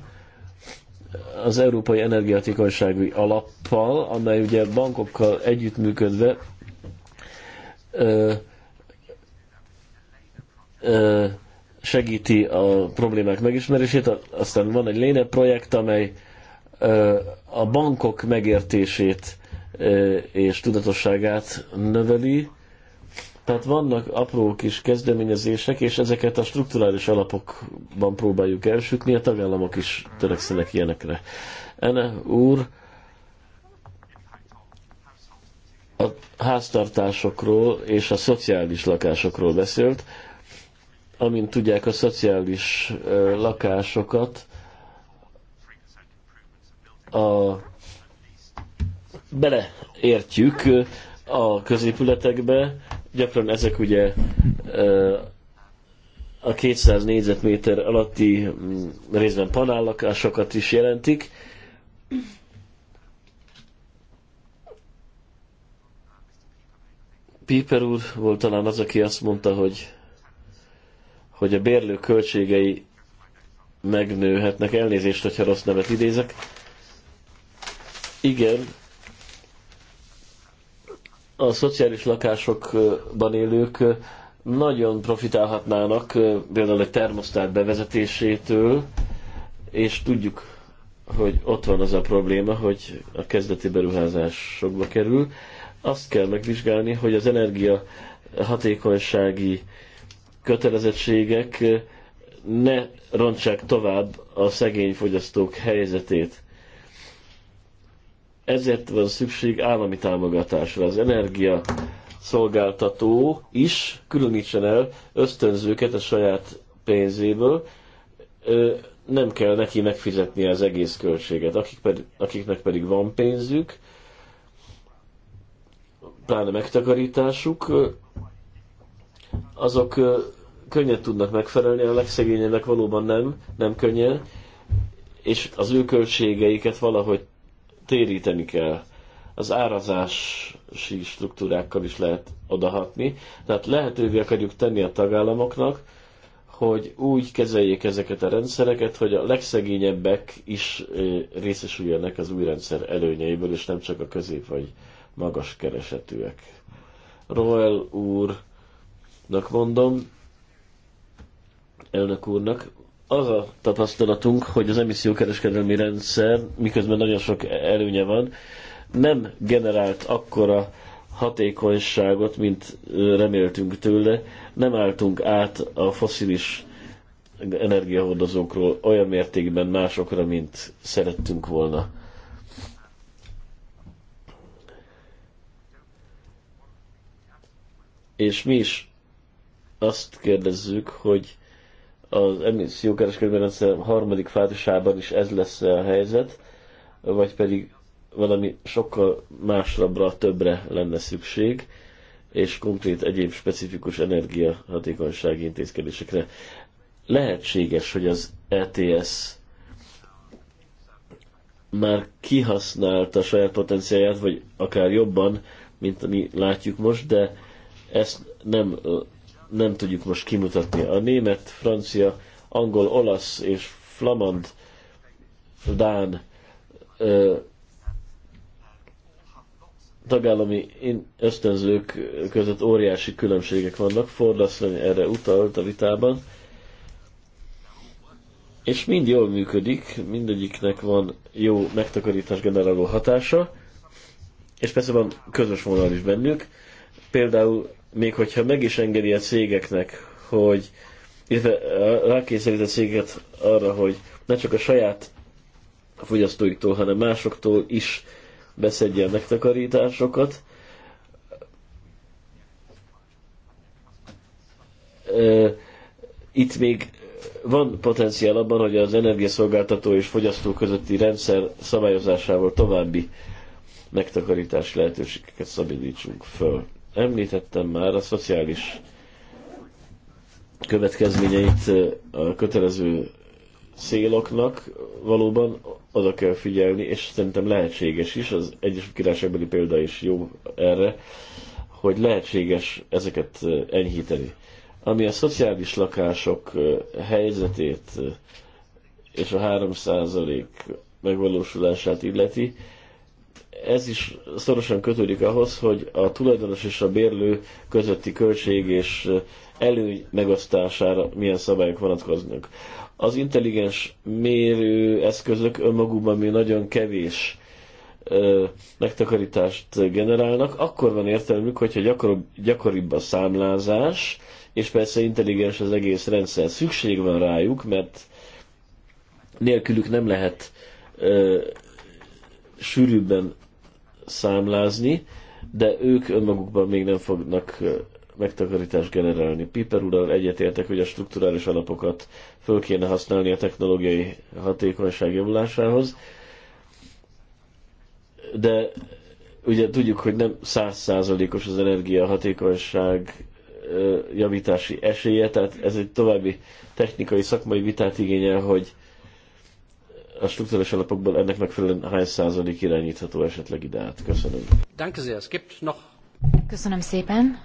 az Európai Energiatékonysági Alappal, amely ugye bankokkal együttműködve ö, ö, segíti a problémák megismerését. Aztán van egy Léne projekt, amely ö, a bankok megértését és tudatosságát növeli. Tehát vannak apró kis kezdeményezések, és ezeket a strukturális alapokban próbáljuk elsütni, a tagállamok is törekszenek ilyenekre. Ene úr a háztartásokról és a szociális lakásokról beszélt. Amint tudják, a szociális lakásokat a beleértjük a középületekbe, gyakran ezek ugye a 200 négyzetméter alatti mm, részben panállakásokat is jelentik. Piper úr volt talán az, aki azt mondta, hogy, hogy a bérlő költségei megnőhetnek. Elnézést, hogyha rossz nevet idézek. Igen, a szociális lakásokban élők nagyon profitálhatnának például egy termosztát bevezetésétől, és tudjuk, hogy ott van az a probléma, hogy a kezdeti beruházásokba kerül. Azt kell megvizsgálni, hogy az energia hatékonysági kötelezettségek ne rontsák tovább a szegény fogyasztók helyzetét ezért van szükség állami támogatásra. Az energia szolgáltató is különítsen el ösztönzőket a saját pénzéből, nem kell neki megfizetnie az egész költséget. Akik pedig, akiknek pedig van pénzük, pláne megtakarításuk, azok könnyen tudnak megfelelni, a legszegényebbek valóban nem, nem könnyen, és az ő költségeiket valahogy téríteni kell. Az árazási struktúrákkal is lehet odahatni. Tehát lehetővé akarjuk tenni a tagállamoknak, hogy úgy kezeljék ezeket a rendszereket, hogy a legszegényebbek is részesüljenek az új rendszer előnyeiből, és nem csak a közép vagy magas keresetűek. Roel úrnak mondom, elnök úrnak, az a tapasztalatunk, hogy az emissziókereskedelmi rendszer, miközben nagyon sok előnye van, nem generált akkora hatékonyságot, mint reméltünk tőle, nem álltunk át a foszilis energiahordozókról olyan mértékben másokra, mint szerettünk volna. És mi is azt kérdezzük, hogy az emissziókereskedelmi rendszer harmadik fázisában is ez lesz a helyzet, vagy pedig valami sokkal másra, többre lenne szükség, és konkrét egyéb specifikus energiahatékonysági intézkedésekre. Lehetséges, hogy az ETS már kihasználta saját potenciáját, vagy akár jobban, mint mi látjuk most, de ezt nem nem tudjuk most kimutatni. A német, francia, angol, olasz és flamand, dán ö, tagállami ösztönzők között óriási különbségek vannak. Fordasszony erre utalt a vitában. És mind jól működik, mindegyiknek van jó megtakarítás generáló hatása, és persze van közös vonal is bennük. Például még hogyha meg is engedi a cégeknek, hogy illetve rákényszerít a céget arra, hogy ne csak a saját fogyasztóiktól, hanem másoktól is beszedjen megtakarításokat, itt még van potenciál abban, hogy az energiaszolgáltató és fogyasztó közötti rendszer szabályozásával további megtakarítási lehetőségeket szabadítsunk föl. Említettem már a szociális következményeit a kötelező széloknak valóban oda kell figyelni, és szerintem lehetséges is, az Egyesült Királyságbeli példa is jó erre, hogy lehetséges ezeket enyhíteni. Ami a szociális lakások helyzetét és a 3% megvalósulását illeti, ez is szorosan kötődik ahhoz, hogy a tulajdonos és a bérlő közötti költség és eh, előny megosztására milyen szabályok vonatkoznak. Az intelligens mérő eszközök önmagukban mi nagyon kevés ö, eh, megtakarítást generálnak, akkor van értelmük, hogyha gyakorib- gyakoribb a számlázás, és persze intelligens az egész rendszer. Szükség van rájuk, mert nélkülük nem lehet ö, eh, sűrűbben számlázni, de ők önmagukban még nem fognak megtakarítást generálni. Piper úrral egyetértek, hogy a strukturális alapokat föl kéne használni a technológiai hatékonyság javulásához, de ugye tudjuk, hogy nem százszázalékos az energiahatékonyság javítási esélye, tehát ez egy további technikai szakmai vitát igényel, hogy a struktúrás alapokból ennek megfelelően hány százalék irányítható esetleg ide át? Köszönöm. Köszönöm szépen.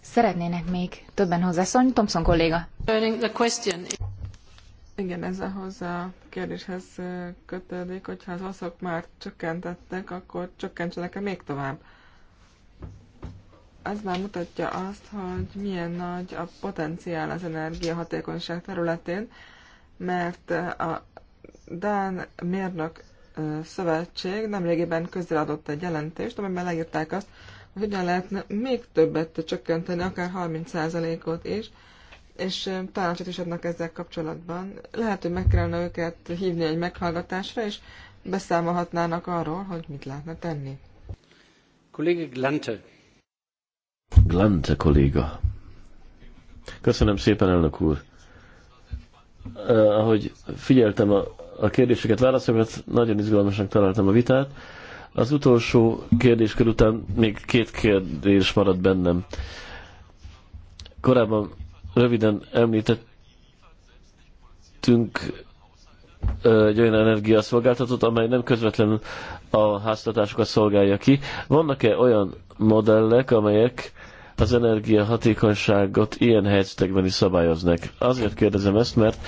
Szeretnének még többen hozzászólni? Thompson kolléga. Igen, ez a hozzá kérdéshez kötődik, hogyha az oszok már csökkentettek, akkor csökkentsenek-e még tovább? Ez már mutatja azt, hogy milyen nagy a potenciál az energiahatékonyság területén, mert a Dán Mérnök Szövetség nemrégiben közreadott egy jelentést, amiben leírták azt, hogy hogyan lehetne még többet csökkenteni, akár 30%-ot is, és tanácsot is adnak ezzel kapcsolatban. Lehet, hogy meg kellene őket hívni egy meghallgatásra, és beszámolhatnának arról, hogy mit lehetne tenni. Kollégi Glante. Glante kolléga. Köszönöm szépen, elnök úr. Uh, ahogy figyeltem a a kérdéseket, mert Nagyon izgalmasnak találtam a vitát. Az utolsó kérdés után még két kérdés maradt bennem. Korábban röviden említettünk egy olyan energiaszolgáltatót, amely nem közvetlenül a háztatásokat szolgálja ki. Vannak-e olyan modellek, amelyek az energiahatékonyságot ilyen helyzetekben is szabályoznak? Azért kérdezem ezt, mert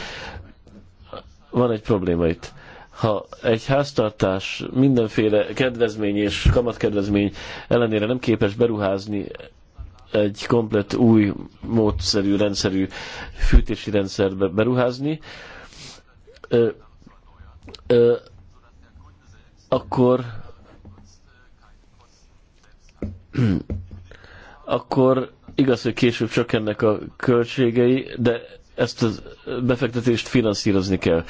van egy probléma itt. Ha egy háztartás mindenféle kedvezmény és kamatkedvezmény ellenére nem képes beruházni egy komplet új módszerű, rendszerű fűtési rendszerbe beruházni, ö, ö, akkor akkor igaz, hogy később csökkennek a költségei, de ezt a befektetést finanszírozni kell.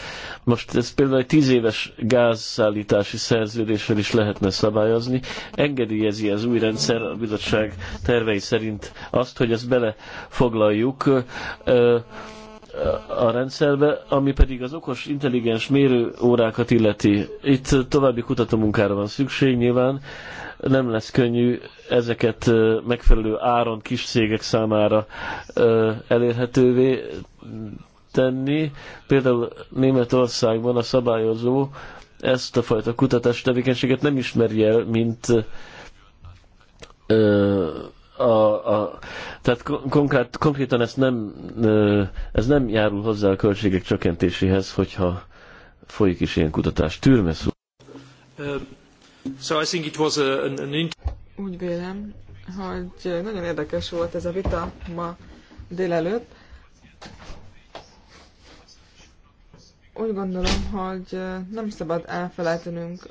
Most ez például egy tíz éves gázszállítási szerződéssel is lehetne szabályozni. Engedélyezi az új rendszer a bizottság tervei szerint azt, hogy ezt belefoglaljuk a rendszerbe, ami pedig az okos, intelligens mérőórákat illeti. Itt további kutatómunkára van szükség, nyilván nem lesz könnyű ezeket megfelelő áron kis cégek számára elérhetővé tenni. Például Németországban a szabályozó ezt a fajta kutatási tevékenységet nem ismeri el, mint a, a, tehát konkrét, konkrétan ez nem, ez nem járul hozzá a költségek csökkentéséhez, hogyha folyik is ilyen kutatás. Türmes uh, so I think it was a, an, an Úgy vélem, hogy nagyon érdekes volt ez a vita ma délelőtt. Úgy gondolom, hogy nem szabad elfelejtenünk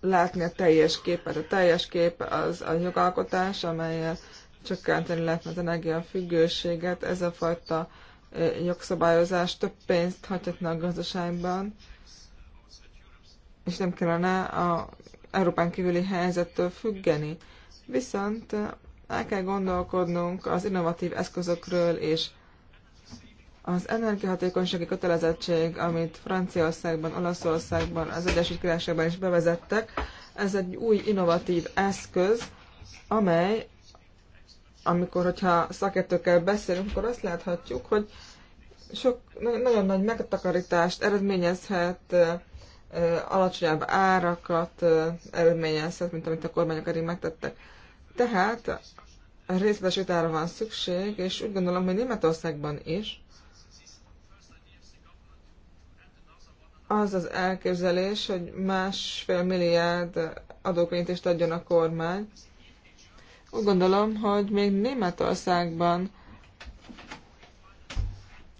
látni a teljes képet. A teljes kép az a jogalkotás, amelyet csökkenteni lehetne az energiafüggőséget, ez a fajta jogszabályozás több pénzt hagyhatna a gazdaságban, és nem kellene a Európán kívüli helyzettől függeni. Viszont el kell gondolkodnunk az innovatív eszközökről és az energiahatékonysági kötelezettség, amit Franciaországban, Olaszországban, az Egyesült Királyságban is bevezettek, ez egy új innovatív eszköz, amely amikor, hogyha szakértőkkel beszélünk, akkor azt láthatjuk, hogy sok, nagyon nagy megtakarítást eredményezhet, alacsonyabb árakat eredményezhet, mint amit a kormányok eddig megtettek. Tehát részletes vitára van szükség, és úgy gondolom, hogy Németországban is az az elképzelés, hogy másfél milliárd adókönyvítést adjon a kormány, úgy gondolom, hogy még Németországban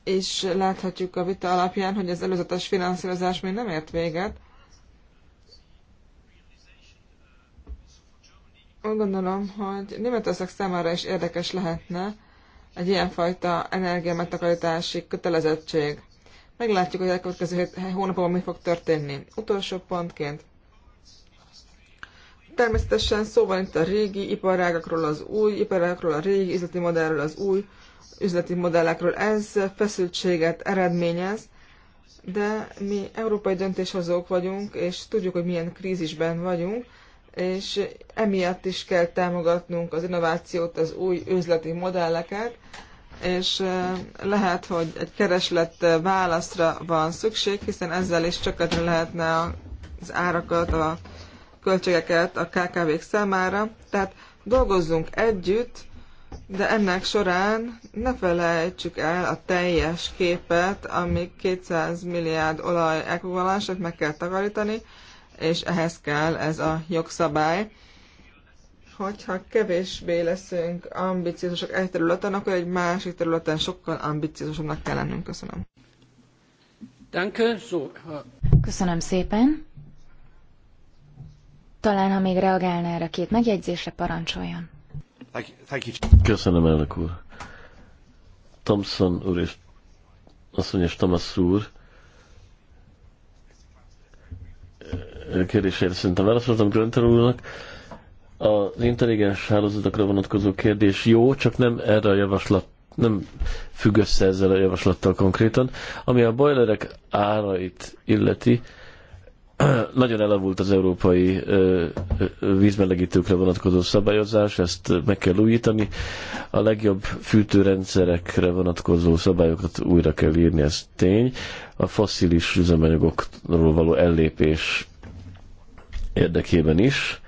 és láthatjuk a vita alapján, hogy az előzetes finanszírozás még nem ért véget. Úgy gondolom, hogy Németország számára is érdekes lehetne egy ilyenfajta energiamegtakarítási kötelezettség. Meglátjuk, hogy a következő hónapban mi fog történni. Utolsó pontként. Természetesen szó van itt a régi iparágakról, az új iparágakról, a régi üzleti modellről, az új üzleti modellekről. Ez feszültséget eredményez, de mi európai döntéshozók vagyunk, és tudjuk, hogy milyen krízisben vagyunk, és emiatt is kell támogatnunk az innovációt, az új üzleti modelleket, és lehet, hogy egy kereslet válaszra van szükség, hiszen ezzel is csökkenteni lehetne az árakat, a költségeket a KKV-k számára. Tehát dolgozzunk együtt, de ennek során ne felejtsük el a teljes képet, ami 200 milliárd olaj ekvivalensek meg kell takarítani, és ehhez kell ez a jogszabály. Hogyha kevésbé leszünk ambiciózusok egy területen, akkor egy másik területen sokkal ambiciózusabbnak kell lennünk. Köszönöm. Köszönöm szépen. Talán, ha még reagálna erre két megjegyzésre, parancsoljon. Köszönöm, elnök úr. Thompson úr és azt és Thomas úr kérdésére szerintem válaszoltam Grönter úrnak. Az intelligens hálózatokra vonatkozó kérdés jó, csak nem erre a javaslat nem függ össze ezzel a javaslattal konkrétan. Ami a bajlerek árait illeti, nagyon elavult az európai vízmelegítőkre vonatkozó szabályozás, ezt meg kell újítani. A legjobb fűtőrendszerekre vonatkozó szabályokat újra kell írni, ez tény. A fosszilis üzemanyagokról való ellépés érdekében is.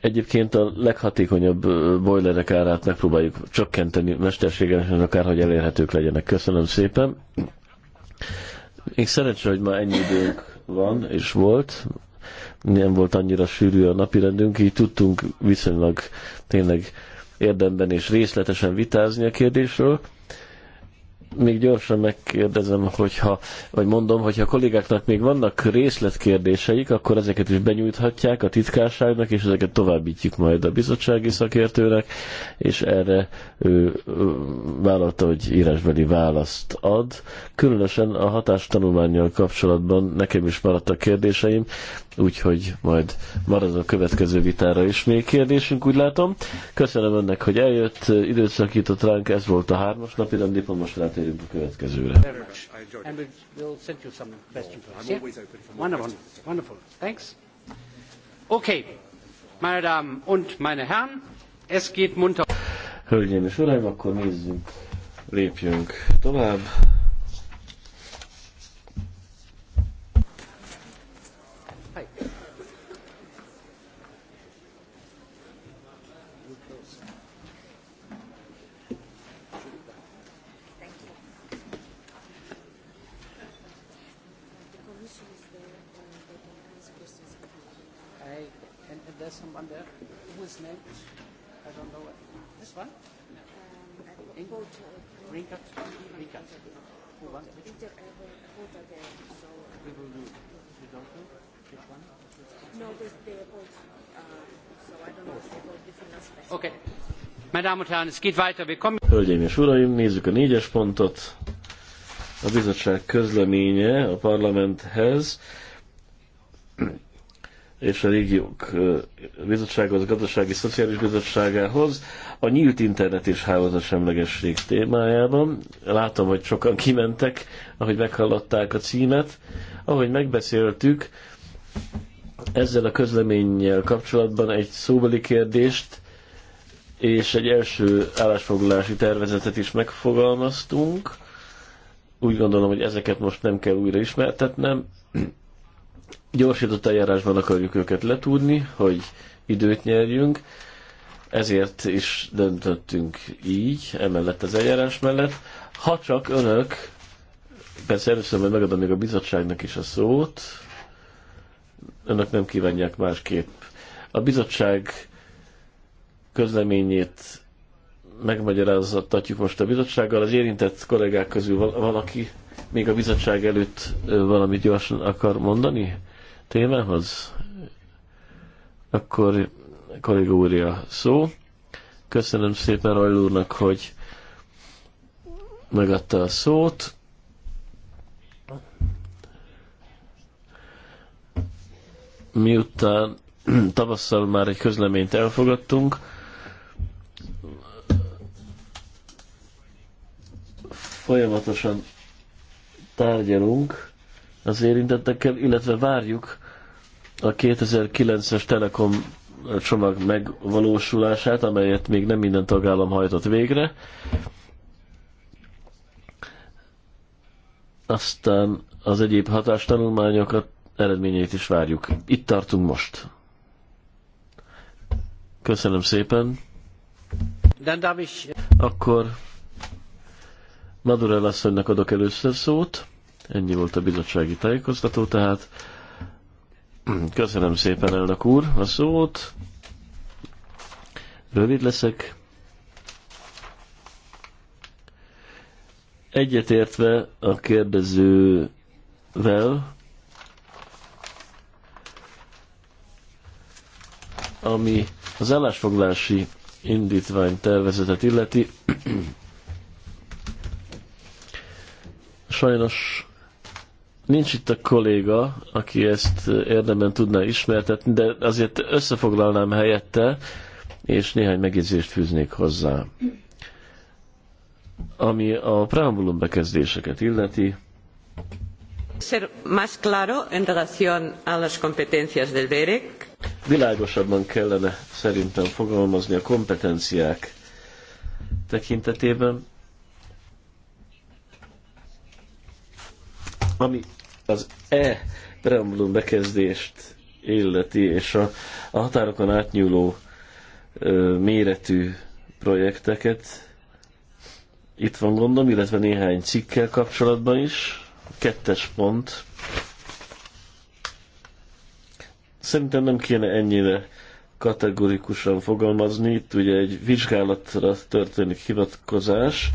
Egyébként a leghatékonyabb bojlerek árát megpróbáljuk csökkenteni mesterségesen, akárhogy elérhetők legyenek. Köszönöm szépen. Én szerencsé, hogy ma ennyi időnk van és volt, nem volt annyira sűrű a napirendünk, így tudtunk viszonylag tényleg érdemben és részletesen vitázni a kérdésről még gyorsan megkérdezem, hogyha, vagy mondom, hogyha a kollégáknak még vannak részletkérdéseik, akkor ezeket is benyújthatják a titkárságnak, és ezeket továbbítjuk majd a bizottsági szakértőnek, és erre ő, ő vállalta, hogy írásbeli választ ad. Különösen a hatástanulmányjal kapcsolatban nekem is maradtak kérdéseim, úgyhogy majd marad a következő vitára is még kérdésünk, úgy látom. Köszönöm önnek, hogy eljött, időt szakított ránk, ez volt a hármas napi rendipon, most rátérünk a következőre. Okay, meine Damen und meine Herren, es geht munter. Hölgyeim és uraim, akkor nézzünk, lépjünk tovább. Recut? Recut. Who won? Which one? We will do. You don't do? Which one? No, both. Uh, okay. Hölgyeim és Uraim, nézzük a négyes pontot. A bizottság közleménye a parlamenthez és a régiók bizottsághoz, a gazdasági szociális bizottságához a nyílt internet és semlegesség témájában. Látom, hogy sokan kimentek, ahogy meghallották a címet. Ahogy megbeszéltük, ezzel a közleménnyel kapcsolatban egy szóbeli kérdést és egy első állásfoglalási tervezetet is megfogalmaztunk. Úgy gondolom, hogy ezeket most nem kell újra ismertetnem. Gyorsított eljárásban akarjuk őket letúrni, hogy időt nyerjünk, ezért is döntöttünk így, emellett az eljárás mellett. Ha csak önök, persze először majd megadom még a bizottságnak is a szót, önök nem kívánják másképp. A bizottság közleményét megmagyarázatjuk most a bizottsággal. Az érintett kollégák közül valaki még a bizottság előtt valamit gyorsan akar mondani témához? Akkor kolléga szó. Köszönöm szépen Rajl úrnak, hogy megadta a szót. Miután tavasszal már egy közleményt elfogadtunk, folyamatosan tárgyalunk az érintettekkel, illetve várjuk a 2009-es Telekom csomag megvalósulását, amelyet még nem minden tagállam hajtott végre. Aztán az egyéb hatástanulmányokat, eredményeit is várjuk. Itt tartunk most. Köszönöm szépen. Akkor Madurell asszonynak adok először szót. Ennyi volt a bizottsági tájékoztató, tehát köszönöm szépen, elnök úr, a szót. Rövid leszek. Egyetértve a kérdezővel, ami az állásfoglási indítvány tervezetet illeti, Sajnos nincs itt a kolléga, aki ezt érdemben tudná ismertetni, de azért összefoglalnám helyette, és néhány megjegyzést fűznék hozzá. Ami a preambulum bekezdéseket illeti, ser más claro en relación a las competencias del BEREC. Világosabban kellene szerintem fogalmazni a kompetenciák tekintetében. Ami az E preambulum bekezdést illeti, és a, a határokon átnyúló ö, méretű projekteket. Itt van gondom, illetve néhány cikkkel kapcsolatban is. Kettes pont. Szerintem nem kéne ennyire kategorikusan fogalmazni. Itt ugye egy vizsgálatra történik hivatkozás,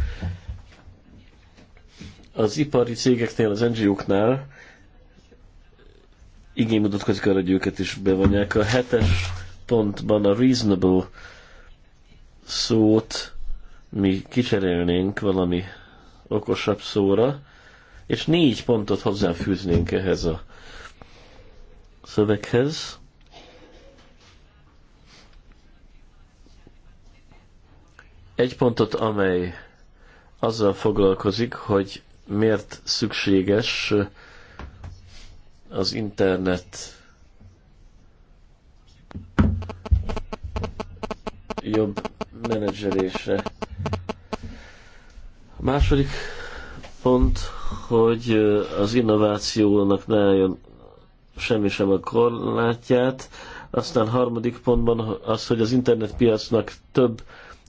az ipari cégeknél, az NGO-knál igény mutatkozik arra, hogy őket is bevonják. A hetes pontban a reasonable szót mi kicserélnénk valami okosabb szóra, és négy pontot hozzáfűznénk ehhez a szöveghez. Egy pontot, amely azzal foglalkozik, hogy miért szükséges az internet jobb menedzselése. A második pont, hogy az innovációnak ne álljon semmi sem a korlátját. Aztán harmadik pontban az, hogy az internetpiacnak több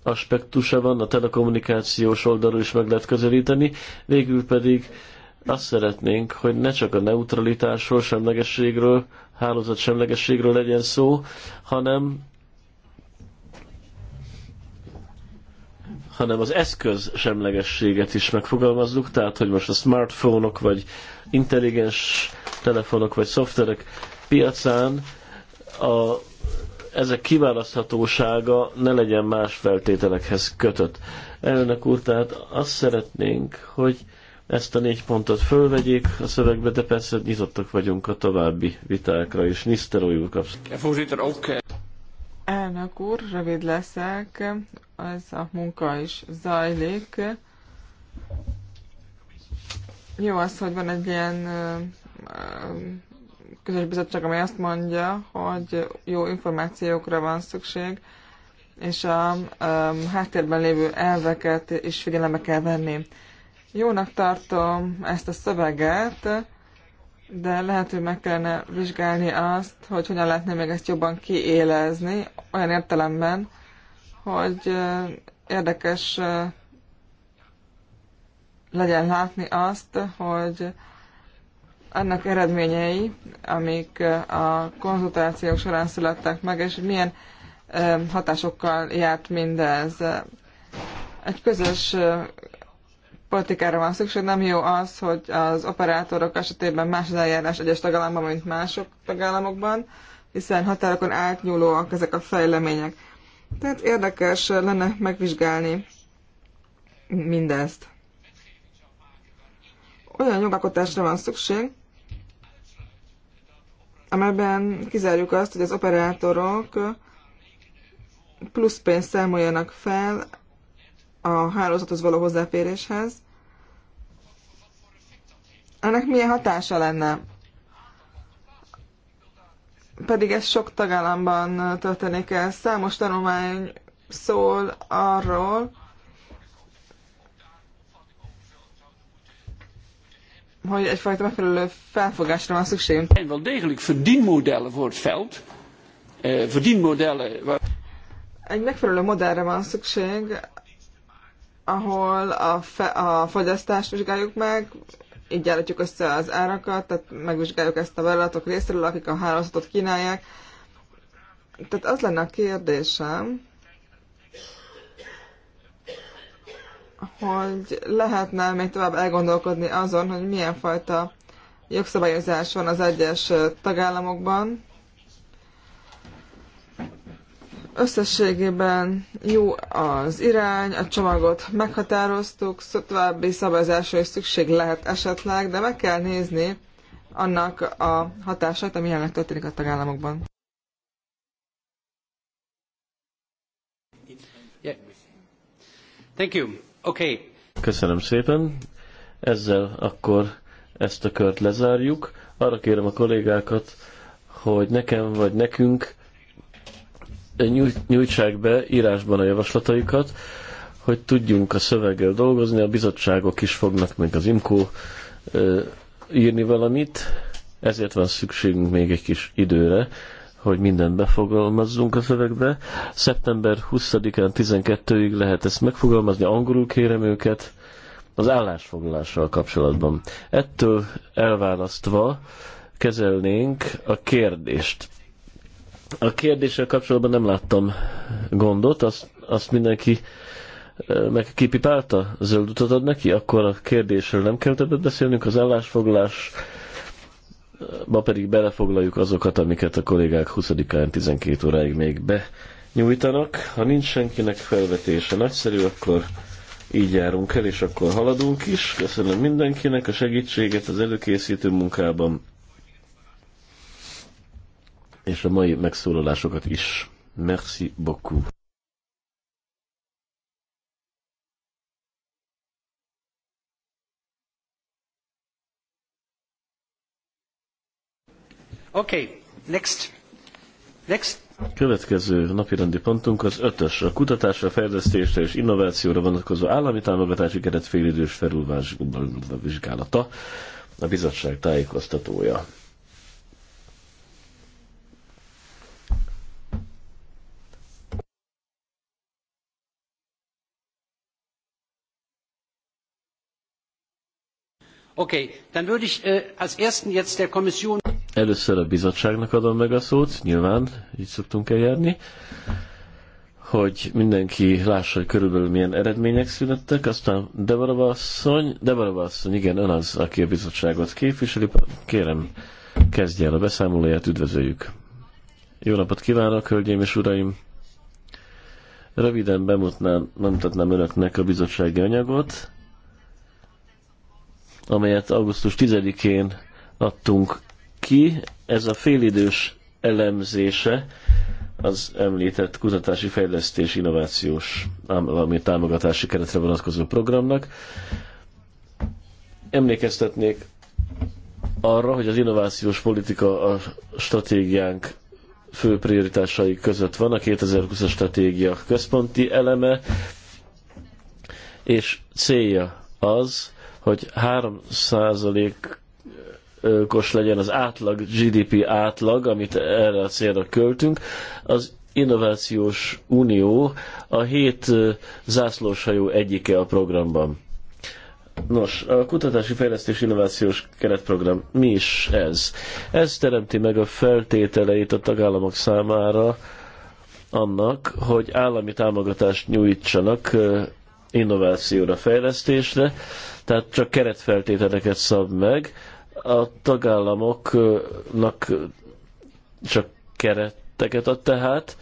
aspektusa van, a telekommunikációs oldalról is meg lehet közelíteni, végül pedig azt szeretnénk, hogy ne csak a neutralitásról, semlegességről, hálózat semlegességről legyen szó, hanem hanem az eszköz semlegességet is megfogalmazzuk, tehát hogy most a smartphone-ok, vagy intelligens telefonok, vagy szoftverek piacán a ezek kiválaszthatósága ne legyen más feltételekhez kötött. Elnök úr, tehát azt szeretnénk, hogy ezt a négy pontot fölvegyék a szövegbe, de persze nyitottak vagyunk a további vitákra, és Nisztelói úr kapsz. Eh, Elnök úr, rövid leszek, ez a munka is zajlik. Jó az, hogy van egy ilyen eh, közös bizottság, amely azt mondja, hogy jó információkra van szükség, és a um, háttérben lévő elveket is figyelembe kell venni. Jónak tartom ezt a szöveget, de lehet, hogy meg kellene vizsgálni azt, hogy hogyan lehetne még ezt jobban kiélezni, olyan értelemben, hogy uh, érdekes uh, legyen látni azt, hogy annak eredményei, amik a konzultációk során születtek meg, és milyen hatásokkal járt mindez. Egy közös politikára van szükség, nem jó az, hogy az operátorok esetében más az eljárás egyes tagállamban, mint mások tagállamokban, hiszen határokon átnyúlóak ezek a fejlemények. Tehát érdekes lenne megvizsgálni mindezt. Olyan jogalkotásra van szükség, amelyben kizárjuk azt, hogy az operátorok plusz pénzt számoljanak fel a hálózathoz való hozzáféréshez. Ennek milyen hatása lenne? Pedig ez sok tagállamban történik el. Számos tanulmány szól arról, hogy egyfajta megfelelő felfogásra van szükségünk. En er wel degelijk verdienmodellen voor het veld. Uh, verdienmodellen. Egy megfelelő modellre van szükség, ahol a, a fogyasztást vizsgáljuk meg, így állítjuk össze az árakat, tehát megvizsgáljuk ezt a vállalatok részéről, akik a hálózatot kínálják. Tehát az lenne a kérdésem, hogy lehetne még tovább elgondolkodni azon, hogy milyen fajta jogszabályozás van az egyes tagállamokban. Összességében jó az irány, a csomagot meghatároztuk, további szabályozásra is szükség lehet esetleg, de meg kell nézni annak a hatását, ami jelenleg történik a tagállamokban. Thank you. Okay. Köszönöm szépen. Ezzel akkor ezt a kört lezárjuk. Arra kérem a kollégákat, hogy nekem vagy nekünk nyújtsák be írásban a javaslataikat, hogy tudjunk a szöveggel dolgozni, a bizottságok is fognak meg az IMCO írni valamit, ezért van szükségünk még egy kis időre, hogy mindent befogalmazzunk a szövegbe. Szeptember 20-án 12-ig lehet ezt megfogalmazni, angolul kérem őket, az állásfoglalással kapcsolatban. Ettől elválasztva kezelnénk a kérdést. A kérdéssel kapcsolatban nem láttam gondot, azt, azt mindenki meg kipipálta, zöld utat ad neki, akkor a kérdésről nem kell többet beszélnünk, az állásfoglalás ma pedig belefoglaljuk azokat, amiket a kollégák 20-án 12 óráig még benyújtanak. Ha nincs senkinek felvetése nagyszerű, akkor így járunk el, és akkor haladunk is. Köszönöm mindenkinek a segítséget az előkészítő munkában, és a mai megszólalásokat is. Merci beaucoup. Okay, next. Next. Következő napirendi pontunk az ötös, a kutatásra, fejlesztésre és innovációra vonatkozó állami támogatási keret félidős vizsgálata. a bizottság tájékoztatója. Okay, dann würde ich äh, als ersten jetzt der Kommission Először a bizottságnak adom meg a szót, nyilván így szoktunk eljárni, hogy mindenki lássa, hogy körülbelül milyen eredmények születtek, aztán Devarava asszony, Devarava asszony, igen, ön az, aki a bizottságot képviseli, kérem, kezdje el a beszámolóját, üdvözöljük. Jó napot kívánok, hölgyeim és uraim! Röviden nem bemutatnám önöknek a bizottsági anyagot, amelyet augusztus 10-én adtunk ki ez a félidős elemzése az említett kutatási fejlesztés innovációs állami támogatási keretre vonatkozó programnak. Emlékeztetnék arra, hogy az innovációs politika a stratégiánk fő prioritásai között van, a 2020-as stratégia központi eleme, és célja az, hogy 3 kos legyen az átlag, GDP átlag, amit erre a célra költünk. Az Innovációs Unió a hét zászlóshajó egyike a programban. Nos, a Kutatási Fejlesztés Innovációs Keretprogram mi is ez? Ez teremti meg a feltételeit a tagállamok számára annak, hogy állami támogatást nyújtsanak innovációra, fejlesztésre, tehát csak keretfeltételeket szab meg, a tagállamoknak csak kereteket ad tehát,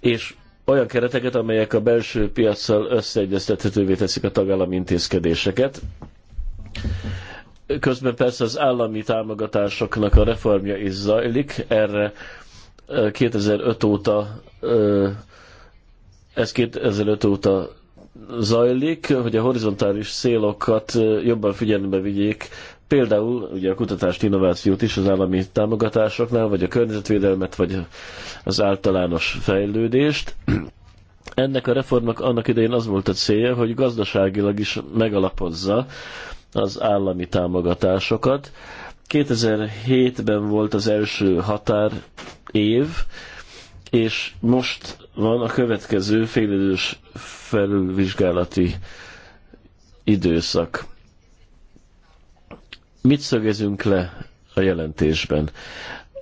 és olyan kereteket, amelyek a belső piacsal összeegyeztethetővé teszik a tagállami intézkedéseket. Közben persze az állami támogatásoknak a reformja is zajlik, erre 2005 óta ez 2005 óta zajlik, hogy a horizontális szélokat jobban figyelembe vigyék Például ugye a kutatást, innovációt is az állami támogatásoknál, vagy a környezetvédelmet, vagy az általános fejlődést. Ennek a reformnak annak idején az volt a célja, hogy gazdaságilag is megalapozza az állami támogatásokat. 2007-ben volt az első határ év, és most van a következő félidős felülvizsgálati időszak. Mit szögezünk le a jelentésben?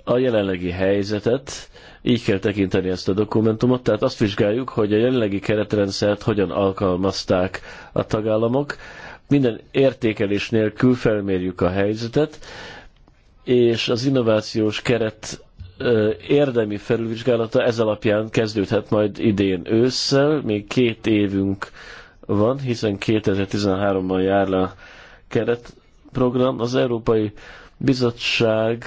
A jelenlegi helyzetet, így kell tekinteni ezt a dokumentumot, tehát azt vizsgáljuk, hogy a jelenlegi keretrendszert hogyan alkalmazták a tagállamok, minden értékelés nélkül felmérjük a helyzetet, és az innovációs keret érdemi felülvizsgálata ez alapján kezdődhet majd idén ősszel, még két évünk van, hiszen 2013-ban jár le a keret program az Európai Bizottság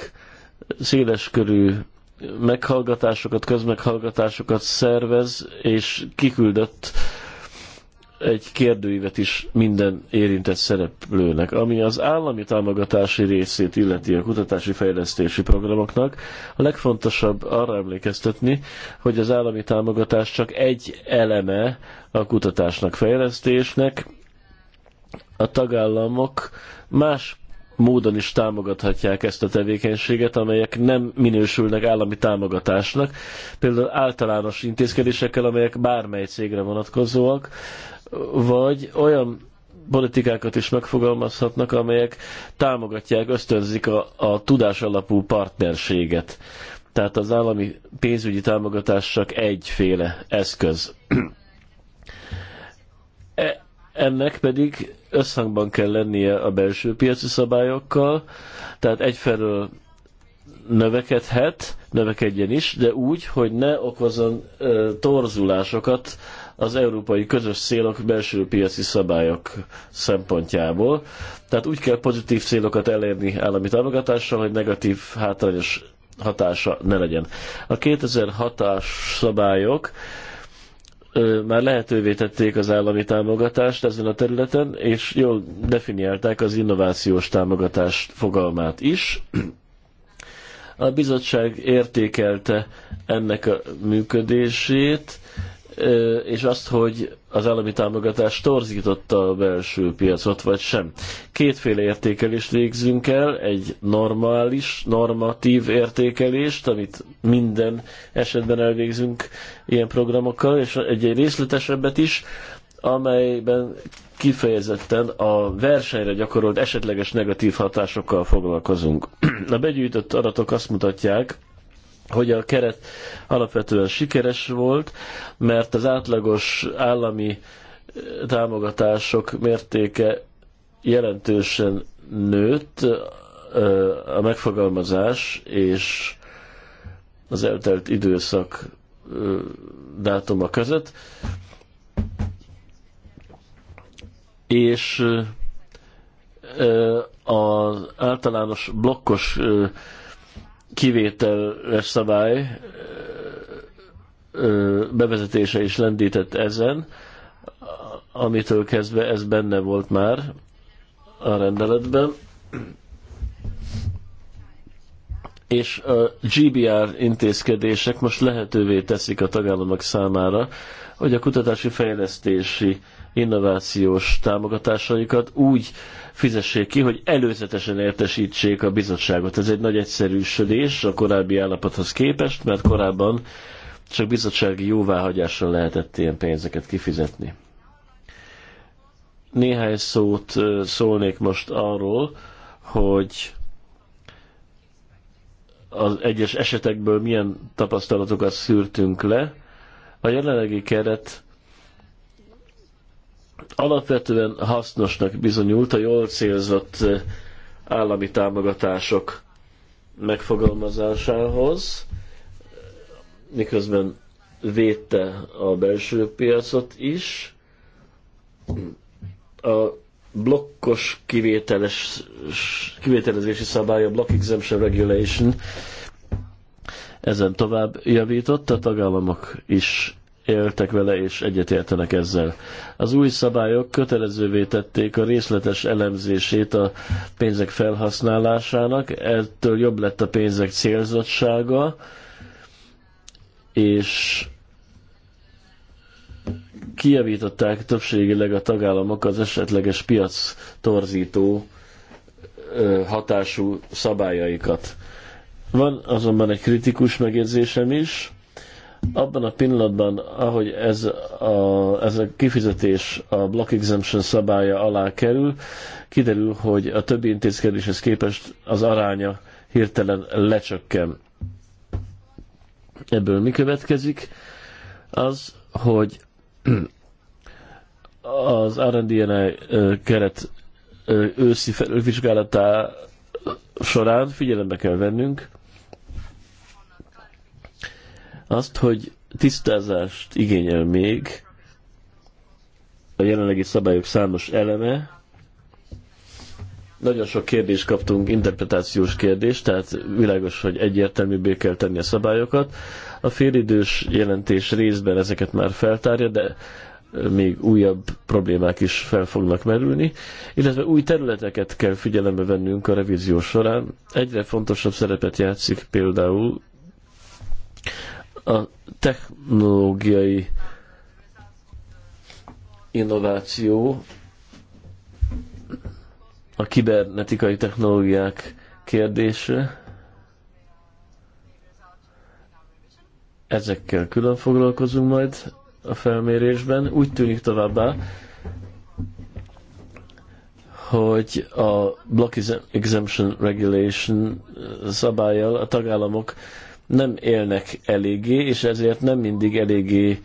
széleskörű meghallgatásokat, közmeghallgatásokat szervez, és kiküldött egy kérdőívet is minden érintett szereplőnek, ami az állami támogatási részét illeti a kutatási fejlesztési programoknak. A legfontosabb arra emlékeztetni, hogy az állami támogatás csak egy eleme a kutatásnak, fejlesztésnek, a tagállamok más módon is támogathatják ezt a tevékenységet, amelyek nem minősülnek állami támogatásnak, például általános intézkedésekkel, amelyek bármely cégre vonatkozóak, vagy olyan politikákat is megfogalmazhatnak, amelyek támogatják, ösztönzik a, a tudás alapú partnerséget. Tehát az állami pénzügyi támogatás csak egyféle eszköz. E ennek pedig összhangban kell lennie a belső piaci szabályokkal, tehát egyfelől növekedhet, növekedjen is, de úgy, hogy ne okozon ö, torzulásokat az európai közös célok belső piaci szabályok szempontjából. Tehát úgy kell pozitív célokat elérni állami támogatással, hogy negatív, hátrányos hatása ne legyen. A 2006-as szabályok már lehetővé tették az állami támogatást ezen a területen, és jól definiálták az innovációs támogatás fogalmát is. A bizottság értékelte ennek a működését, és azt, hogy az állami támogatás torzította a belső piacot, vagy sem. Kétféle értékelést végzünk el, egy normális, normatív értékelést, amit minden esetben elvégzünk ilyen programokkal, és egy, egy részletesebbet is, amelyben kifejezetten a versenyre gyakorolt esetleges negatív hatásokkal foglalkozunk. A begyűjtött adatok azt mutatják, hogy a keret alapvetően sikeres volt, mert az átlagos állami eh, támogatások mértéke jelentősen nőtt, eh, a megfogalmazás és az eltelt időszak eh, dátuma között, és az általános blokkos kivételes szabály bevezetése is lendített ezen, amitől kezdve ez benne volt már a rendeletben. És a GBR intézkedések most lehetővé teszik a tagállamok számára, hogy a kutatási fejlesztési innovációs támogatásaikat úgy fizessék ki, hogy előzetesen értesítsék a bizottságot. Ez egy nagy egyszerűsödés a korábbi állapothoz képest, mert korábban csak bizottsági jóváhagyással lehetett ilyen pénzeket kifizetni. Néhány szót szólnék most arról, hogy az egyes esetekből milyen tapasztalatokat szűrtünk le. A jelenlegi keret alapvetően hasznosnak bizonyult a jól célzott eh, állami támogatások megfogalmazásához, miközben védte a belső piacot is. A blokkos kivételes, kivételezési szabály, a Block Exemption Regulation ezen tovább javított, a tagállamok is éltek vele és egyetértenek ezzel. Az új szabályok kötelezővé tették a részletes elemzését a pénzek felhasználásának, ettől jobb lett a pénzek célzottsága, és kijavították többségileg a tagállamok az esetleges piac torzító hatású szabályaikat. Van azonban egy kritikus megérzésem is, abban a pillanatban, ahogy ez a, ez a kifizetés a block exemption szabálya alá kerül, kiderül, hogy a többi intézkedéshez képest az aránya hirtelen lecsökken. Ebből mi következik? Az, hogy az RDNA keret őszi felülvizsgálatá során figyelembe kell vennünk, azt, hogy tisztázást igényel még a jelenlegi szabályok számos eleme. Nagyon sok kérdést kaptunk, interpretációs kérdést, tehát világos, hogy egyértelműbbé kell tenni a szabályokat. A félidős jelentés részben ezeket már feltárja, de még újabb problémák is fel fognak merülni, illetve új területeket kell figyelembe vennünk a revízió során. Egyre fontosabb szerepet játszik például a technológiai innováció, a kibernetikai technológiák kérdése, ezekkel külön foglalkozunk majd a felmérésben. Úgy tűnik továbbá, hogy a Block Exemption Regulation eh, szabályjal a tagállamok nem élnek eléggé, és ezért nem mindig eléggé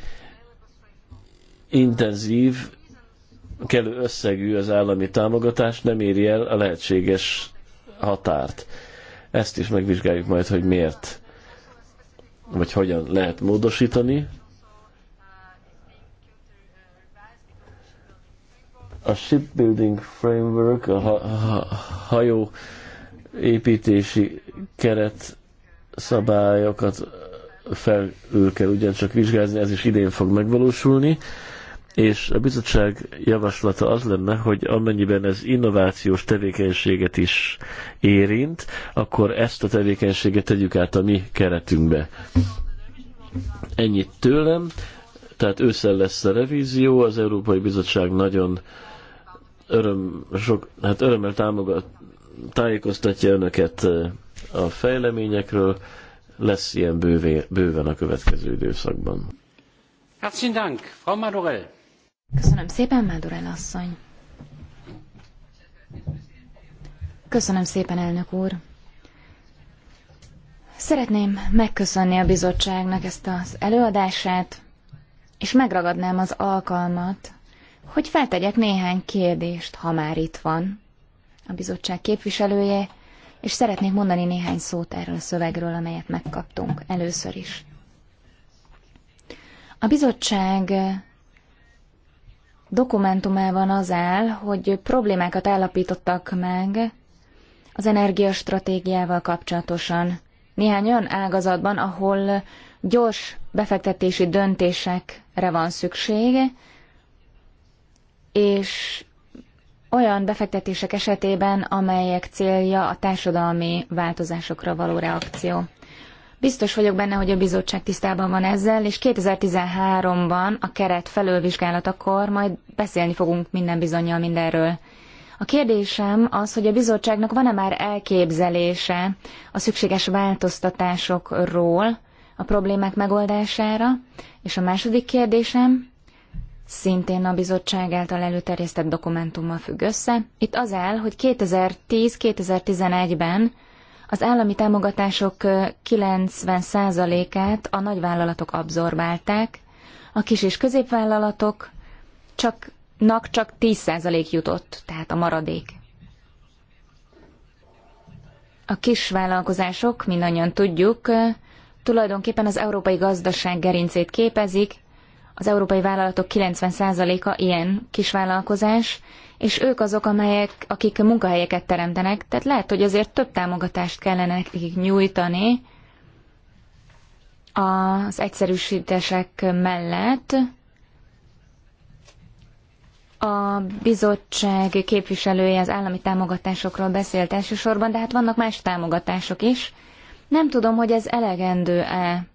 intenzív, kellő összegű az állami támogatás, nem éri el a lehetséges határt. Ezt is megvizsgáljuk majd, hogy miért, vagy hogyan lehet módosítani. A Shipbuilding Framework, a ha- ha- hajó építési keret szabályokat felül kell ugyancsak vizsgálni, ez is idén fog megvalósulni, és a bizottság javaslata az lenne, hogy amennyiben ez innovációs tevékenységet is érint, akkor ezt a tevékenységet tegyük át a mi keretünkbe. Ennyit tőlem, tehát ősszel lesz a revízió, az Európai Bizottság nagyon öröm, sok, hát örömmel támogat, tájékoztatja önöket a fejleményekről, lesz ilyen bővé, bőven a következő időszakban. Herzlichen Dank, Frau Madurell. Köszönöm szépen, Madurell asszony. Köszönöm szépen, elnök úr. Szeretném megköszönni a bizottságnak ezt az előadását, és megragadnám az alkalmat, hogy feltegyek néhány kérdést, ha már itt van a bizottság képviselője, és szeretnék mondani néhány szót erről a szövegről, amelyet megkaptunk először is. A bizottság dokumentumában az áll, hogy problémákat állapítottak meg az energiastratégiával kapcsolatosan. Néhány olyan ágazatban, ahol gyors befektetési döntésekre van szükség, és olyan befektetések esetében, amelyek célja a társadalmi változásokra való reakció. Biztos vagyok benne, hogy a bizottság tisztában van ezzel, és 2013-ban a keret felülvizsgálatakor majd beszélni fogunk minden bizonyal mindenről. A kérdésem az, hogy a bizottságnak van-e már elképzelése a szükséges változtatásokról a problémák megoldására, és a második kérdésem, szintén a bizottság által előterjesztett dokumentummal függ össze. Itt az áll, hogy 2010-2011-ben az állami támogatások 90%-át a nagyvállalatok abszorbálták, a kis és középvállalatok csak, nak csak 10% jutott, tehát a maradék. A kis vállalkozások, mindannyian tudjuk, tulajdonképpen az európai gazdaság gerincét képezik, az európai vállalatok 90%-a ilyen kisvállalkozás, és ők azok, amelyek, akik munkahelyeket teremtenek, tehát lehet, hogy azért több támogatást kellene nekik nyújtani az egyszerűsítések mellett. A bizottság képviselője az állami támogatásokról beszélt elsősorban, de hát vannak más támogatások is. Nem tudom, hogy ez elegendő-e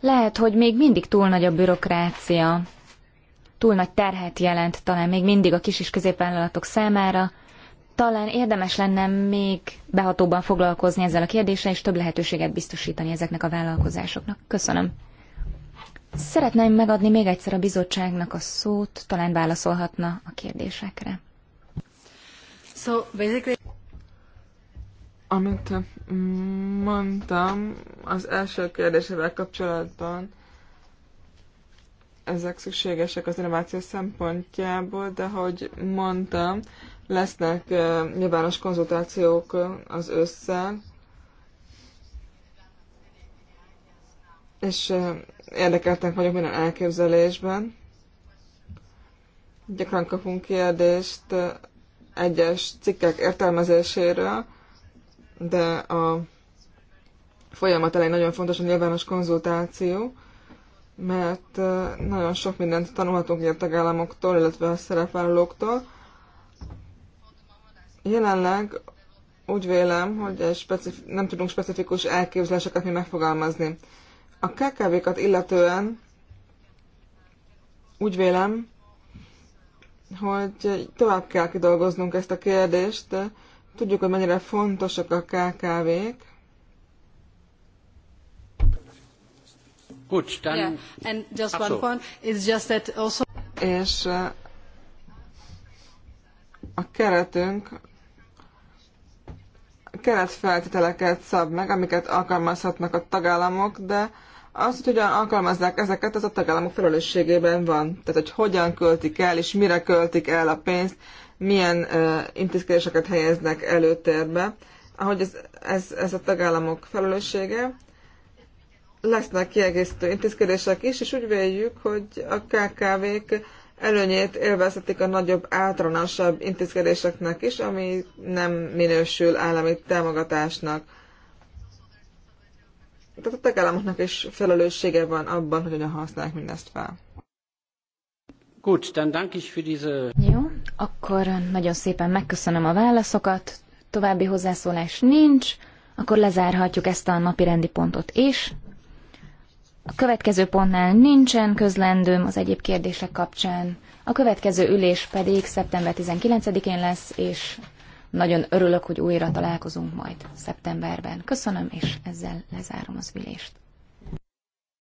lehet, hogy még mindig túl nagy a bürokrácia, túl nagy terhet jelent talán még mindig a kis és középvállalatok számára, talán érdemes lenne még behatóban foglalkozni ezzel a kérdéssel, és több lehetőséget biztosítani ezeknek a vállalkozásoknak. Köszönöm. Szeretném megadni még egyszer a bizottságnak a szót, talán válaszolhatna a kérdésekre. So basically... Amit mm, mondtam az első kérdésével kapcsolatban, ezek szükségesek az animáció szempontjából, de hogy mondtam, lesznek nyilvános konzultációk az ősszel, és érdekeltek vagyok minden elképzelésben. Gyakran kapunk kérdést egyes cikkek értelmezéséről, de a folyamat elején nagyon fontos a nyilvános konzultáció, mert nagyon sok mindent tanulhatunk a tagállamoktól, illetve a szerepvállalóktól. Jelenleg úgy vélem, hogy egy specif- nem tudunk specifikus elképzeléseket mi megfogalmazni. A KKV-kat illetően úgy vélem, hogy tovább kell kidolgoznunk ezt a kérdést, Tudjuk, hogy mennyire fontosak a KKV-k. Gut, dann... Yeah. And just one so. point it's just that also... És uh, a keretünk keretfeltételeket szab meg, amiket alkalmazhatnak a tagállamok, de az, hogy hogyan alkalmazzák ezeket, az a tagállamok felelősségében van. Tehát, hogy hogyan költik el, és mire költik el a pénzt, milyen intézkedéseket helyeznek előtérbe. Ahogy ez, ez, ez a tagállamok felelőssége, lesznek kiegészítő intézkedések is, és úgy véljük, hogy a KKV-k előnyét élvezhetik a nagyobb, általánosabb intézkedéseknek is, ami nem minősül állami támogatásnak. Tehát a tagállamoknak is felelőssége van abban, hogy hogyan használják mindezt fel. Gut, dann danke ich für diese... Jó, akkor nagyon szépen megköszönöm a válaszokat. További hozzászólás nincs, akkor lezárhatjuk ezt a napi rendi pontot is. A következő pontnál nincsen közlendőm az egyéb kérdések kapcsán. A következő ülés pedig szeptember 19-én lesz, és nagyon örülök, hogy újra találkozunk majd szeptemberben. Köszönöm, és ezzel lezárom az ülést.